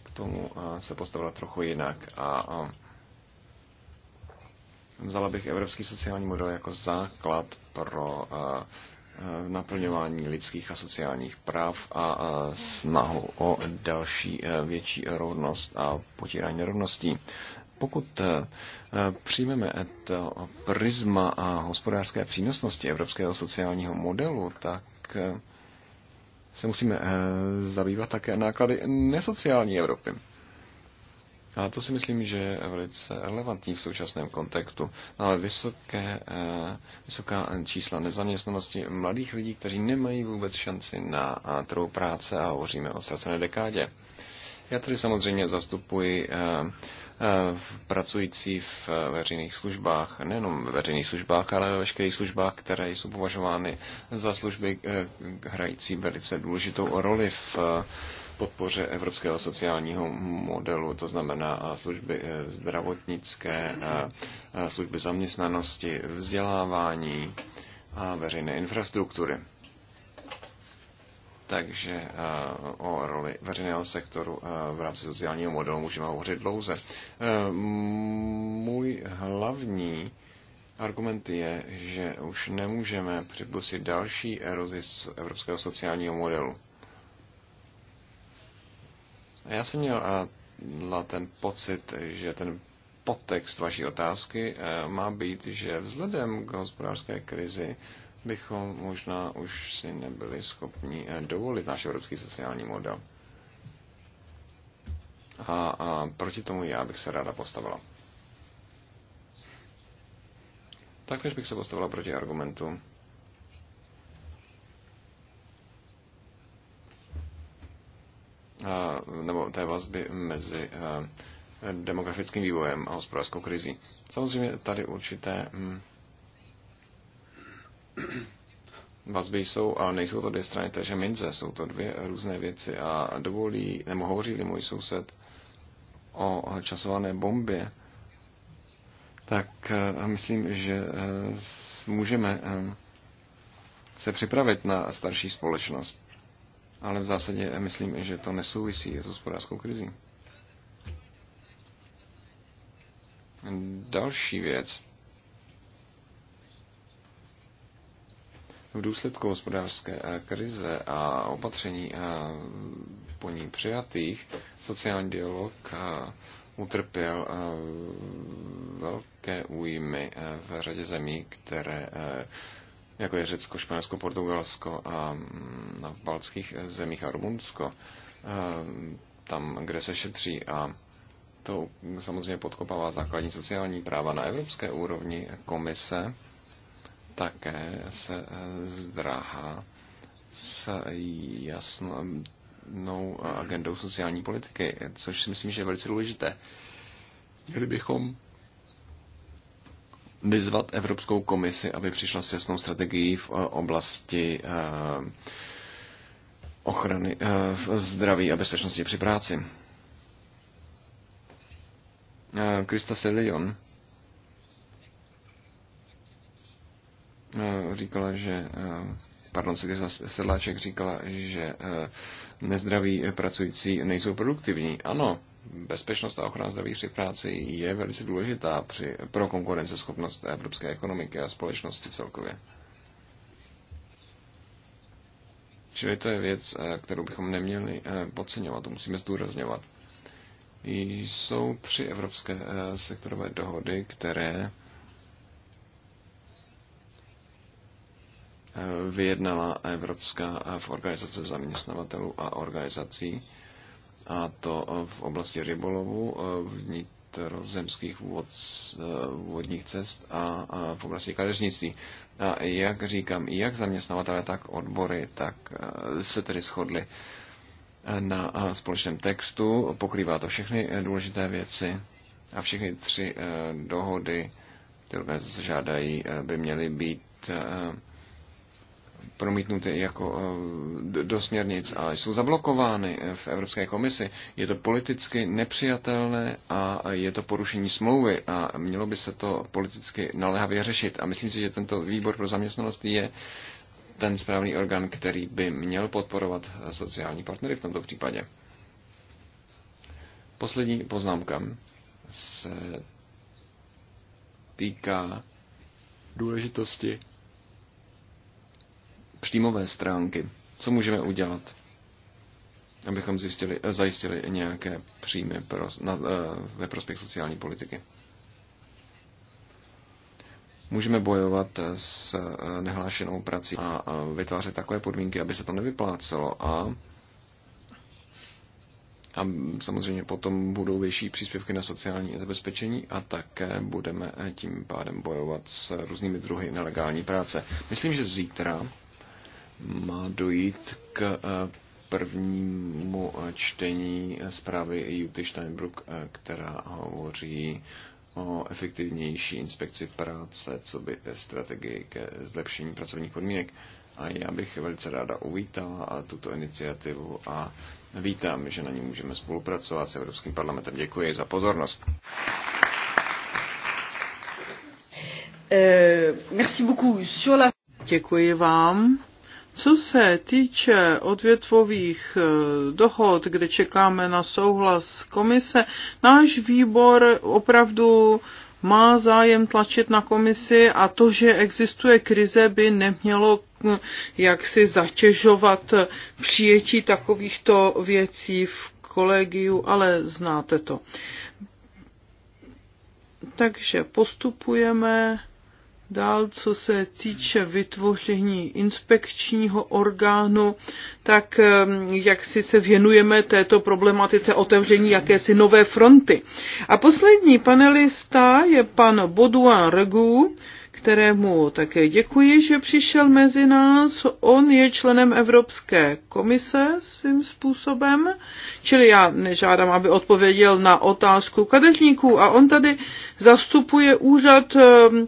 k tomu eh, se postavila trochu jinak a vzala bych evropský sociální model jako základ pro naplňování lidských a sociálních práv a snahu o další větší rovnost a potírání nerovností pokud eh, eh, přijmeme to prisma a hospodářské přínosnosti evropského sociálního modelu, tak eh, se musíme zabývat také náklady nesociální Evropy. A to si myslím, že je velice relevantní v současném kontextu. ale vysoké, vysoká čísla nezaměstnanosti mladých lidí, kteří nemají vůbec šanci na trhu práce a hovoříme o ztracené dekádě. Já tady samozřejmě zastupuji pracující v eh, veřejných službách, nejenom ve veřejných službách, ale ve veškerých službách, které jsou považovány za služby eh, hrající velice důležitou roli v eh, podpoře evropského sociálního modelu, to znamená služby zdravotnické, služby zaměstnanosti, vzdělávání a veřejné infrastruktury. Takže eh, o roli veřejného sektoru eh, v rámci sociálního modelu můžeme hovořit dlouze. Eh, můj hlavní Argument je, že už nemůžeme připustit další erozi z evropského sociálního modelu. Já jsem měl a, ten pocit, že ten podtext vaší otázky má být, že vzhledem k hospodářské krizi bychom možná už si nebyli schopni eh, dovolit náš evropský sociální model. A, a proti tomu já bych se ráda postavila. Taktéž bych se postavila proti argumentu, nebo té vazby mezi eh, demografickým vývojem a hospodářskou krizí. Samozřejmě tady určité hm, vazby jsou, ale nejsou to dvě strany, takže mince, jsou to dvě různé věci a dovolí, nebo hovoří můj soused o časované bombě, tak eh, myslím, že eh, můžeme eh, se připravit na starší společnost. Ale v zásadě myslím, že to nesouvisí s hospodářskou krizí. Další věc, v důsledku hospodářské eh, krize a opatření eh, po ní přijatých sociální dialog eh, utrpěl velké újmy v řadě zemí, které jako je Řecko, Španělsko, Portugalsko a mm, na baltských zemích a Rumunsko, tam, kde se šetří a to samozřejmě podkopává základní sociální práva na evropské úrovni komise také se eh, zdráhá s jasnou agendou sociální politiky, což si myslím, že je velice důležité. Měli bychom vyzvat Evropskou komisi, aby přišla s jasnou strategií v eh, oblasti eh, ochrany zdraví a bezpečnosti při práci. Krista Selion Eh, říkala, že eh, pardon, Sedláček říkala, že eh, nezdraví pracující nejsou produktivní. Ano, bezpečnost a ochrana zdraví při práci je velice důležitá při, pro konkurenceschopnost evropské ekonomiky a společnosti celkově. Čili to je věc, kterou bychom neměli podceňovat, to musíme zdůrazňovat. Jsou tři evropské sektorové dohody, které vyjednala Evropská v organizace zaměstnavatelů a organizací, a to v oblasti rybolovu, vnitrozemských vod, vodních cest a v oblasti kadeřnictví. A jak říkám, jak zaměstnavatele, tak odbory, tak eh, se tedy shodli eh, na eh, společném textu. Pokrývá to všechny důležité věci a všechny tři dohody, které se žádají, by měly být promítnuty jako eh, do směrnic a jsou zablokovány eh, v Evropské komisi. Je to politicky nepřijatelné a je to porušení smlouvy a mělo by se to politicky naléhavě řešit. A myslím si, že tento výbor pro zaměstnanost je ten správný orgán, který by měl podporovat eh, sociální partnery v tomto případě. Poslední poznámka se týká důležitosti příjmové stránky. Co můžeme udělat, abychom zjistili, eh, zajistili nějaké příjmy pro, na, eh, ve prospěch sociální politiky? Můžeme bojovat s eh, nehlášenou prací a vytvářet takové podmínky, aby se to nevyplácelo a a samozřejmě potom budou vyšší příspěvky na sociální zabezpečení a také budeme tím pádem bojovat s různými druhy nelegální práce. Myslím, že zítra má dojít k eh, prvnímu eh, čtení zprávy Juty Steinbrück, eh, která hovoří o efektivnější inspekci práce, co by strategii ke zlepšení pracovních podmínek. A já bych velice ráda uvítala tuto iniciativu a vítám, že na ní můžeme spolupracovat s Evropským parlamentem. Děkuji za pozornost. Děkuji vám. Co se týče odvětvových eh, dohod, kde čekáme na souhlas komise, náš výbor opravdu má zájem tlačit na komisi a to, že existuje krize, by nemělo hm, jaksi zatěžovat přijetí takovýchto věcí v kolegiu, ale znáte to. Takže postupujeme Dál, co se týče vytvoření inspekčního orgánu, tak um, jak si se věnujeme této problematice otevření jakési nové fronty. A poslední panelista je pan Baudouin Regu, kterému také děkuji, že přišel mezi nás. On je členem Evropské komise svým způsobem, čili já nežádám, aby odpověděl na otázku kadeřníků a on tady zastupuje úřad um,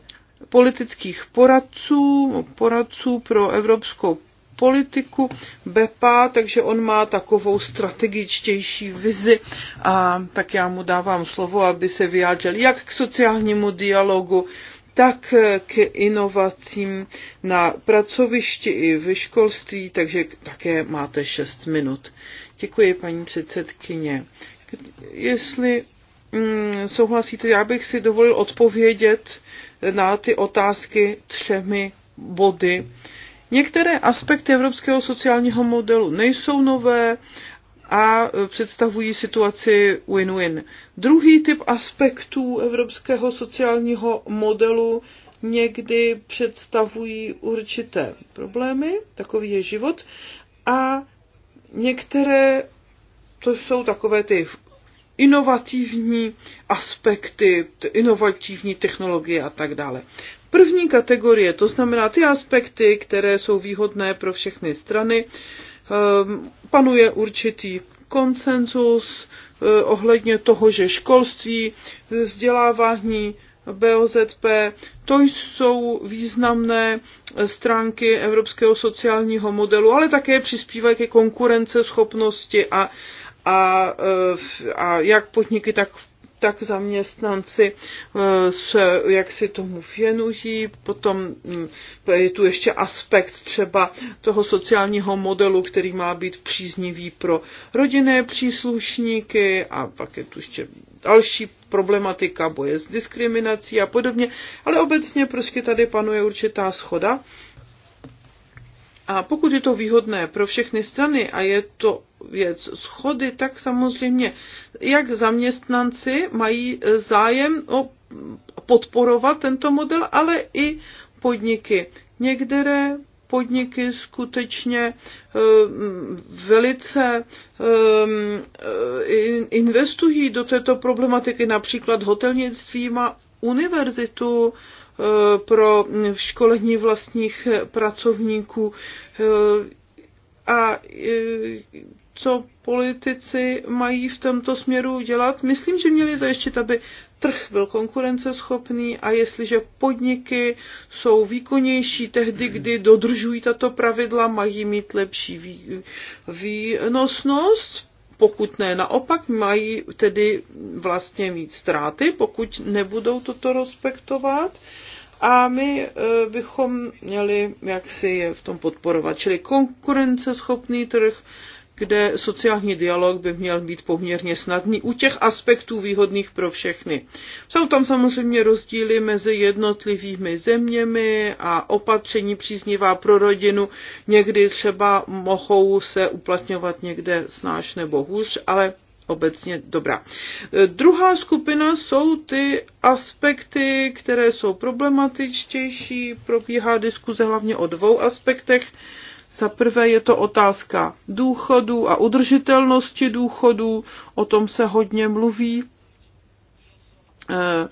politických poradců, poradců pro evropskou politiku BEPA, takže on má takovou strategičtější vizi a tak já mu dávám slovo, aby se vyjádřil jak k sociálnímu dialogu, tak k inovacím na pracovišti i ve školství, takže také máte 6 minut. Děkuji, paní předsedkyně. Jestli mm, souhlasíte, já bych si dovolil odpovědět na ty otázky třemi body. Některé aspekty evropského sociálního modelu nejsou nové a představují situaci win-win. Druhý typ aspektů evropského sociálního modelu někdy představují určité problémy, takový je život, a některé to jsou takové ty inovativní aspekty, inovativní technologie a tak dále. První kategorie, to znamená ty aspekty, které jsou výhodné pro všechny strany, ehm, panuje určitý konsenzus eh, ohledně toho, že školství, vzdělávání, BOZP, to jsou významné stránky evropského sociálního modelu, ale také přispívají ke konkurenceschopnosti a a, eh, a jak podniky, tak tak zaměstnanci eh, se, jak si tomu věnují. Potom hm, je tu ještě aspekt třeba toho sociálního modelu, který má být příznivý pro rodinné příslušníky a pak je tu ještě další problematika boje s diskriminací a podobně. Ale obecně prostě tady panuje určitá schoda a pokud je to výhodné pro všechny strany a je to věc schody, tak samozřejmě jak zaměstnanci mají zájem o podporovat tento model, ale i podniky. Některé podniky skutečně eh, velice eh, investují do této problematiky, například hotelnictví má univerzitu, Eh, pro školení vlastních pracovníků eh, a eh, co politici mají v tomto směru dělat. Myslím, že měli zajištit, aby trh byl konkurenceschopný a jestliže podniky jsou výkonnější tehdy, kdy dodržují tato pravidla, mají mít lepší výnosnost, pokud ne naopak, mají tedy vlastně mít ztráty, pokud nebudou toto respektovat. A my e, bychom měli, jaksi je v tom podporovat, čili konkurenceschopný trh, kde sociální dialog by měl být poměrně snadný u těch aspektů výhodných pro všechny. Jsou tam samozřejmě rozdíly mezi jednotlivými zeměmi a opatření příznivá pro rodinu. Někdy třeba mohou se uplatňovat někde snáš nebo hůř, ale obecně dobrá. Druhá skupina jsou ty aspekty, které jsou problematičtější. Probíhá diskuze hlavně o dvou aspektech za prvé je to otázka důchodů a udržitelnosti důchodů, o tom se hodně mluví. Eh,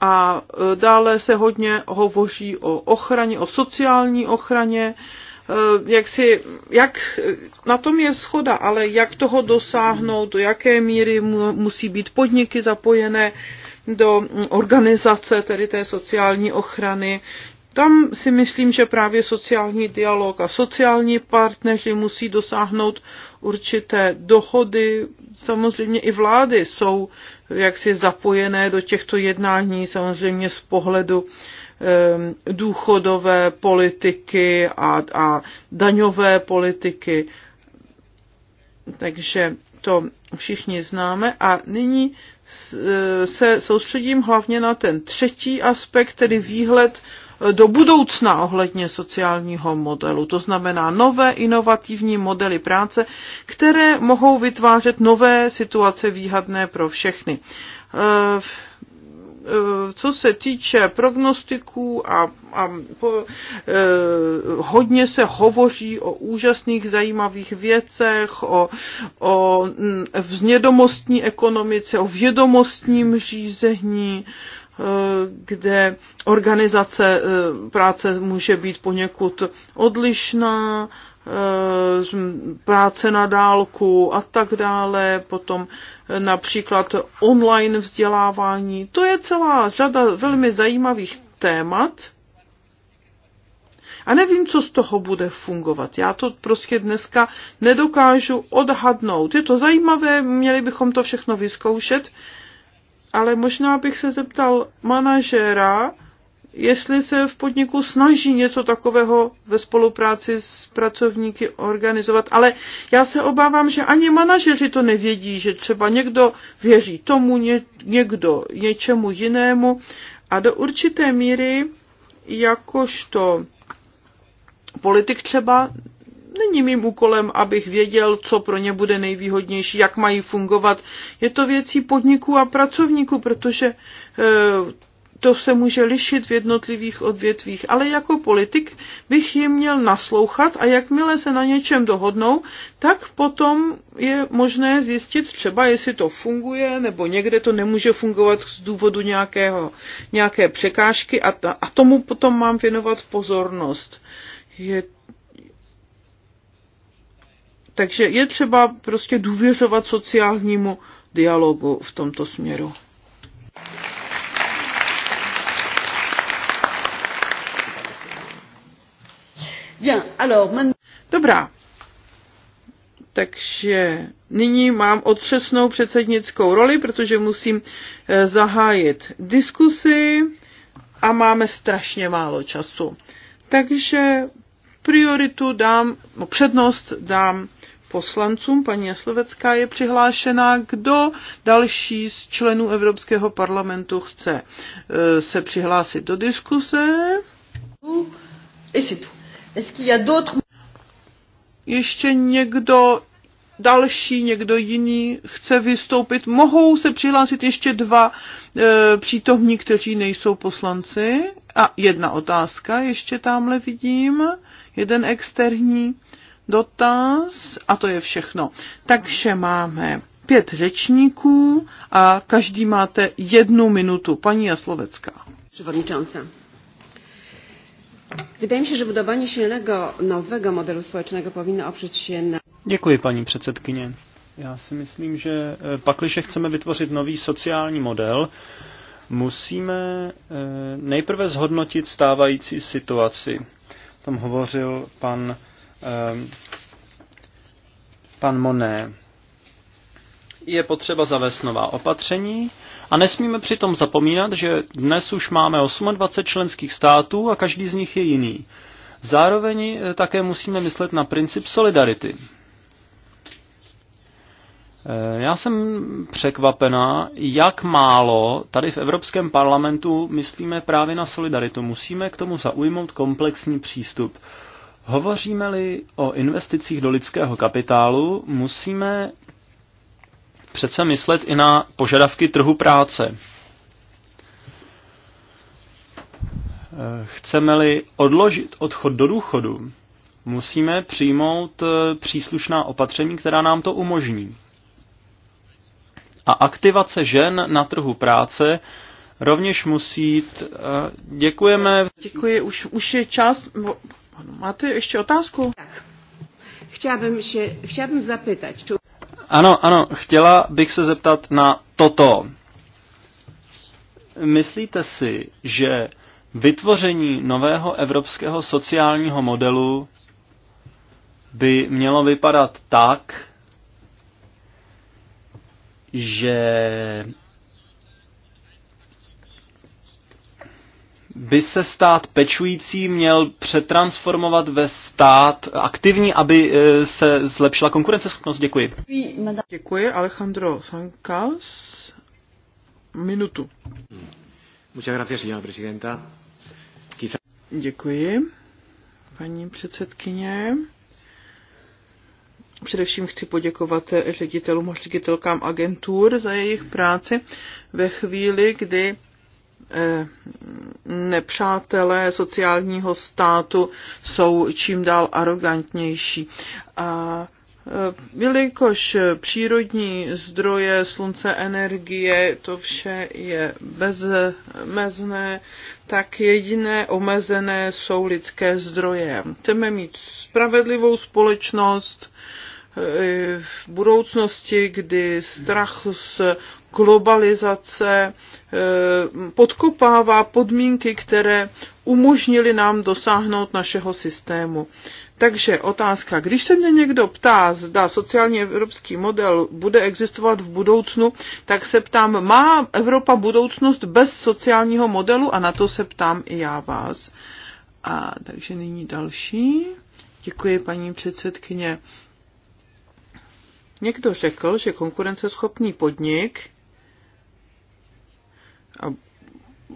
a dále se hodně hovoří o ochraně, o sociální ochraně, eh, jak, si, jak na tom je schoda, ale jak toho dosáhnout, do jaké míry musí být podniky zapojené do organizace tedy té sociální ochrany, tam si myslím, že právě sociální dialog a sociální partneři musí dosáhnout určité dohody. Samozřejmě i vlády jsou jaksi zapojené do těchto jednání, samozřejmě z pohledu ehm, důchodové politiky a, a daňové politiky. Takže to všichni známe. A nyní e, se soustředím hlavně na ten třetí aspekt, tedy výhled do budoucna ohledně sociálního modelu. To znamená nové inovativní modely práce, které mohou vytvářet nové situace výhadné pro všechny eh, eh, co se týče prognostiků a, a po, e, hodně se hovoří o úžasných zajímavých věcech, o, o mm, vznědomostní ekonomice, o vědomostním řízení. E, Eh, kde organizace eh, práce může být poněkud odlišná, eh, práce na dálku a tak dále, potom například online vzdělávání. To je celá řada velmi zajímavých témat. A nevím, co z toho bude fungovat. Já to prostě dneska nedokážu odhadnout. Je to zajímavé, měli bychom to všechno vyzkoušet ale možná bych se zeptal manažéra, jestli se v podniku snaží něco takového ve spolupráci s pracovníky organizovat, ale já se obávám, že ani manažeři to nevědí, že třeba někdo věří tomu, ně, někdo něčemu jinému a do určité míry jakožto politik třeba není mým úkolem, abych věděl, co pro ně bude nejvýhodnější, jak mají fungovat. Je to věcí podniků a pracovníků, protože eh, to se může lišit v jednotlivých odvětvích, ale jako politik bych jim měl naslouchat a jakmile se na něčem dohodnou, tak potom je možné zjistit třeba, jestli to funguje, nebo někde to nemůže fungovat z důvodu nějakého, nějaké překážky a, ta, a tomu potom mám věnovat pozornost. Je takže je třeba prostě důvěřovat sociálnímu dialogu v tomto směru. Dobrá. Takže nyní mám otřesnou předsednickou roli, protože musím eh, zahájit diskusy a máme strašně málo času. Takže prioritu dám, no přednost dám poslancům. Paní Jaslovecká je přihlášená. Kdo další z členů Evropského parlamentu chce eh, se přihlásit do diskuse? Ještě někdo další, někdo jiný chce vystoupit. Mohou se přihlásit ještě dva e, přítomní, kteří nejsou poslanci. A jedna otázka ještě tamhle vidím. Jeden externí dotaz a to je všechno. Takže máme pět řečníků a každý máte jednu minutu. Paní Jaslovecká. Przewodnicząca. Wydaje mi się, že budování silného nového modelu společného, povinno opřít se na... Děkuji, paní předsedkyně. Já si myslím, že eh, pakliže chceme vytvořit nový sociální model, musíme eh, nejprve zhodnotit stávající situaci. O tom hovořil pan Ehm, pan Moné. Je potřeba zavést nová opatření a nesmíme přitom zapomínat, že dnes už máme 28 členských států a každý z nich je jiný. Zároveň eh, také musíme myslet na princip solidarity. Eh, já jsem překvapená, jak málo tady v Evropském parlamentu myslíme právě na solidaritu. Musíme k tomu zaujmout komplexní přístup. Hovoříme-li o investicích do lidského kapitálu, musíme přece myslet i na požadavky trhu práce. Chceme-li odložit odchod do důchodu, musíme přijmout eh, příslušná opatření, která nám to umožní. A aktivace žen na trhu práce rovněž musí jít. Eh, děkujeme. Děkuji, už, už je čas panu. Máte ještě otázku? Tak. se się, chciałabym zapytać, czy... Ano, ano, chtěla bych se zeptat na toto. Myslíte si, že vytvoření nového evropského sociálního modelu by mělo vypadat tak, že by se stát pečující měl přetransformovat ve stát aktivní, aby e, se zlepšila konkurenceschopnost? Děkuji. Děkuji, Alejandro Sankas. Minutu. gracias, señora presidenta. Děkuji, paní předsedkyně. Především chci poděkovat ředitelům a ředitelkám agentur za jejich práci ve chvíli, kdy Eh, nepřátelé sociálního státu jsou čím dál arrogantnější. A eh, Jelikož přírodní zdroje, slunce, energie, to vše je bezmezné, tak jediné omezené jsou lidské zdroje. Chceme mít spravedlivou společnost eh, v budoucnosti, kdy strach z globalizace eh, podkopává podmínky, které umožnili nám dosáhnout našeho systému. Takže otázka, když se mě někdo ptá, zda sociálně evropský model bude existovat v budoucnu, tak se ptám, má Evropa budoucnost bez sociálního modelu? A na to se ptám i já vás. A takže nyní další. Děkuji, paní předsedkyně. Někdo řekl, že konkurenceschopný podnik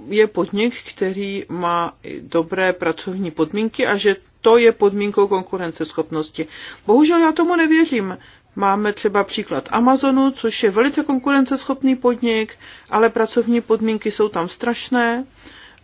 je podnik, který má dobré pracovní podmínky a že to je podmínkou konkurenceschopnosti. Bohužel já tomu nevěřím. Máme třeba příklad Amazonu, což je velice konkurenceschopný podnik, ale pracovní podmínky jsou tam strašné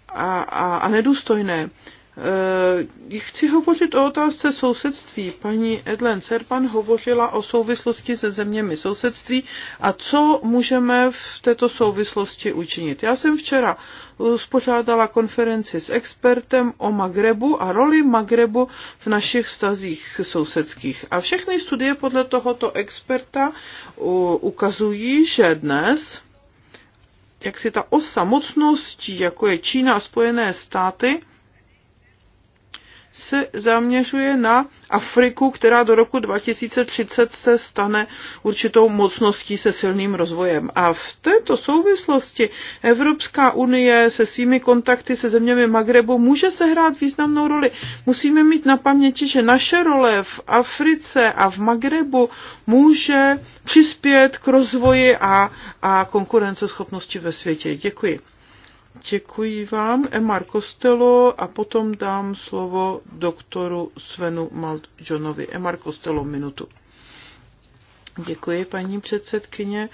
a, a, a nedůstojné. Eh, chci hovořit o otázce sousedství. Paní Edlen Serpan hovořila o souvislosti se zeměmi sousedství a co můžeme v této souvislosti učinit. Já jsem včera uspořádala konferenci s expertem o Magrebu a roli Magrebu v našich stazích sousedských. A všechny studie podle tohoto experta ukazují, že dnes jak si ta osa mocností, jako je Čína a Spojené státy, se zaměřuje na Afriku, která do roku 2030 se stane určitou mocností se silným rozvojem. A v této souvislosti Evropská unie se svými kontakty se zeměmi Magrebu může sehrát významnou roli. Musíme mít na paměti, že naše role v Africe a v Magrebu může přispět k rozvoji a, a konkurenceschopnosti ve světě. Děkuji. Děkuji vám, Emar Costello, a potom dám slovo doktoru Svenu Maltjonovi. Emar Costello, minutu. Děkuji, paní předsedkyně.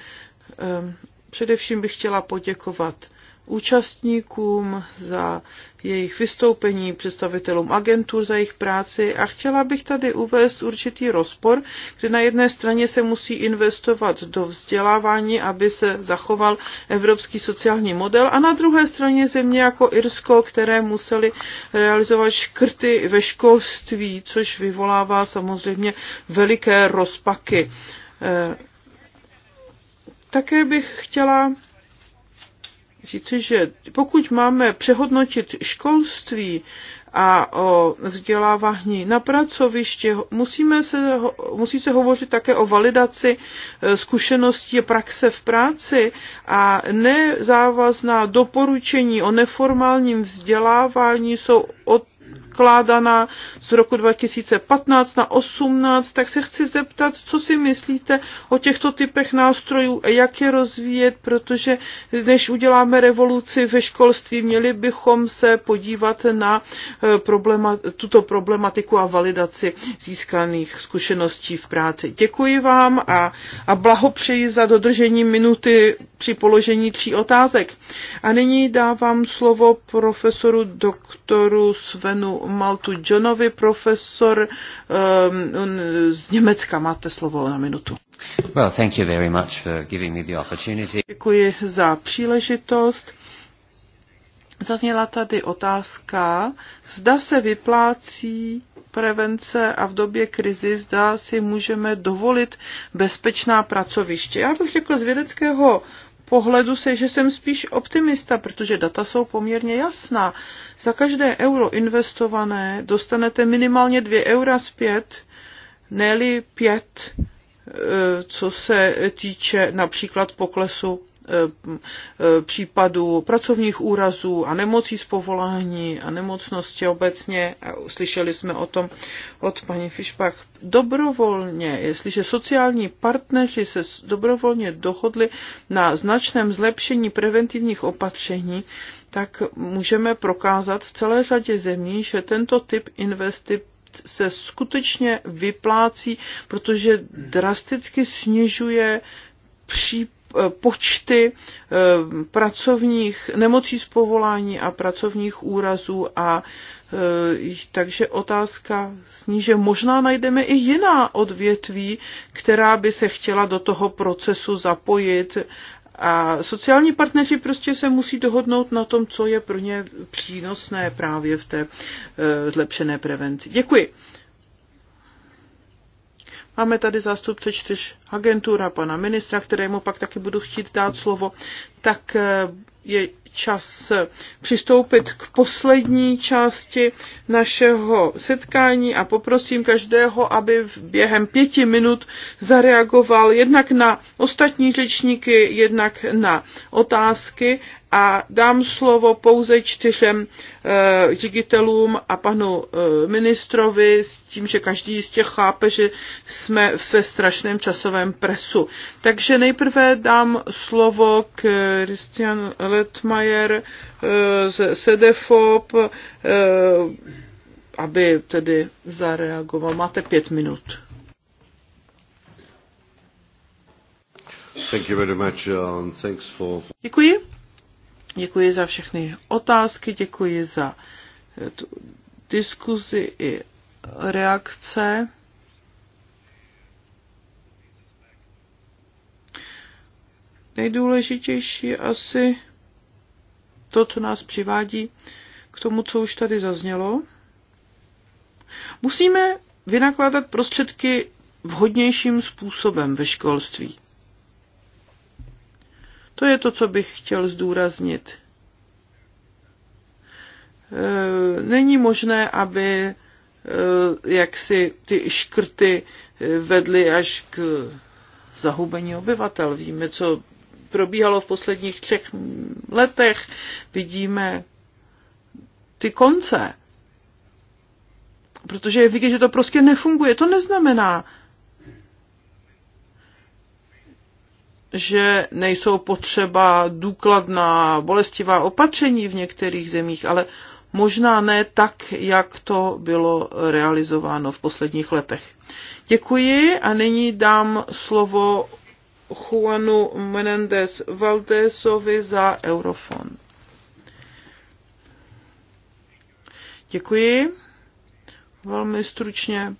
Ehm, především bych chtěla poděkovat účastníkům za jejich vystoupení, představitelům agentur za jejich práci a chtěla bych tady uvést určitý rozpor, kde na jedné straně se musí investovat do vzdělávání, aby se zachoval evropský sociální model a na druhé straně země jako Irsko, které museli realizovat škrty ve školství, což vyvolává samozřejmě veliké rozpaky. Eh, také bych chtěla říci, že pokud máme přehodnotit školství a o vzdělávání na pracoviště, musíme se, musí se hovořit také o validaci e, zkušeností a praxe v práci a nezávazná doporučení o neformálním vzdělávání jsou od odkládána z roku 2015 na 18, tak se chci zeptat, co si myslíte o těchto typech nástrojů a jak je rozvíjet, protože než uděláme revoluci ve školství, měli bychom se podívat na eh, problema, tuto problematiku a validaci získaných zkušeností v práci. Děkuji vám a, a blahopřeji za dodržení minuty při položení tří otázek. A nyní dávám slovo profesoru doktoru Svenu Maltu Johnovi, profesor um, z Německa. Máte slovo na minutu. Well, thank you very much for giving me the opportunity. Děkuji za příležitost. Zazněla tady otázka, zda se vyplácí prevence a v době krizi zda si můžeme dovolit bezpečná pracoviště. Já bych řekl z vědeckého pohledu se, že jsem spíš optimista, protože data jsou poměrně jasná. Za každé euro investované dostanete minimálně 2 eura zpět, ne pět, eh, co se týče například poklesu Eh, případů pracovních úrazů a nemocí z povolání a nemocnosti obecně. A slyšeli jsme o tom od paní Fischbach. Dobrovolně, jestliže sociální partneři se dobrovolně dohodli na značném zlepšení preventivních opatření, tak můžeme prokázat v celé řadě zemí, že tento typ investic se skutečně vyplácí, protože drasticky snižuje případ počty eh, pracovních nemocí z povolání a pracovních úrazů a eh, takže otázka zní, že možná najdeme i jiná odvětví, která by se chtěla do toho procesu zapojit a sociální partneři prostě se musí dohodnout na tom, co je pro ně přínosné právě v té eh, zlepšené prevenci. Děkuji. Máme tady zástupce čtyř agentur a pana ministra, kterému pak taky budu chtít dát slovo, tak eh, je čas přistoupit k poslední části našeho setkání a poprosím každého, aby v během pěti minut zareagoval jednak na ostatní řečníky, jednak na otázky a dám slovo pouze čtyřem e, ředitelům a panu e, ministrovi s tím, že každý z těch chápe, že jsme ve strašném časovém presu. Takže nejprve dám slovo k Christian Le Detmajer eh, ze SEDEFOP, eh, aby tedy zareagoval. Máte pět minut. Thank you very much, uh, and thanks for... Děkuji. Děkuji za všechny otázky, děkuji za eh, tu diskuzi i reakce. Nejdůležitější asi to, co nás přivádí k tomu, co už tady zaznělo. Musíme vynakládat prostředky vhodnějším způsobem ve školství. To je to, co bych chtěl zdůraznit. E, není možné, aby e, jak si ty škrty vedly až k zahubení obyvatel. Víme, co probíhalo v posledních třech letech, vidíme ty konce. Protože je vidět, že to prostě nefunguje. To neznamená, že nejsou potřeba důkladná bolestivá opatření v některých zemích, ale možná ne tak, jak to bylo realizováno v posledních letech. Děkuji a nyní dám slovo Juanu Menendez Valdésovi za Eurofond. Děkuji. Velmi stručně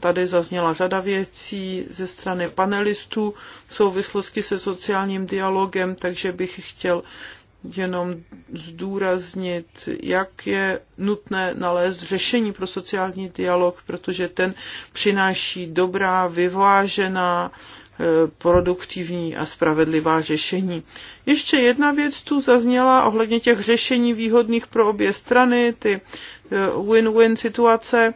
tady zazněla řada věcí ze strany panelistů v souvislosti se sociálním dialogem, takže bych chtěl jenom zdůraznit, jak je nutné nalézt řešení pro sociální dialog, protože ten přináší dobrá, vyvážená E, produktivní a spravedlivá řešení. Ještě jedna věc tu zazněla ohledně těch řešení výhodných pro obě strany, ty e, win-win situace.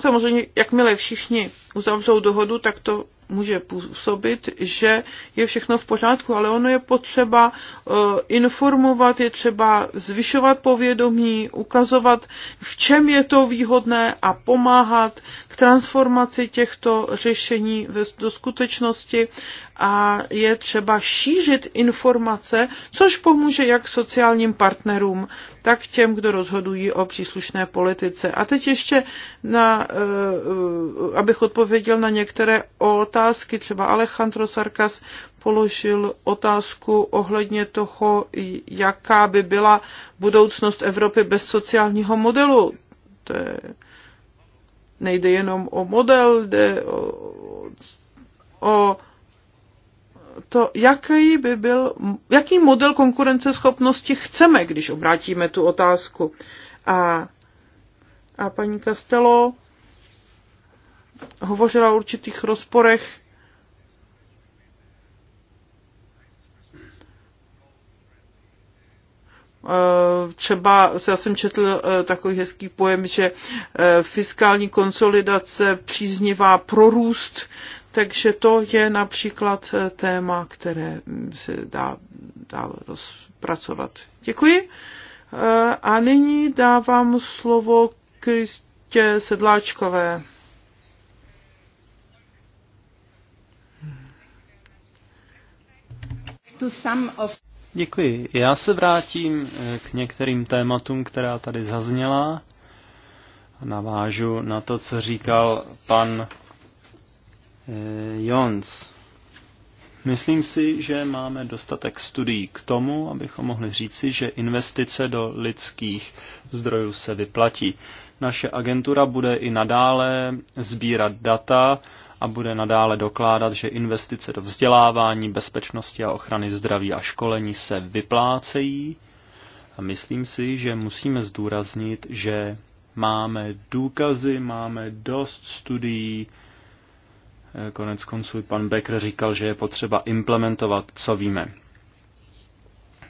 Samozřejmě, jakmile všichni uzavřou dohodu, tak to může působit, že je všechno v pořádku, ale ono je potřeba e, informovat, je třeba zvyšovat povědomí, ukazovat, v čem je to výhodné a pomáhat k transformaci těchto řešení do skutečnosti a je třeba šířit informace, což pomůže jak sociálním partnerům, tak těm, kdo rozhodují o příslušné politice. A teď ještě, na, eh, abych odpověděl na některé otázky, třeba Alejandro Sarkas položil otázku ohledně toho, jaká by byla budoucnost Evropy bez sociálního modelu. To je nejde jenom o model, jde o, o to, jaký by byl, jaký model konkurenceschopnosti chceme, když obrátíme tu otázku. A, a paní Castelo hovořila o určitých rozporech Eh, třeba já jsem četl eh, takový hezký pojem, že eh, fiskální konsolidace příznivá prorůst, takže to je například téma, které mm, se dá dá rozpracovat. Děkuji. A nyní dávám slovo Kristě Sedláčkové. To of Děkuji. Já se vrátím eh, k některým tématům, která tady zazněla. Navážu na to, co říkal pan eh, Jons. Myslím si, že máme dostatek studií k tomu, abychom mohli říci, že investice do lidských zdrojů se vyplatí. Naše agentura bude i nadále sbírat data, a bude nadále dokládat, že investice do vzdělávání, bezpečnosti a ochrany zdraví a školení se vyplácejí. A myslím si, že musíme zdůraznit, že máme důkazy, máme dost studií. Eh, konec konců i pan Becker říkal, že je potřeba implementovat, co víme.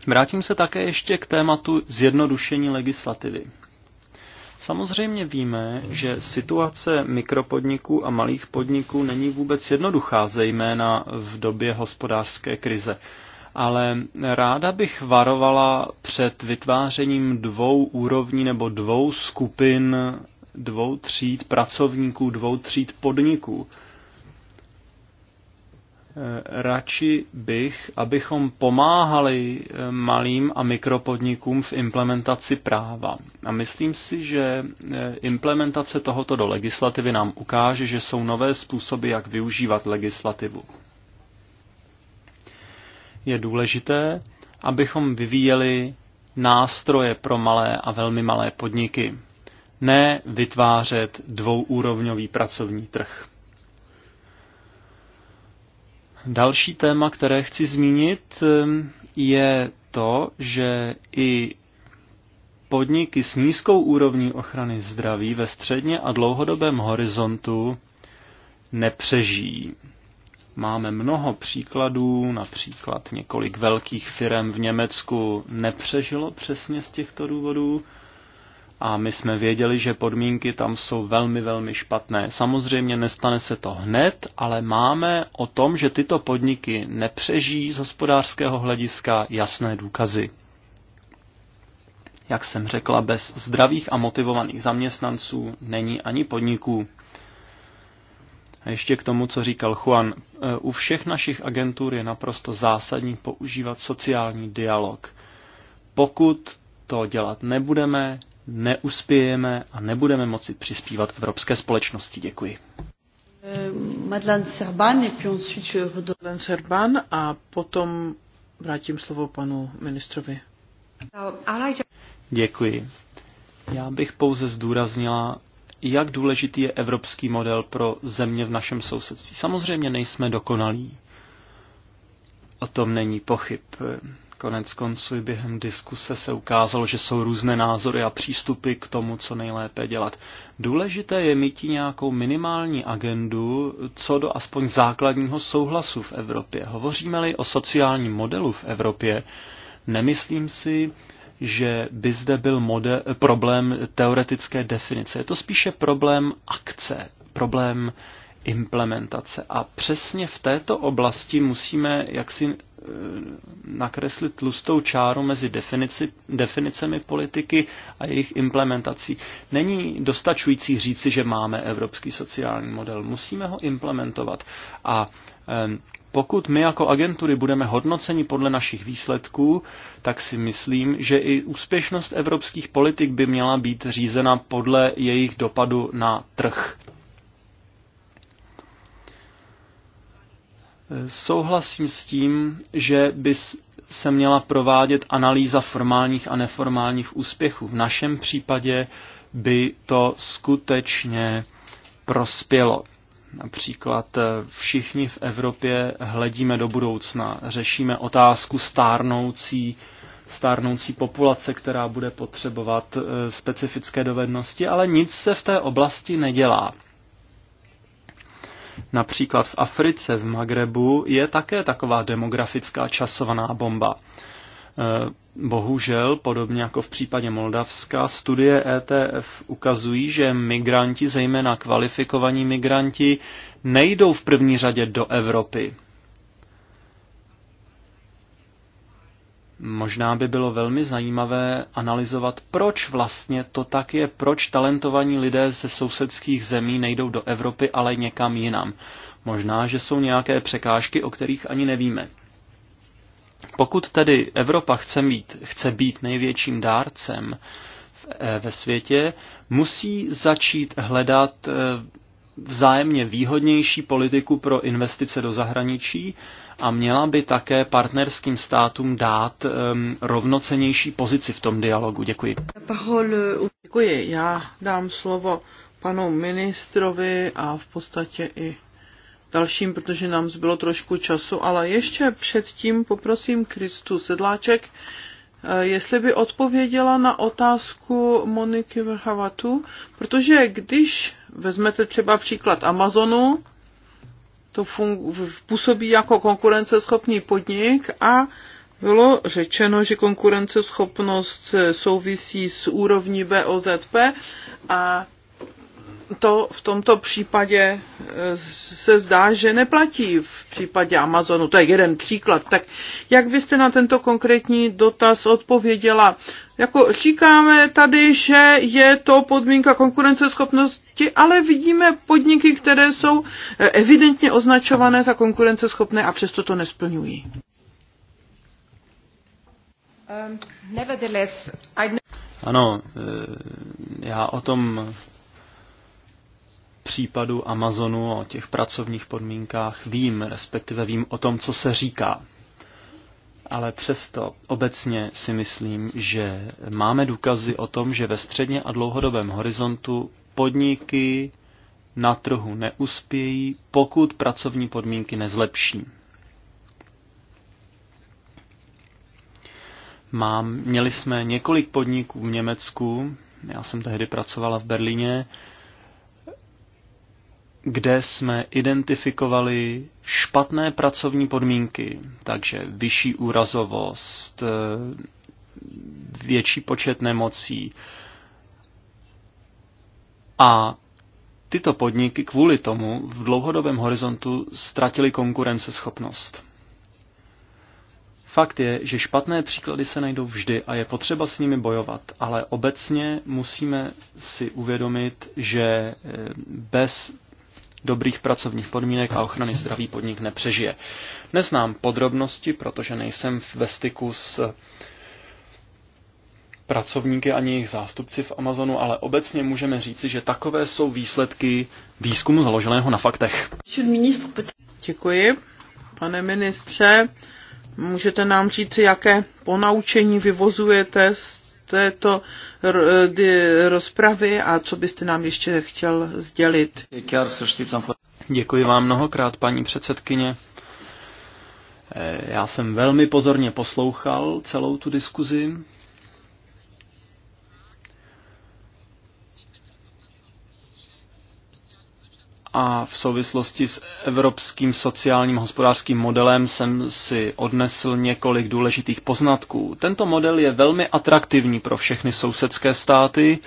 Vrátím se také ještě k tématu zjednodušení legislativy. Samozřejmě víme, že situace mikropodniků a malých podniků není vůbec jednoduchá, zejména v době hospodářské krize. Ale ráda bych varovala před vytvářením dvou úrovní nebo dvou skupin, dvou tříd pracovníků, dvou tříd podniků. Eh, radši bych, abychom pomáhali eh, malým a mikropodnikům v implementaci práva. A myslím si, že eh, implementace tohoto do legislativy nám ukáže, že jsou nové způsoby, jak využívat legislativu. Je důležité, abychom vyvíjeli nástroje pro malé a velmi malé podniky, ne vytvářet dvouúrovňový pracovní trh. Další téma, které chci zmínit, je to, že i podniky s nízkou úrovní ochrany zdraví ve středně a dlouhodobém horizontu nepřežijí. Máme mnoho příkladů, například několik velkých firm v Německu nepřežilo přesně z těchto důvodů a my jsme věděli, že podmínky tam jsou velmi, velmi špatné. Samozřejmě nestane se to hned, ale máme o tom, že tyto podniky nepřežijí z hospodářského hlediska jasné důkazy. Jak jsem řekla, bez zdravých a motivovaných zaměstnanců není ani podniků. A ještě k tomu, co říkal Juan, e, u všech našich agentur je naprosto zásadní používat sociální dialog. Pokud to dělat nebudeme, neuspějeme a nebudeme moci přispívat evropské společnosti. Děkuji. Eh, Madeleine Serban, et puis ensuite je Serban a potom vrátím slovo panu ministrovi. Děkuji. Já bych pouze zdůraznila, jak důležitý je evropský model pro země v našem sousedství. Samozřejmě nejsme dokonalí. O tom není pochyb. Konec konců i během diskuse se ukázalo, že jsou různé názory a přístupy k tomu, co nejlépe dělat. Důležité je mít nějakou minimální agendu co do aspoň základního souhlasu v Evropě. Hovoříme-li o sociálním modelu v Evropě, nemyslím si, že by zde byl model, problém teoretické definice. Je to spíše problém akce, problém uh, implementace. A přesně v této oblasti musíme jaksi eh, nakreslit tlustou čáru mezi definici, definicemi politiky a jejich implementací. Není dostačující říci, že máme evropský sociální model. Musíme ho implementovat. A pokud my jako agentury budeme hodnoceni podle našich výsledků, tak si myslím, že i úspěšnost evropských politik by měla být řízena podle jejich dopadu na trh Souhlasím s tím, že by se měla provádět analýza formálních a neformálních úspěchů. V našem případě by to skutečně prospělo. Například eh, všichni v Evropě hledíme do budoucna, řešíme otázku stárnoucí, stárnoucí populace, která bude potřebovat eh, specifické dovednosti, ale nic se v té oblasti nedělá. Například v Africe, v Magrebu, je také taková demografická časovaná bomba. E, bohužel, podobně jako v případě Moldavska, studie ETF ukazují, že migranti, zejména kvalifikovaní migranti, nejdou v první řadě do Evropy. Možná by bylo velmi zajímavé analyzovat, proč vlastně to tak je, proč talentovaní lidé ze sousedských zemí nejdou do Evropy, ale někam jinam. Možná, že jsou nějaké překážky, o kterých ani nevíme. Pokud tedy Evropa chce, mít, chce být největším dárcem eh, ve světě, musí začít hledat eh, vzájemně výhodnější politiku pro investice do zahraničí a měla by také partnerským státům dát um, rovnocenější pozici v tom dialogu. Děkuji. Děkuji. Já dám slovo panu ministrovi a v podstatě i dalším, protože nám zbylo trošku času, ale ještě předtím poprosím Kristu Sedláček, Eh, jestli by odpověděla na otázku Moniky Vrhavatu, protože když vezmete třeba příklad Amazonu, to působí jako konkurenceschopný podnik a bylo řečeno, že konkurenceschopnost eh, souvisí s úrovní BOZP a to v tomto případě e, se zdá, že neplatí v případě Amazonu. To je jeden příklad. Tak jak byste na tento konkrétní dotaz odpověděla? Jako říkáme tady, že je to podmínka konkurenceschopnosti, ale vidíme podniky, které jsou e, evidentně označované za konkurenceschopné a přesto to nesplňují. Um, Ano, e, já o tom případu Amazonu, o těch pracovních podmínkách vím, respektive vím o tom, co se říká. Ale přesto obecně si myslím, že máme důkazy o tom, že ve středně a dlouhodobém horizontu podniky na trhu neuspějí, pokud pracovní podmínky nezlepší. Mám, měli jsme několik podniků v Německu, já jsem tehdy pracovala v Berlíně, kde jsme identifikovali špatné pracovní podmínky, takže vyšší úrazovost, eh, větší počet nemocí. A tyto podniky kvůli tomu v dlouhodobém horizontu ztratily konkurenceschopnost. Fakt je, že špatné příklady se najdou vždy a je potřeba s nimi bojovat, ale obecně musíme si uvědomit, že eh, bez dobrých pracovních podmínek a ochrany zdraví podnik nepřežije. Neznám podrobnosti, protože nejsem ve styku s pracovníky ani jejich zástupci v Amazonu, ale obecně můžeme říci, že takové jsou výsledky výzkumu založeného na faktech. Děkuji. Pane ministře, můžete nám říci, jaké ponaučení vyvozujete z této rozpravy a co byste nám ještě chtěl sdělit. Děkuji vám mnohokrát, paní předsedkyně. Eh, já jsem velmi pozorně poslouchal celou tu diskuzi a v souvislosti s evropským sociálním hospodářským modelem jsem si odnesl několik důležitých poznatků. Tento model je velmi atraktivní pro všechny sousedské státy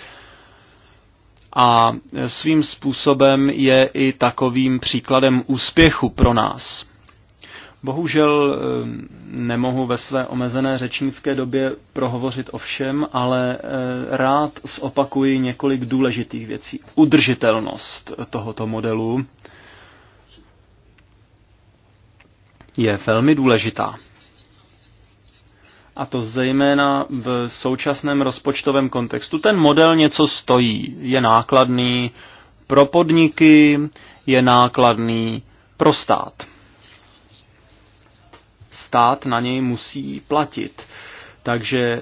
a svým způsobem je i takovým příkladem úspěchu pro nás. Bohužel ehm, nemohu ve své omezené řečnické době prohovořit o všem, ale eh, rád zopakuji několik důležitých věcí. Udržitelnost tohoto modelu je velmi důležitá. A to zejména v současném rozpočtovém kontextu. Ten model něco stojí, je nákladný pro podniky, je nákladný pro stát stát na něj musí platit. Takže e,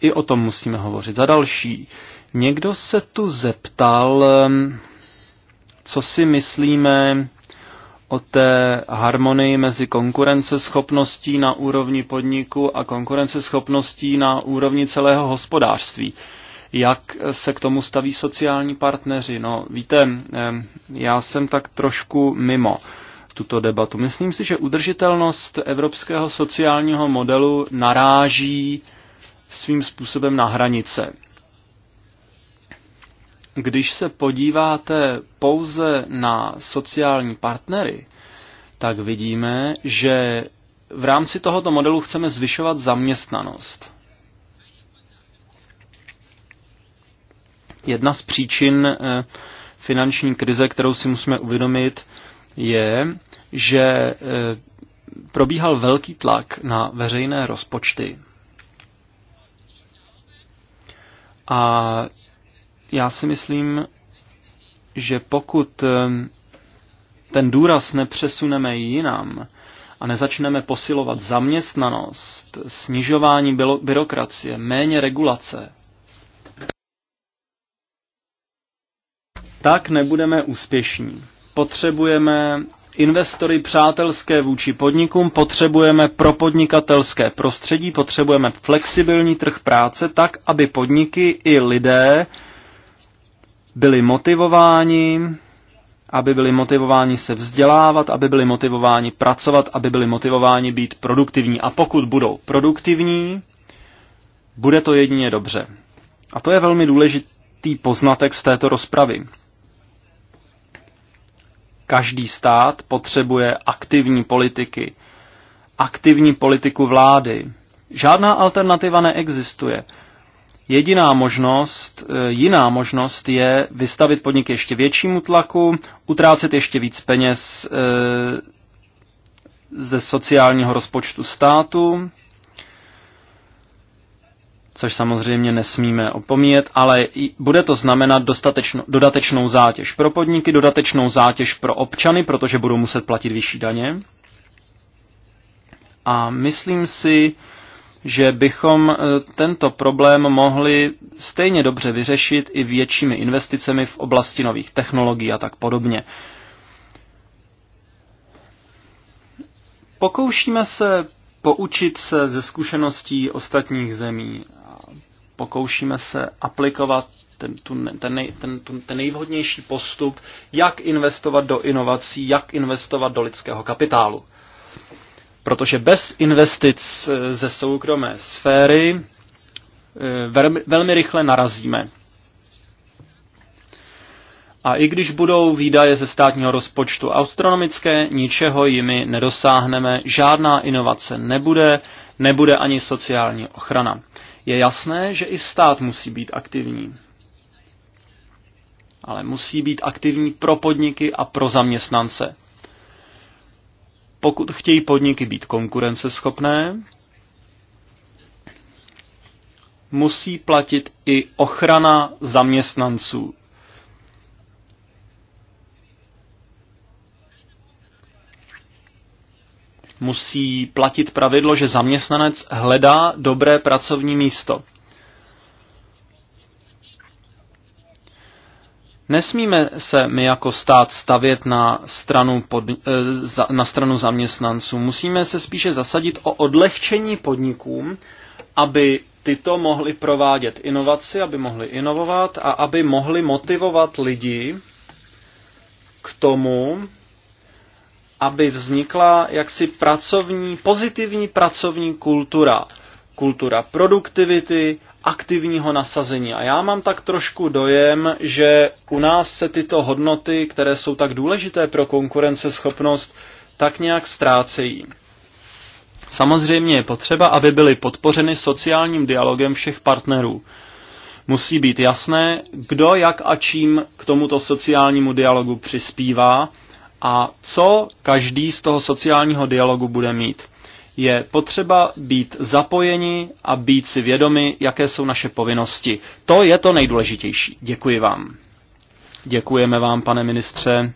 i o tom musíme hovořit. Za další, někdo se tu zeptal, e, co si myslíme o té harmonii mezi konkurenceschopností na úrovni podniku a konkurenceschopností na úrovni celého hospodářství. Jak se k tomu staví sociální partneři? No, víte, e, já jsem tak trošku mimo tuto debatu. Myslím si, že udržitelnost evropského sociálního modelu naráží svým způsobem na hranice. Když se podíváte pouze na sociální partnery, tak vidíme, že v rámci tohoto modelu chceme zvyšovat zaměstnanost. Jedna z příčin eh, finanční krize, kterou si musíme uvědomit, je, že e, probíhal velký tlak na veřejné rozpočty. A já si myslím, že pokud e, ten důraz nepřesuneme jinam a nezačneme posilovat zaměstnanost, snižování byrokracie, méně regulace, tak nebudeme úspěšní. Potřebujeme investory přátelské vůči podnikům, potřebujeme pro podnikatelské prostředí, potřebujeme flexibilní trh práce tak, aby podniky i lidé byli motivováni, aby byli motivováni se vzdělávat, aby byli motivováni pracovat, aby byli motivováni být produktivní. A pokud budou produktivní, bude to jedině dobře. A to je velmi důležitý poznatek z této rozpravy. Každý stát potřebuje aktivní politiky, aktivní politiku vlády. Žádná alternativa neexistuje. Jediná možnost, eh, jiná možnost je vystavit podnik ještě většímu tlaku, utrácet ještě víc peněz eh, ze sociálního rozpočtu státu, což samozřejmě nesmíme opomíjet, ale bude to znamenat dostatečno, dodatečnou zátěž pro podniky, dodatečnou zátěž pro občany, protože budou muset platit vyšší daně. A myslím si, že bychom e, tento problém mohli stejně dobře vyřešit i většími investicemi v oblasti nových technologií a tak podobně. Pokoušíme se poučit se ze zkušeností ostatních zemí pokoušíme se aplikovat ten, tu, ten, nej, ten, tu, ten nejvhodnější postup, jak investovat do inovací, jak investovat do lidského kapitálu. Protože bez investic eh, ze soukromé sféry eh, velmi, velmi rychle narazíme. A i když budou výdaje ze státního rozpočtu astronomické, ničeho jimi nedosáhneme, žádná inovace nebude, nebude ani sociální ochrana. Je jasné, že i stát musí být aktivní. Ale musí být aktivní pro podniky a pro zaměstnance. Pokud chtějí podniky být konkurenceschopné, musí platit i ochrana zaměstnanců musí platit pravidlo, že zaměstnanec hledá dobré pracovní místo. Nesmíme se my jako stát stavět na stranu, pod, eh, na stranu zaměstnanců. Musíme se spíše zasadit o odlehčení podnikům, aby tyto mohly provádět inovaci, aby mohly inovovat a aby mohly motivovat lidi k tomu, aby vznikla jaksi pracovní, pozitivní pracovní kultura. Kultura produktivity, aktivního nasazení. A já mám tak trošku dojem, že u nás se tyto hodnoty, které jsou tak důležité pro konkurenceschopnost, tak nějak ztrácejí. Samozřejmě je potřeba, aby byly podpořeny sociálním dialogem všech partnerů. Musí být jasné, kdo jak a čím k tomuto sociálnímu dialogu přispívá a co každý z toho sociálního dialogu bude mít. Je potřeba být zapojeni a být si vědomi, jaké jsou naše povinnosti. To je to nejdůležitější. Děkuji vám. Děkujeme vám, pane ministře.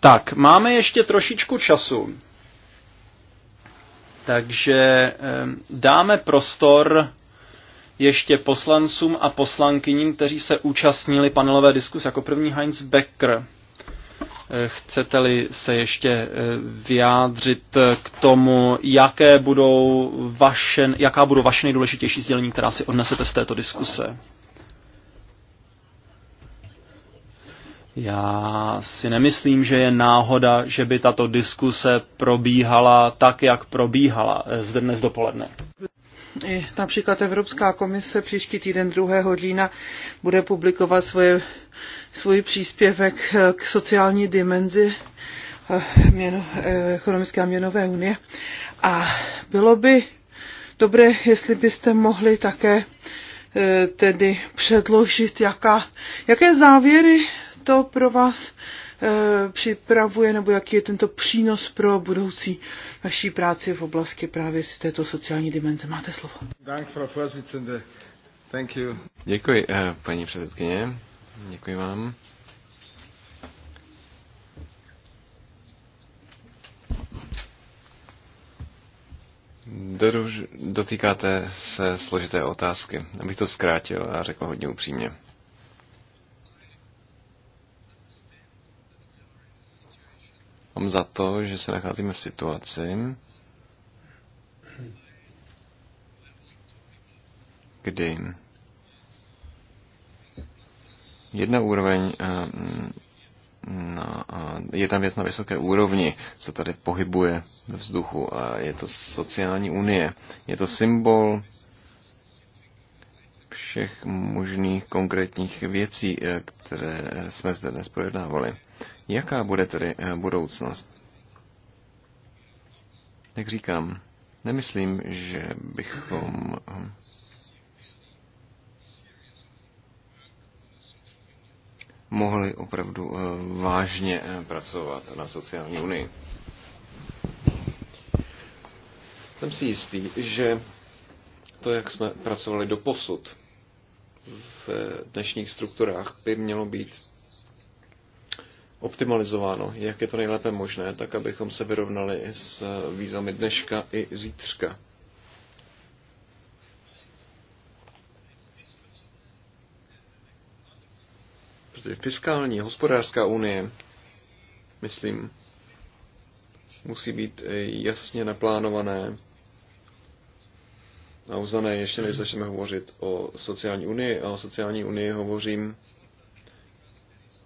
Tak, máme ještě trošičku času. Takže eh, dáme prostor ještě poslancům a poslankyním, kteří se účastnili panelové diskuse. Jako první Heinz Becker. Eh, chcete-li se ještě eh, vyjádřit eh, k tomu, jaké budou vaše, jaká budou vaše nejdůležitější sdělení, která si odnesete z této diskuse? Já si nemyslím, že je náhoda, že by tato diskuse probíhala tak, jak probíhala zde dnes dopoledne. I například Evropská komise příští týden 2. října bude publikovat svoje, svůj příspěvek eh, k sociální dimenzi eh, měno, eh, ekonomické a měnové unie. A bylo by dobré, jestli byste mohli také tedy předložit, jaká, jaké závěry to pro vás Eh, připravuje nebo jaký je tento přínos pro budoucí vaší práci v oblasti právě z této sociální dimenze. Máte slovo. Děkuji, eh, paní předsedkyně. Děkuji vám. dotýkáte se složité otázky. Abych to zkrátil a řekl hodně upřímně. mám za to, že se nacházíme v situaci, kdy jedna úroveň eh, mm, na, eh, je tam věc na vysoké úrovni, se tady pohybuje ve vzduchu a je to sociální unie. Je to symbol všech možných konkrétních věcí, eh, které jsme zde dnes projednávali. Jaká bude tedy eh, budoucnost? Jak říkám, nemyslím, že bychom eh, mohli opravdu eh, vážně pracovat na sociální unii. Jsem si jistý, že to, jak jsme pracovali do posud v dnešních strukturách, by mělo být optimalizováno, jak je to nejlépe možné, tak abychom se vyrovnali s vízami dneška i zítřka. Protože fiskální, hospodářská unie, myslím, musí být jasně naplánované a uznané, ještě než začneme hovořit o sociální unii. A o sociální unii hovořím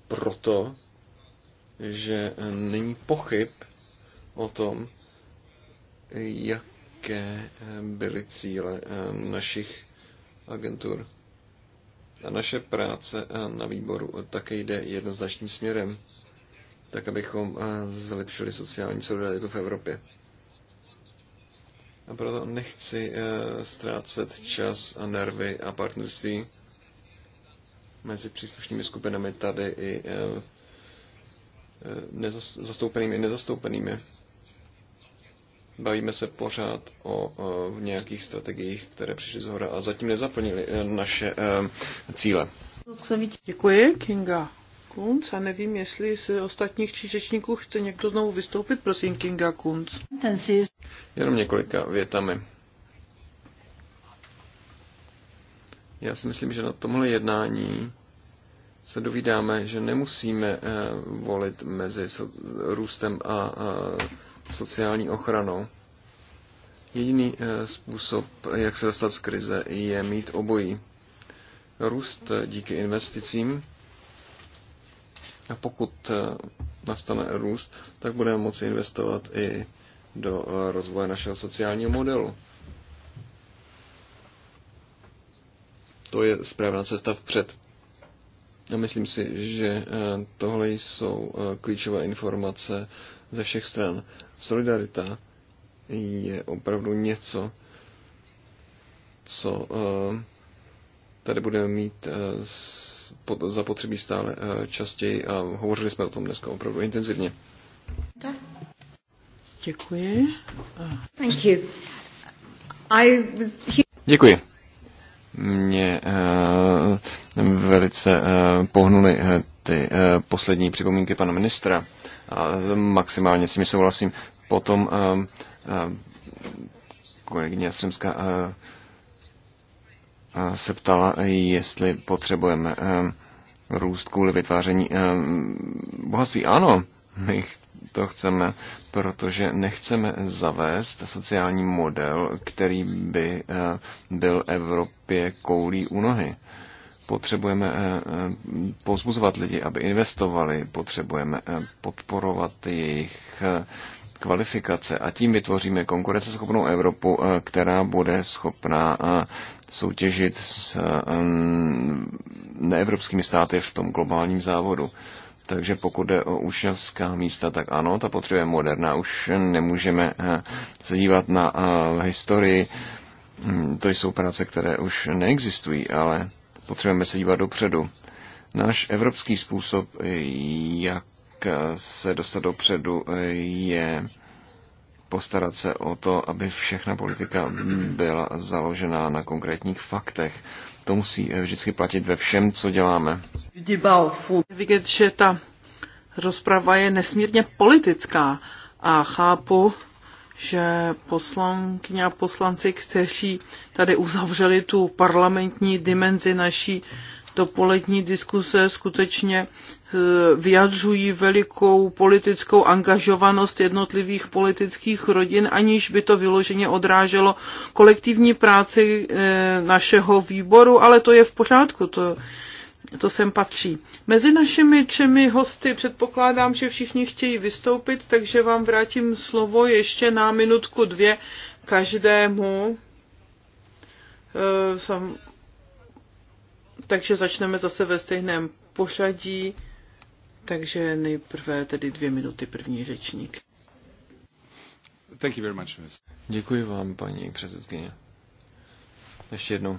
proto, že není pochyb o tom, jaké byly cíle eh, našich agentur. A naše práce eh, na výboru také jde jednoznačným směrem, tak abychom eh, zlepšili sociální solidaritu v Evropě. A proto nechci ztrácet čas a nervy a partnerství mezi příslušnými skupinami tady i Eh, zastoupenými i nezastoupenými. Bavíme se pořád o, nějakých strategiích, které přišly z hora a zatím nezaplnili eh, naše eh, cíle. Děkuji, Kinga Kunc. A nevím, jestli z ostatních čížečníků chce někdo znovu vystoupit. Prosím, Kinga Kunc. Jenom několika větami. Já si myslím, že na tomhle jednání se dovídáme, že nemusíme eh, volit mezi růstem a sociální ochranou. Jediný eh, způsob, jak se dostat z krize, je mít obojí. Růst eh, díky investicím. A pokud nastane růst, tak budeme moci investovat i do rozvoje našeho sociálního modelu. To je správná cesta vpřed. Myslím si, že eh, tohle jsou eh, klíčové informace ze všech stran. Solidarita je opravdu něco, co eh, tady budeme mít zapotřebí stále častěji a hovořili jsme o tom dneska opravdu intenzivně. Děkuji. Thank you. I was... Děkuji. Mě uh, velice eh, pohnuly eh, ty eh, poslední připomínky pana ministra. A maximálně s nimi souhlasím. Potom kolegyně Jastřemská se ptala, jestli potřebujeme růst kvůli vytváření bohatství. Ano, my to chceme, protože nechceme zavést sociální model, který by byl Evropě koulí u nohy. Potřebujeme eh, eh, pozbuzovat lidi, aby investovali, potřebujeme eh, podporovat jejich kvalifikace a tím vytvoříme konkurenceschopnou Evropu, která bude schopná soutěžit s neevropskými státy v tom globálním závodu. Takže pokud jde o učňovská místa, tak ano, ta potřeba je moderná. Už nemůžeme se dívat na historii. Hmm, to jsou práce, které už neexistují, ale potřebujeme se dívat dopředu. Náš evropský způsob, jak se dostat dopředu, je postarat se o to, aby všechna politika byla založená na konkrétních faktech. To musí vždycky platit ve všem, co děláme. Vidět, že ta rozprava je nesmírně politická a chápu, že poslankyně a poslanci, kteří tady uzavřeli tu parlamentní dimenzi naší dopolední diskuse, skutečně e, vyjadřují velikou politickou angažovanost jednotlivých politických rodin, aniž by to vyloženě odráželo kolektivní práci e, našeho výboru, ale to je v pořádku, to to sem patří. Mezi našimi třemi hosty předpokládám, že všichni chtějí vystoupit, takže vám vrátím slovo ještě na minutku dvě každému. Eh, takže začneme zase ve stejném pořadí. Takže nejprve tedy dvě minuty první řečník. Thank you very much, Děkuji vám, paní předsedkyně. Ještě jednou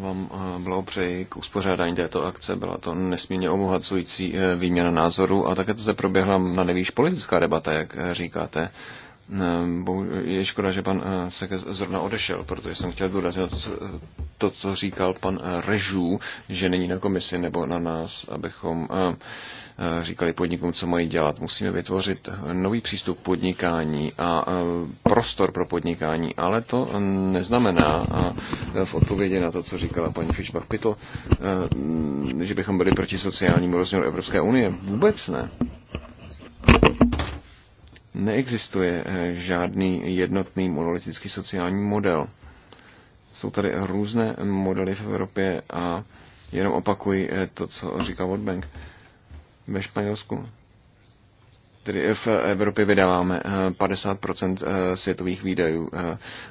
vám eh, blahopřeji k uspořádání této akce. Byla to nesmírně obohacující eh, výměna názorů a také to se proběhla na nevíš politická debata, jak eh, říkáte. Ehm, je škoda, že pan eh, Sekes zrovna odešel, protože jsem chtěl důraznit to, co říkal pan eh, Režů, že není na komisi nebo na nás, abychom eh, říkali podnikům, co mají dělat. Musíme vytvořit nový přístup podnikání a prostor pro podnikání, ale to neznamená, a v odpovědi na to, co říkala paní Fischbach pito že bychom byli proti sociálnímu rozměru Evropské unie. Vůbec ne. Neexistuje eh, žádný jednotný monolitický sociální model. Jsou tady různé modely v Evropě a jenom opakuji eh, to, co říká World Ve Španělsku tedy v Evropě vydáváme 50% eh, světových výdajů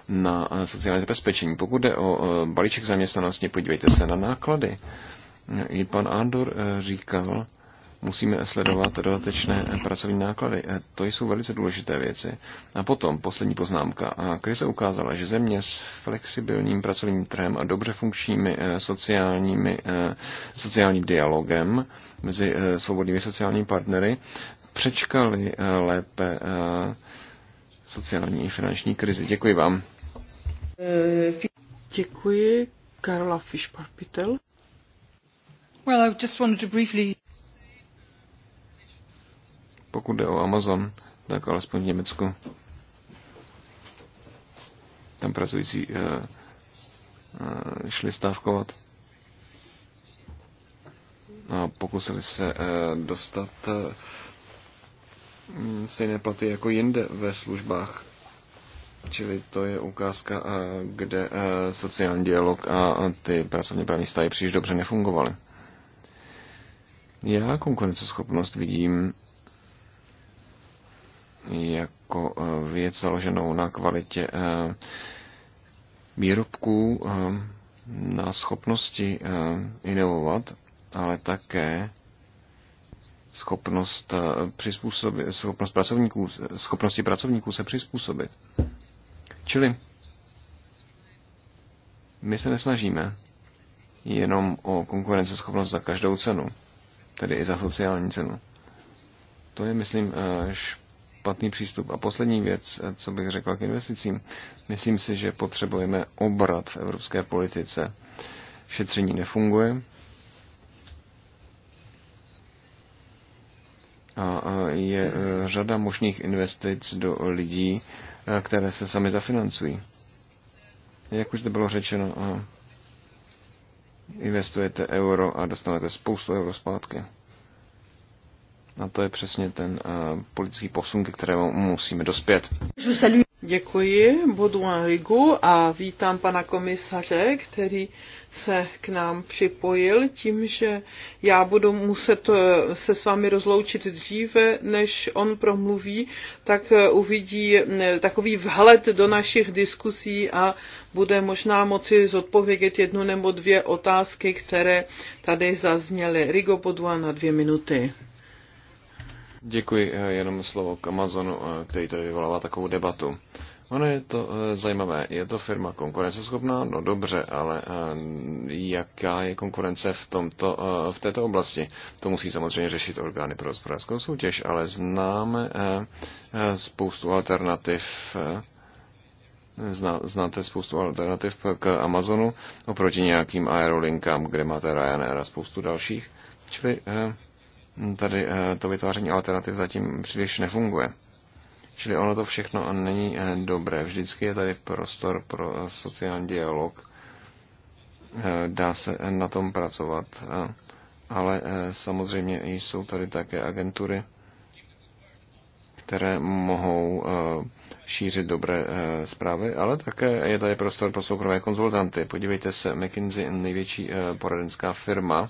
na sociální zabezpečení. Pokud jde o balíček zaměstnanosti, podívejte se na náklady. I pan Andor říkal, musíme sledovat dodatečné pracovní náklady. E, to jsou velice důležité věci. A potom poslední poznámka. krize ukázala, že země s flexibilním pracovním trhem a dobře funkčními e, sociálními, e, sociálním dialogem mezi svobodnými sociálními partnery přečkali lépe sociální i finanční krizi. Děkuji vám. Děkuji. Karla Fischpapitel. Well, I just wanted to briefly... Pokud jde o Amazon, tak alespoň v Německu tam pracující eh, eh, šli stávkovat a pokusili se eh, dostat mm, stejné platy jako jinde ve službách. Čili to je ukázka, kde sociální dialog a ty pracovně právní stavy příliš dobře nefungovaly. Já konkurenceschopnost vidím jako eh, věc založenou na kvalitě eh, výrobků, eh, na schopnosti inovovat, ale také schopnost, přizpůsobit, schopnost pracovníků, schopnosti pracovníků se přizpůsobit. Čili my se nesnažíme jenom o konkurenceschopnost za každou cenu, tedy i za sociální cenu. To je, myslím, špatný přístup. A poslední věc, eh, co bych řekl k investicím, myslím si, že potřebujeme obrat v evropské politice. Šetření nefunguje. A je eh, řada možných investic do lidí, eh, které se sami zafinancují. Jak už to bylo řečeno, investujete euro a dostanete spoustu euro zpátky. A to je přesně ten uh, politický posun, ke kterému musíme dospět. Děkuji Bodu Rigu a vítám pana komisaře, který se k nám připojil tím, že já budu muset eh, se s vámi rozloučit dříve, než on promluví, tak eh, uvidí mm, takový vhled do našich diskusí a bude možná moci zodpovědět jednu nebo dvě otázky, které tady zazněly. Rigo Boduan na dvě minuty. Děkuji eh, jenom slovo k Amazonu, eh, který tady vyvolává takovou debatu. Ono je to eh, zajímavé. Je to firma konkurenceschopná? No dobře, ale jaká je konkurence v, tomto, v této oblasti? To musí samozřejmě řešit orgány pro hospodářskou soutěž, ale známe spoustu alternativ Zná, znáte spoustu alternativ k Amazonu oproti nějakým aerolinkám, kde máte Ryanair a spoustu dalších. Čili eh, tady eh, to vytváření alternativ zatím příliš nefunguje. Čili ono to všechno není eh, dobré. Vždycky je tady prostor pro eh, sociální dialog. Dá se na tom pracovat. Ale samozřejmě jsou tady také agentury, které mohou šířit dobré zprávy, ale také je tady prostor pro soukromé konzultanty. Podívejte se, McKinsey, největší poradenská firma,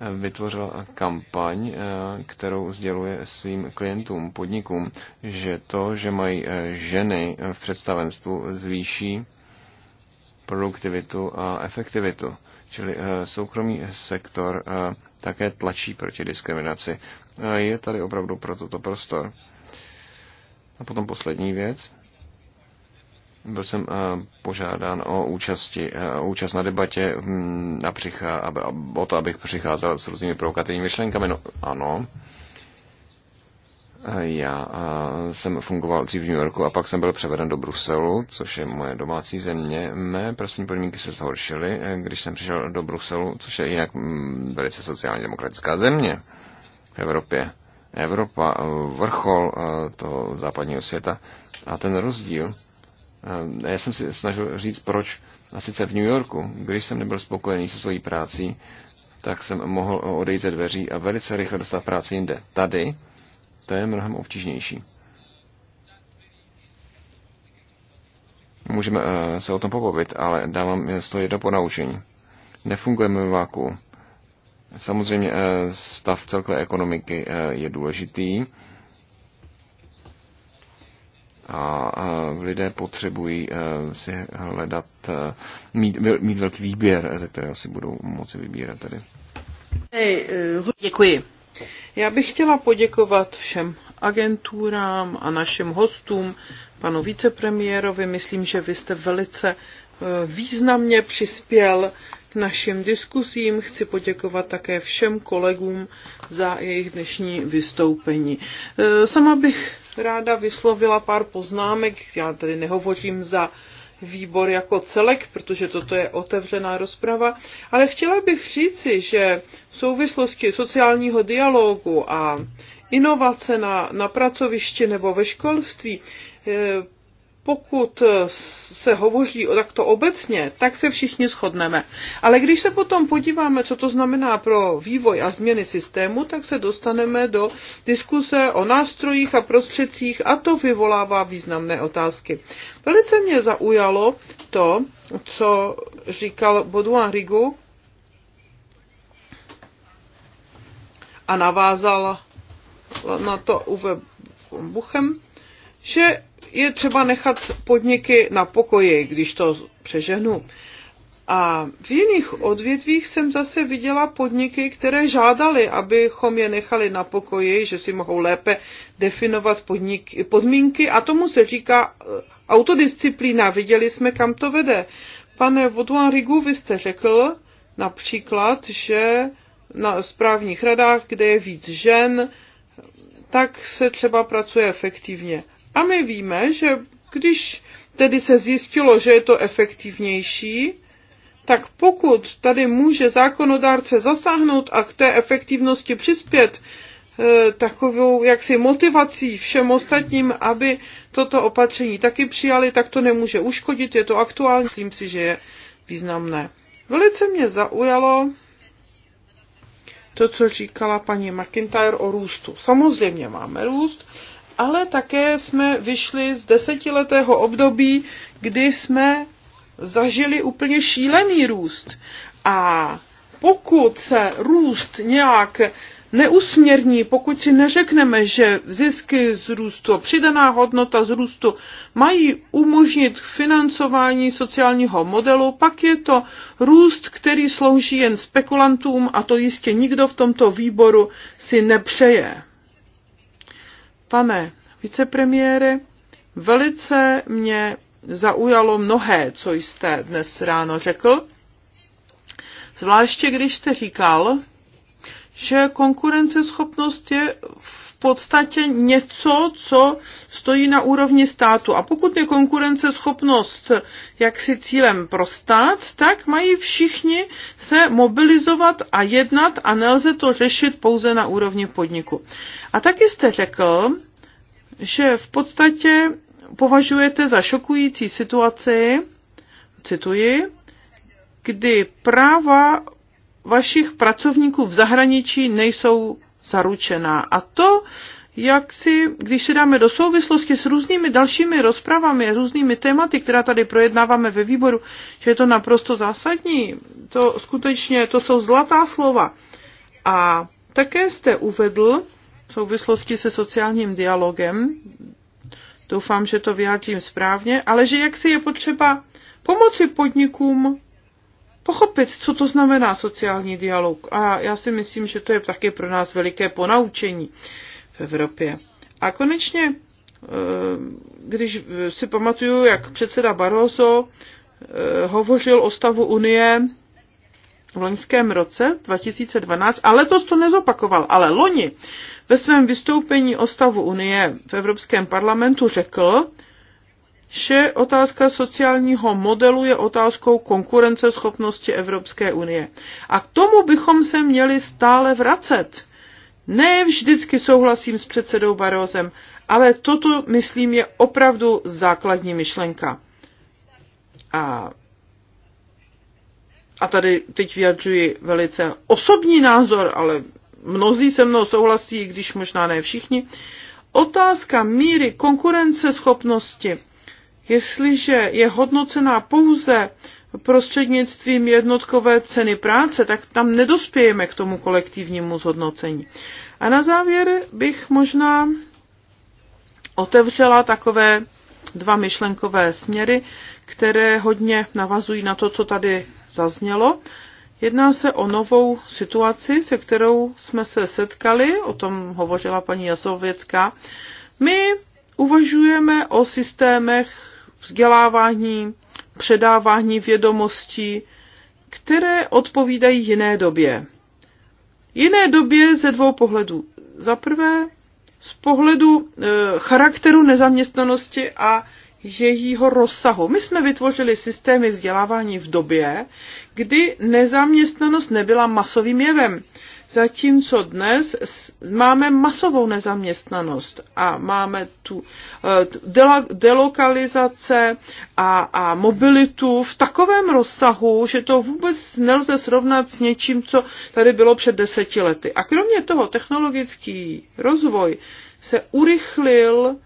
vytvořila kampaň, eh, kterou sděluje svým klientům, podnikům, že to, že mají eh, ženy v představenstvu, zvýší produktivitu a efektivitu. Čili eh, soukromý sektor také tlačí proti diskriminaci. Je tady opravdu pro toto prostor. A potom poslední věc byl jsem eh, požádán o účasti, o eh, účast na debatě hm, a přichá, aby, o to, abych přicházel s různými provokativními myšlenkami. No, ano. Eh, já jsem fungoval dřív v New Yorku a pak jsem byl převeden do Bruselu, což je moje domácí země. Mé pracovní podmínky se zhoršily, když jsem přišel do Bruselu, což je jinak hm, velice sociálně demokratická země v Evropě. Evropa, vrchol toho západního světa. A ten rozdíl Eh, já jsem si snažil říct, proč. A sice v New Yorku, když jsem nebyl spokojený se svojí prací, tak jsem mohl odejít ze dveří a velice rychle dostat práci jinde. Tady to je mnohem obtížnější. Můžeme eh, se o tom pobavit, ale dávám eh, z toho jedno ponaučení. Nefungujeme v váku. Samozřejmě stav celkové ekonomiky je důležitý a lidé potřebují eh, si hledat, eh, mít, mít velký výběr, ze kterého si budou moci vybírat tady. Eh, děkuji. Já bych chtěla poděkovat všem agenturám a našim hostům, panu vicepremiérovi. Myslím, že vy jste velice významně přispěl k našim diskusím. Chci poděkovat také všem kolegům za jejich dnešní vystoupení. Sama bych ráda vyslovila pár poznámek. Já tady nehovořím za výbor jako celek, protože toto je otevřená rozprava, ale chtěla bych říci, že v souvislosti sociálního dialogu a inovace na, na pracovišti nebo ve školství eh, pokud eh, se hovoří o takto obecně, tak se všichni shodneme. Ale když se potom podíváme, co to znamená pro vývoj a změny systému, tak se dostaneme do diskuse o nástrojích a prostředcích a to vyvolává významné otázky. Velice mě zaujalo to, co říkal Baudouin Rigu a navázal na to Uwe Buchem, že je třeba nechat podniky na pokoji, když to přeženu. A v jiných odvětvích jsem zase viděla podniky, které žádali, abychom je nechali na pokoji, že si mohou lépe definovat podniky, podmínky a tomu se říká eh, autodisciplína. Viděli jsme, kam to vede. Pane Vodouan Rigu, vy jste řekl například, že na správních radách, kde je víc žen, tak se třeba pracuje efektivně. A my víme, že když tedy se zjistilo, že je to efektivnější, tak pokud tady může zákonodárce zasáhnout a k té efektivnosti přispět e, takovou jaksi motivací všem ostatním, aby toto opatření taky přijali, tak to nemůže uškodit, je to aktuální, myslím si, že je významné. Velice mě zaujalo to, co říkala paní McIntyre o růstu. Samozřejmě máme růst, ale také jsme vyšli z desetiletého období, kdy jsme zažili úplně šílený růst. A pokud se růst nějak neusměrní, pokud si neřekneme, že zisky z růstu, přidaná hodnota z růstu mají umožnit financování sociálního modelu, pak je to růst, který slouží jen spekulantům a to jistě nikdo v tomto výboru si nepřeje. Pane vicepremiére, velice mě zaujalo mnohé, co jste dnes ráno řekl, zvláště když jste říkal, že konkurenceschopnost je v podstatě něco, co stojí na úrovni státu. A pokud je konkurenceschopnost jaksi cílem pro stát, tak mají všichni se mobilizovat a jednat a nelze to řešit pouze na úrovni podniku. A taky jste řekl, že v podstatě považujete za šokující situaci, cituji, kdy práva vašich pracovníků v zahraničí nejsou zaručená. A to, jak si, když si dáme do souvislosti s různými dalšími rozpravami, různými tématy, která tady projednáváme ve výboru, že je to naprosto zásadní, to skutečně, to jsou zlatá slova. A také jste uvedl v souvislosti se sociálním dialogem, doufám, že to vyjádřím správně, ale že jak si je potřeba pomoci podnikům pochopit, co to znamená sociální dialog. A já si myslím, že to je také pro nás veliké ponaučení v Evropě. A konečně, eh, když si pamatuju, jak předseda Barroso eh, hovořil o stavu Unie v loňském roce 2012, a letos to nezopakoval, ale loni ve svém vystoupení o stavu Unie v Evropském parlamentu řekl, že otázka sociálního modelu je otázkou konkurenceschopnosti Evropské unie. A k tomu bychom se měli stále vracet. Ne vždycky souhlasím s předsedou Barozem, ale toto, myslím, je opravdu základní myšlenka. A, a tady teď vyjadřuji velice osobní názor, ale mnozí se mnou souhlasí, když možná ne všichni. Otázka míry konkurenceschopnosti jestliže je hodnocená pouze prostřednictvím jednotkové ceny práce, tak tam nedospějeme k tomu kolektivnímu zhodnocení. A na závěr bych možná otevřela takové dva myšlenkové směry, které hodně navazují na to, co tady zaznělo. Jedná se o novou situaci, se kterou jsme se setkali, o tom hovořila paní Jasověcká. My uvažujeme o systémech vzdělávání, předávání vědomostí, které odpovídají jiné době. Jiné době ze dvou pohledů. Za prvé, z pohledu e, charakteru nezaměstnanosti a jejího rozsahu. My jsme vytvořili systémy vzdělávání v době, kdy nezaměstnanost nebyla masovým jevem. Zatímco dnes máme masovou nezaměstnanost a máme tu eh, delokalizace a, a mobilitu v takovém rozsahu, že to vůbec nelze srovnat s něčím, co tady bylo před deseti lety. A kromě toho technologický rozvoj se urychlil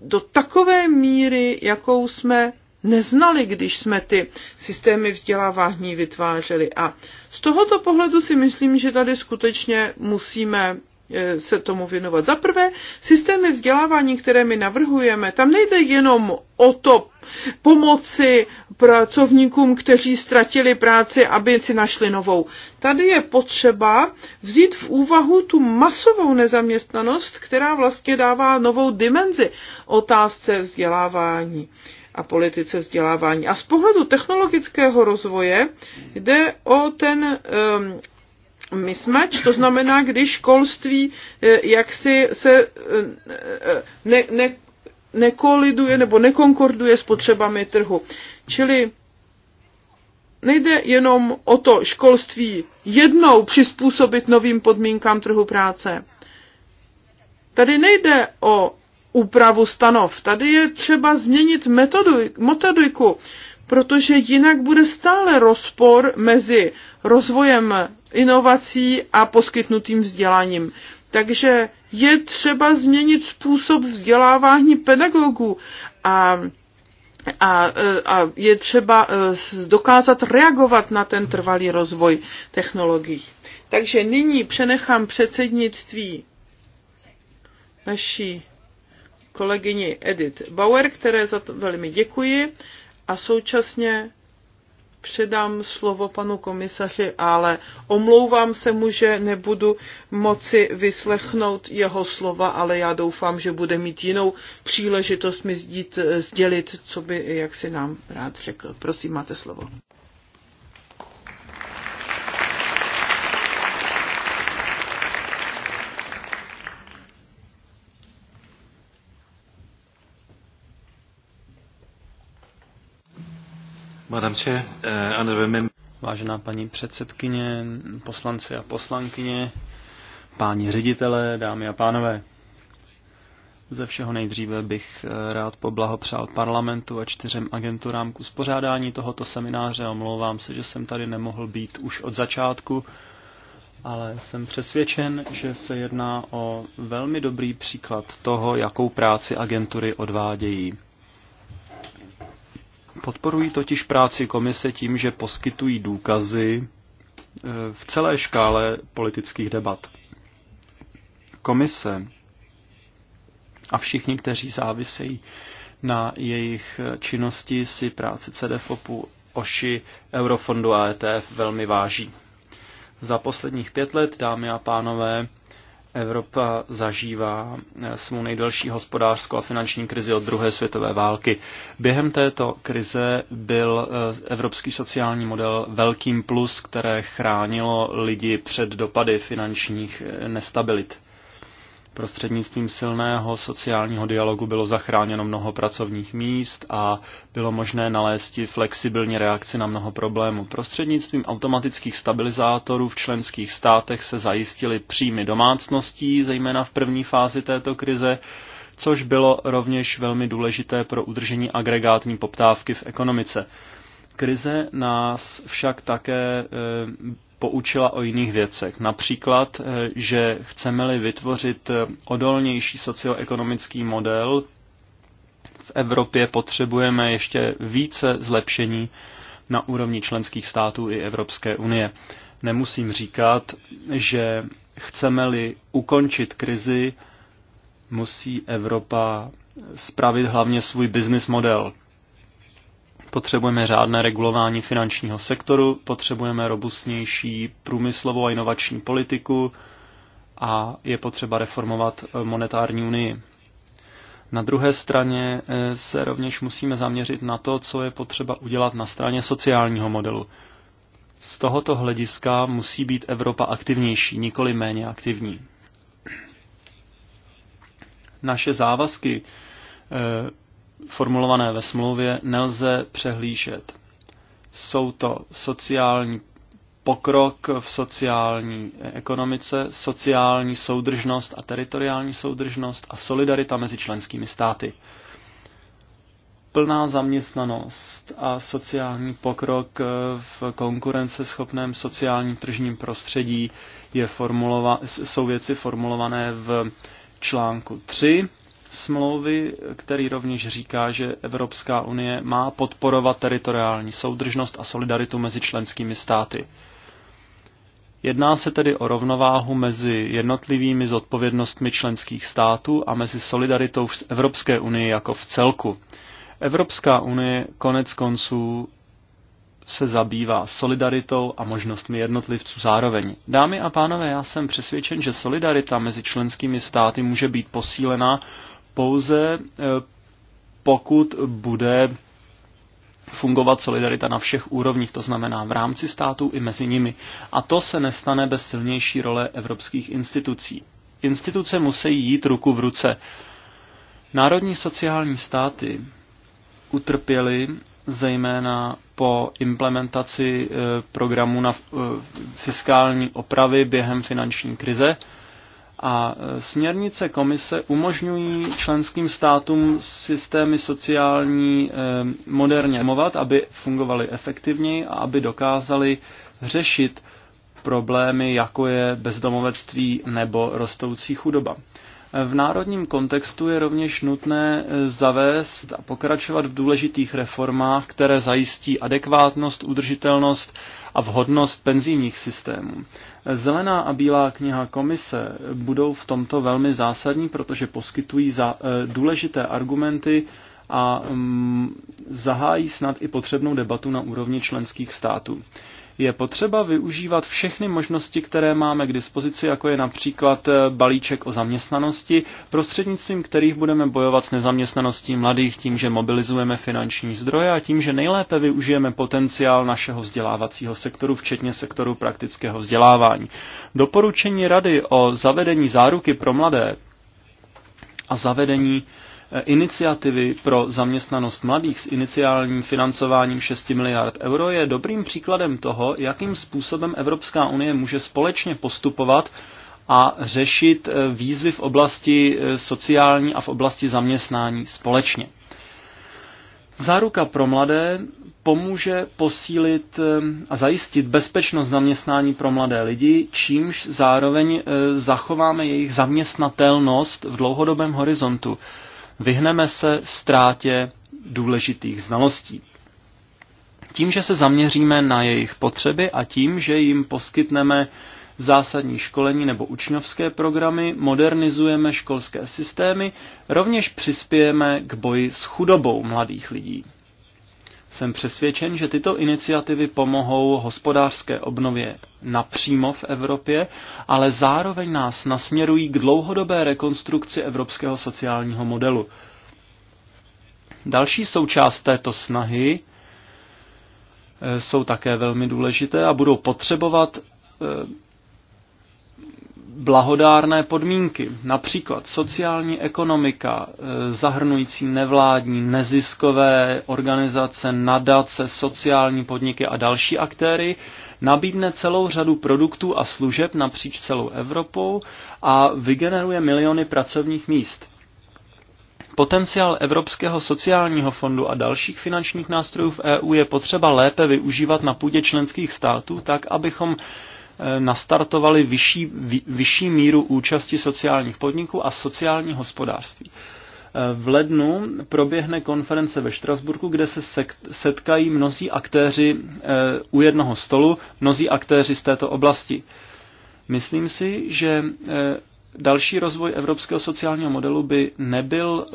do takové míry, jakou jsme neznali, když jsme ty systémy vzdělávání vytvářeli. A z tohoto pohledu si myslím, že tady skutečně musíme e, se tomu věnovat. Za prvé, systémy vzdělávání, které my navrhujeme, tam nejde jenom o to pomoci pracovníkům, kteří ztratili práci, aby si našli novou. Tady je potřeba vzít v úvahu tu masovou nezaměstnanost, která vlastně dává novou dimenzi otázce vzdělávání a politice vzdělávání. A z pohledu technologického rozvoje jde o ten um, mismatch, to znamená, když školství eh, jaksi se eh, eh, ne, ne, nekoliduje nebo nekonkorduje s potřebami trhu. Čili nejde jenom o to školství jednou přizpůsobit novým podmínkám trhu práce. Tady nejde o úpravu stanov. Tady je třeba změnit metodu, metodiku, protože jinak bude stále rozpor mezi rozvojem inovací a poskytnutým vzděláním. Takže je třeba změnit způsob vzdělávání pedagogů a, a, a je třeba e, dokázat reagovat na ten trvalý rozvoj technologií. Takže nyní přenechám předsednictví naší kolegyni Edith Bauer, které za to velmi děkuji a současně předám slovo panu komisaři, ale omlouvám se mu, že nebudu moci vyslechnout jeho slova, ale já doufám, že bude mít jinou příležitost mi sdít, sdělit, co by jak si nám rád řekl. Prosím, máte slovo. Madam uh, Vážená paní předsedkyně, poslanci a poslankyně, páni ředitelé, dámy a pánové. Ze všeho nejdříve bych eh, rád poblahopřál parlamentu a čtyřem agenturám k uspořádání tohoto semináře. Omlouvám se, že jsem tady nemohl být už od začátku, ale jsem přesvědčen, že se jedná o velmi dobrý příklad toho, jakou práci agentury odvádějí. Podporují totiž práci komise tím, že poskytují důkazy e, v celé škále politických debat. Komise a všichni, kteří závisejí na jejich činnosti, si práci CDFOPu, OŠI, Eurofondu a ETF velmi váží. Za posledních pět let, dámy a pánové, Evropa zažívá eh, svou nejdelší hospodářskou a finanční krizi od druhé světové války. Během této krize byl eh, evropský sociální model velkým plus, které chránilo lidi před dopady finančních eh, nestabilit. Prostřednictvím silného sociálního dialogu bylo zachráněno mnoho pracovních míst a bylo možné nalézt flexibilní reakci na mnoho problémů. Prostřednictvím automatických stabilizátorů v členských státech se zajistily příjmy domácností, zejména v první fázi této krize, což bylo rovněž velmi důležité pro udržení agregátní poptávky v ekonomice. Krize nás však také eh, poučila o jiných věcech. Například, eh, že chceme-li vytvořit eh, odolnější socioekonomický model, v Evropě potřebujeme ještě více zlepšení na úrovni členských států i Evropské unie. Nemusím říkat, že chceme-li ukončit krizi, musí Evropa spravit hlavně svůj business model. Potřebujeme řádné regulování finančního sektoru, potřebujeme robustnější průmyslovou a inovační politiku a je potřeba reformovat eh, monetární unii. Na druhé straně eh, se rovněž musíme zaměřit na to, co je potřeba udělat na straně sociálního modelu. Z tohoto hlediska musí být Evropa aktivnější, nikoli méně aktivní. Naše závazky eh, formulované ve smlouvě nelze přehlížet. Jsou to sociální pokrok v sociální ekonomice, sociální soudržnost a teritoriální soudržnost a solidarita mezi členskými státy. Plná zaměstnanost a sociální pokrok v konkurenceschopném sociálním tržním prostředí je formulova- jsou věci formulované v článku 3 smlouvy, který rovněž říká, že Evropská unie má podporovat teritoriální soudržnost a solidaritu mezi členskými státy. Jedná se tedy o rovnováhu mezi jednotlivými zodpovědnostmi členských států a mezi solidaritou v Evropské unii jako v celku. Evropská unie konec konců se zabývá solidaritou a možnostmi jednotlivců zároveň. Dámy a pánové, já jsem přesvědčen, že solidarita mezi členskými státy může být posílena, pouze eh, pokud bude fungovat solidarita na všech úrovních, to znamená v rámci států i mezi nimi. A to se nestane bez silnější role evropských institucí. Instituce musí jít ruku v ruce. Národní sociální státy utrpěly zejména po implementaci eh, programu na eh, fiskální opravy během finanční krize a e, směrnice komise umožňují členským státům systémy sociální e, moderně movat, aby fungovaly efektivněji a aby dokázali řešit problémy, jako je bezdomovectví nebo rostoucí chudoba. E, v národním kontextu je rovněž nutné zavést a pokračovat v důležitých reformách, které zajistí adekvátnost, udržitelnost a vhodnost penzijních systémů. Zelená a bílá kniha komise budou v tomto velmi zásadní, protože poskytují za, eh, důležité argumenty a mm, zahájí snad i potřebnou debatu na úrovni členských států je potřeba využívat všechny možnosti, které máme k dispozici, jako je například eh, balíček o zaměstnanosti, prostřednictvím kterých budeme bojovat s nezaměstnaností mladých tím, že mobilizujeme finanční zdroje a tím, že nejlépe využijeme potenciál našeho vzdělávacího sektoru, včetně sektoru praktického vzdělávání. Doporučení rady o zavedení záruky pro mladé a zavedení Eh, iniciativy pro zaměstnanost mladých s iniciálním financováním 6 miliard euro je dobrým příkladem toho, jakým způsobem Evropská unie může společně postupovat a řešit eh, výzvy v oblasti eh, sociální a v oblasti zaměstnání společně. Záruka pro mladé pomůže posílit a zajistit bezpečnost zaměstnání pro mladé lidi, čímž zároveň zachováme jejich zaměstnatelnost v dlouhodobém horizontu. Vyhneme se ztrátě důležitých znalostí. Tím, že se zaměříme na jejich potřeby a tím, že jim poskytneme zásadní školení nebo učňovské programy, modernizujeme školské systémy, rovněž přispějeme k boji s chudobou mladých lidí. Jsem přesvědčen, že tyto iniciativy pomohou hospodářské obnově napřímo v Evropě, ale zároveň nás nasměrují k dlouhodobé rekonstrukci evropského sociálního modelu. Další součást této snahy e, jsou také velmi důležité a budou potřebovat e, blahodárné podmínky, například sociální ekonomika, e, zahrnující nevládní, neziskové organizace, nadace, sociální podniky a další aktéry, nabídne celou řadu produktů a služeb napříč celou Evropou a vygeneruje miliony pracovních míst. Potenciál Evropského sociálního fondu a dalších finančních nástrojů v EU je potřeba lépe využívat na půdě členských států tak, abychom Eh, nastartovali vyšší, vyšší míru účasti sociálních podniků a sociální hospodářství. Eh, v lednu proběhne konference ve Štrasburku, kde se setkají mnozí aktéři eh, u jednoho stolu, mnozí aktéři z této oblasti. Myslím si, že další rozvoj evropského sociálního modelu by nebyl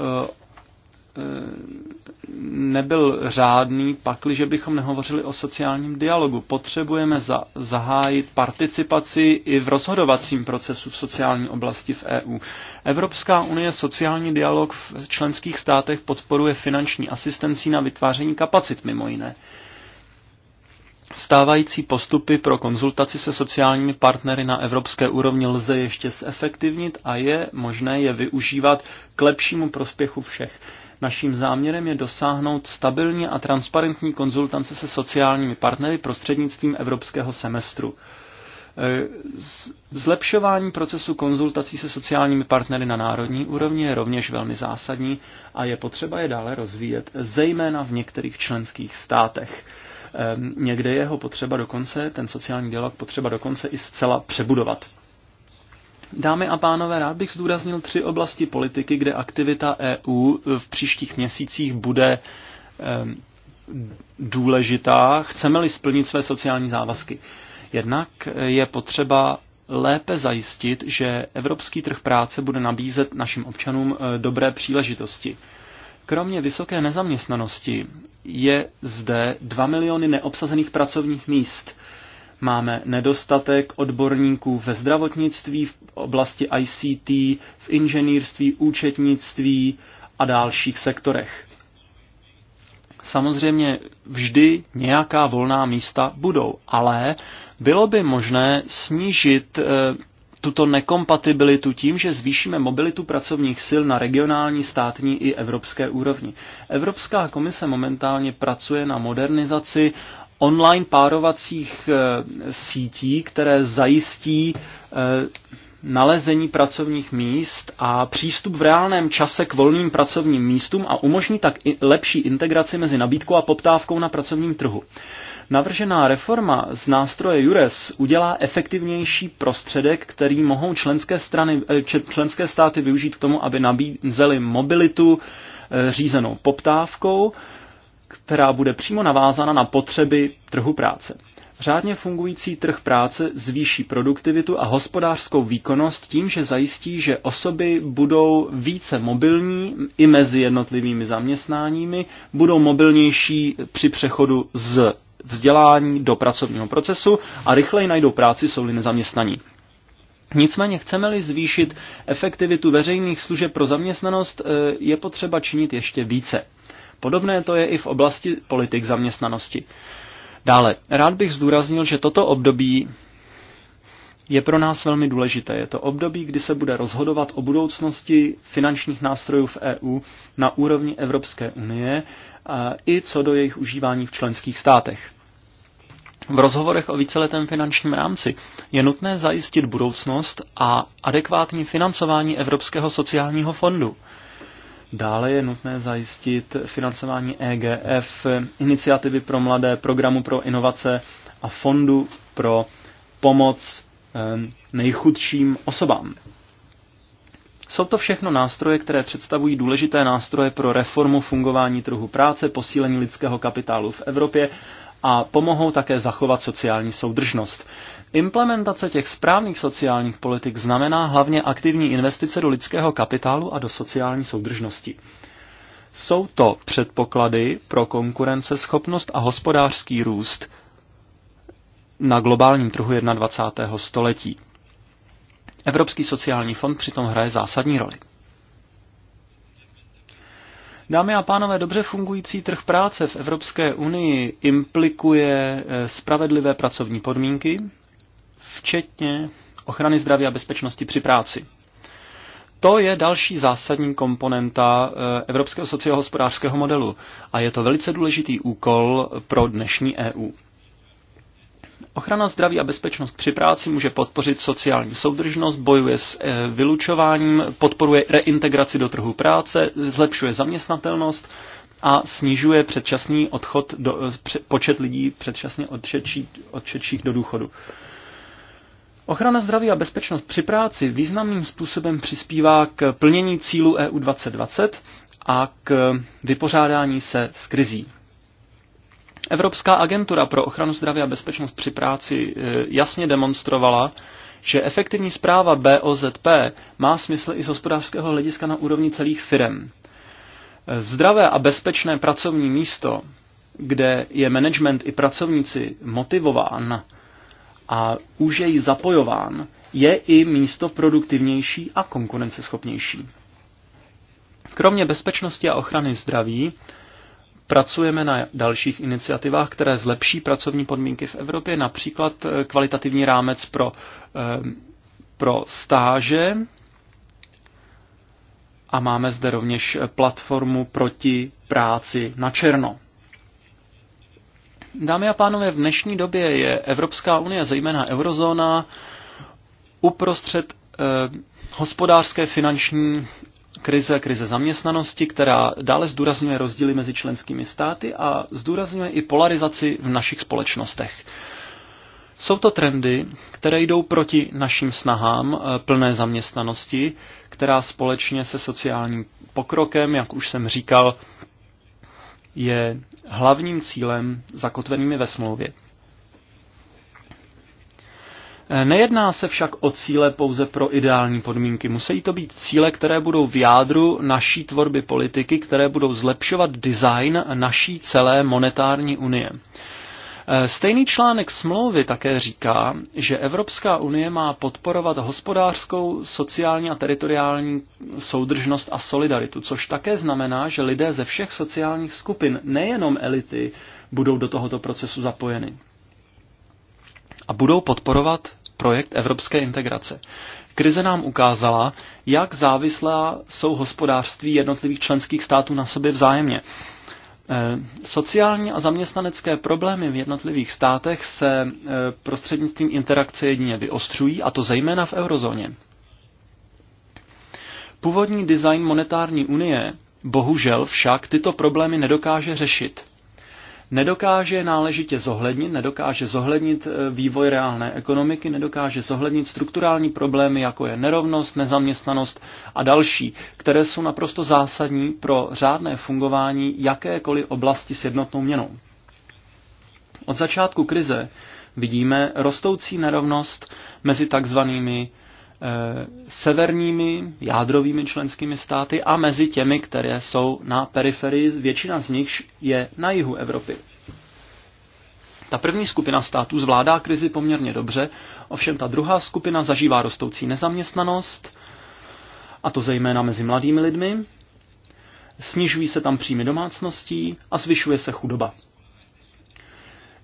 nebyl řádný, pakliže bychom nehovořili o sociálním dialogu. Potřebujeme za, zahájit participaci i v rozhodovacím procesu v sociální oblasti v EU. Evropská unie sociální dialog v členských státech podporuje finanční asistencí na vytváření kapacit mimo jiné. Stávající postupy pro konzultaci se sociálními partnery na evropské úrovni lze ještě zefektivnit a je možné je využívat k lepšímu prospěchu všech. Naším záměrem je dosáhnout stabilní a transparentní konzultace se sociálními partnery prostřednictvím evropského semestru. E, zlepšování procesu konzultací se sociálními partnery na národní úrovni je rovněž velmi zásadní a je potřeba je dále rozvíjet, zejména v některých členských státech. E, někde jeho potřeba dokonce, ten sociální dialog potřeba dokonce i zcela přebudovat. Dámy a pánové, rád bych zdůraznil tři oblasti politiky, kde aktivita EU v příštích měsících bude důležitá, chceme-li splnit své sociální závazky. Jednak je potřeba lépe zajistit, že evropský trh práce bude nabízet našim občanům e, dobré příležitosti. Kromě vysoké nezaměstnanosti je zde 2 miliony neobsazených pracovních míst. Máme nedostatek odborníků ve zdravotnictví, v oblasti ICT, v inženýrství, účetnictví a dalších sektorech. Samozřejmě vždy nějaká volná místa budou, ale bylo by možné snížit eh, tuto nekompatibilitu tím, že zvýšíme mobilitu pracovních sil na regionální, státní i evropské úrovni. Evropská komise momentálně pracuje na modernizaci online párovacích eh, sítí, které zajistí eh, nalezení pracovních míst a přístup v reálném čase k volným pracovním místům a umožní tak i lepší integraci mezi nabídkou a poptávkou na pracovním trhu. Navržená reforma z nástroje Jures udělá efektivnější prostředek, který mohou členské, strany, eh, členské státy využít k tomu, aby nabízely mobilitu řízenou poptávkou, která bude přímo navázána na potřeby trhu práce. Řádně fungující trh práce zvýší produktivitu a hospodářskou výkonnost tím, že zajistí, že osoby budou více mobilní i mezi jednotlivými zaměstnáními, budou mobilnější při přechodu z vzdělání do pracovního procesu a rychleji najdou práci, jsou-li nezaměstnaní. Nicméně chceme-li zvýšit efektivitu veřejných služeb pro zaměstnanost, eh, je potřeba činit ještě více. Podobné to je i v oblasti politik zaměstnanosti. Dále, rád bych zdůraznil, že toto období je pro nás velmi důležité. Je to období, kdy se bude rozhodovat o budoucnosti finančních nástrojů v EU na úrovni Evropské unie a i co do jejich užívání v členských státech. V rozhovorech o víceletém finančním rámci je nutné zajistit budoucnost a adekvátní financování Evropského sociálního fondu. Dále je nutné zajistit financování EGF, iniciativy pro mladé, programu pro inovace a fondu pro pomoc eh, nejchudším osobám. Jsou to všechno nástroje, které představují důležité nástroje pro reformu fungování trhu práce, posílení lidského kapitálu v Evropě a pomohou také zachovat sociální soudržnost. Implementace těch správných sociálních politik znamená hlavně aktivní investice do lidského kapitálu a do sociální soudržnosti. Jsou to předpoklady pro konkurenceschopnost a hospodářský růst na globálním trhu 21. století. Evropský sociální fond přitom hraje zásadní roli. Dámy a pánové, dobře fungující trh práce v Evropské unii implikuje eh, spravedlivé pracovní podmínky, včetně ochrany zdraví a bezpečnosti při práci. To je další zásadní komponenta eh, evropského sociohospodářského modelu a je to velice důležitý úkol pro dnešní EU. Ochrana zdraví a bezpečnost při práci může podpořit sociální soudržnost, bojuje s eh, vylučováním, podporuje reintegraci do trhu práce, zlepšuje zaměstnatelnost a snižuje předčasný odchod do, eh, počet lidí předčasně odčečí, odčečích do důchodu. Ochrana zdraví a bezpečnost při práci významným způsobem přispívá k plnění cílu EU 2020 a k vypořádání se s krizí. Evropská agentura pro ochranu zdraví a bezpečnost při práci e, jasně demonstrovala, že efektivní zpráva BOZP má smysl i z hospodářského hlediska na úrovni celých firm. Zdravé a bezpečné pracovní místo, kde je management i pracovníci motivován, a už jej zapojován, je i místo produktivnější a konkurenceschopnější. Kromě bezpečnosti a ochrany zdraví pracujeme na dalších iniciativách, které zlepší pracovní podmínky v Evropě, například eh, kvalitativní rámec pro, eh, pro stáže a máme zde rovněž eh, platformu proti práci na černo. Dámy a pánové, v dnešní době je Evropská unie, zejména eurozóna, uprostřed eh, hospodářské finanční krize, krize zaměstnanosti, která dále zdůrazňuje rozdíly mezi členskými státy a zdůrazňuje i polarizaci v našich společnostech. Jsou to trendy, které jdou proti našim snahám eh, plné zaměstnanosti, která společně se sociálním pokrokem, jak už jsem říkal, je hlavním cílem zakotvenými ve smlouvě. E, nejedná se však o cíle pouze pro ideální podmínky. Musí to být cíle, které budou v jádru naší tvorby politiky, které budou zlepšovat design naší celé monetární unie. Eh, stejný článek smlouvy také říká, že Evropská unie má podporovat hospodářskou, sociální a teritoriální soudržnost a solidaritu, což také znamená, že lidé ze všech sociálních skupin, nejenom elity, budou do tohoto procesu zapojeny a budou podporovat projekt evropské integrace. Krize nám ukázala, jak závislá jsou hospodářství jednotlivých členských států na sobě vzájemně. Eh, sociální a zaměstnanecké problémy v jednotlivých státech se eh, prostřednictvím interakce jedině vyostřují, a to zejména v eurozóně. Původní design monetární unie bohužel však tyto problémy nedokáže řešit nedokáže náležitě zohlednit, nedokáže zohlednit e, vývoj reálné ekonomiky, nedokáže zohlednit strukturální problémy, jako je nerovnost, nezaměstnanost a další, které jsou naprosto zásadní pro řádné fungování jakékoliv oblasti s jednotnou měnou. Od začátku krize vidíme rostoucí nerovnost mezi takzvanými Eh, severními jádrovými členskými státy a mezi těmi, které jsou na periferii, většina z nich je na jihu Evropy. Ta první skupina států zvládá krizi poměrně dobře, ovšem ta druhá skupina zažívá rostoucí nezaměstnanost, a to zejména mezi mladými lidmi, snižují se tam příjmy domácností a zvyšuje se chudoba.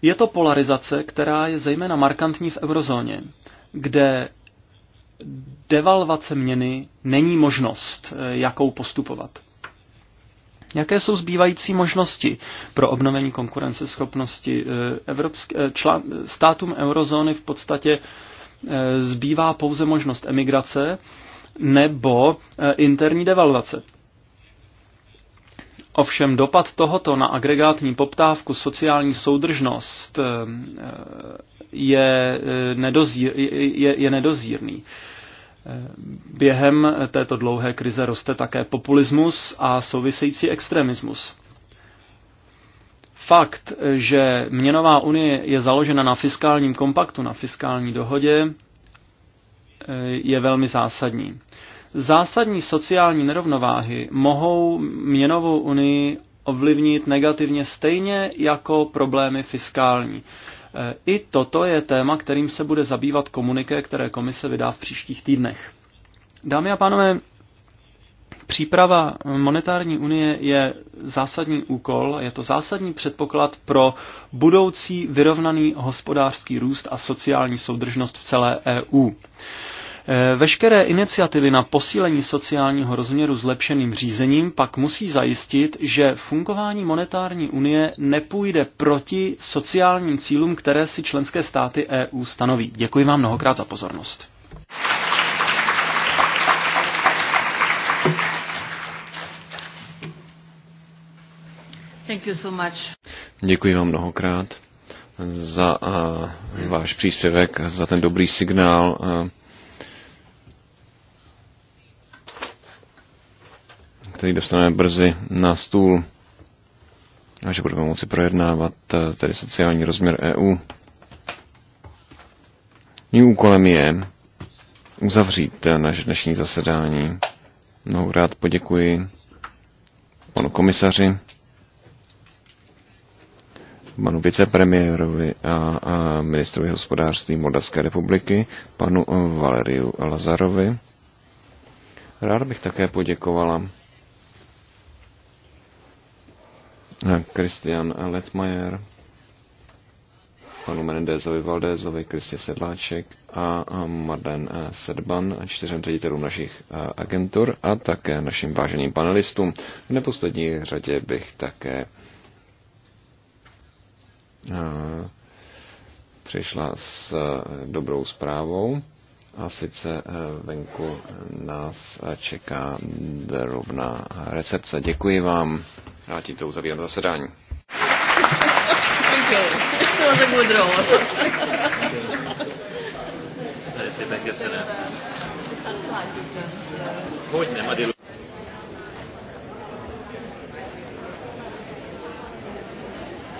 Je to polarizace, která je zejména markantní v eurozóně, kde devalvace měny není možnost, eh, jakou postupovat. Jaké jsou zbývající možnosti pro obnovení konkurenceschopnosti eh, Evropské, eh, člán, státům eurozóny v podstatě zbývá pouze možnost emigrace nebo interní devalvace. Ovšem dopad tohoto na agregátní poptávku, sociální soudržnost, je, eh, nedozír, je, je nedozírný. Eh, během této dlouhé krize roste také populismus a související extremismus. Fakt, že měnová unie je založena na fiskálním kompaktu, na fiskální dohodě, eh, je velmi zásadní. Zásadní sociální nerovnováhy mohou měnovou unii ovlivnit negativně stejně jako problémy fiskální. I toto je téma, kterým se bude zabývat komuniké, které komise vydá v příštích týdnech. Dámy a pánové, Příprava monetární unie je zásadní úkol, je to zásadní předpoklad pro budoucí vyrovnaný hospodářský růst a sociální soudržnost v celé EU. Eh, veškeré iniciativy na posílení sociálního rozměru zlepšeným řízením pak musí zajistit, že fungování monetární unie nepůjde proti sociálním cílům, které si členské státy EU stanoví. Děkuji vám mnohokrát za pozornost. Thank you so much. Děkuji vám mnohokrát za uh, váš příspěvek, za ten dobrý signál. Uh, který dostaneme brzy na stůl a že budeme moci projednávat eh, tedy sociální rozměr EU. Mým úkolem je uzavřít eh, naše dnešní zasedání. Mnohu rád poděkuji panu komisaři, panu vicepremiérovi a, a ministrovi hospodářství Moldavské republiky, panu eh, Valeriu Lazarovi. Rád bych také poděkovala Kristian eh, Letmajer, panu Menendezovi Valdézovi, Kristě Sedláček a Marden eh, Sedban, čtyřem ředitelům našich eh, agentur a také našim váženým panelistům. V neposlední řadě bych také přišla s dobrou zprávou. A sice eh, venku nás eh, čeká rovná recepce. Děkuji vám. Já to uzavírám zasedání. Köszönöm. Hogy nem, a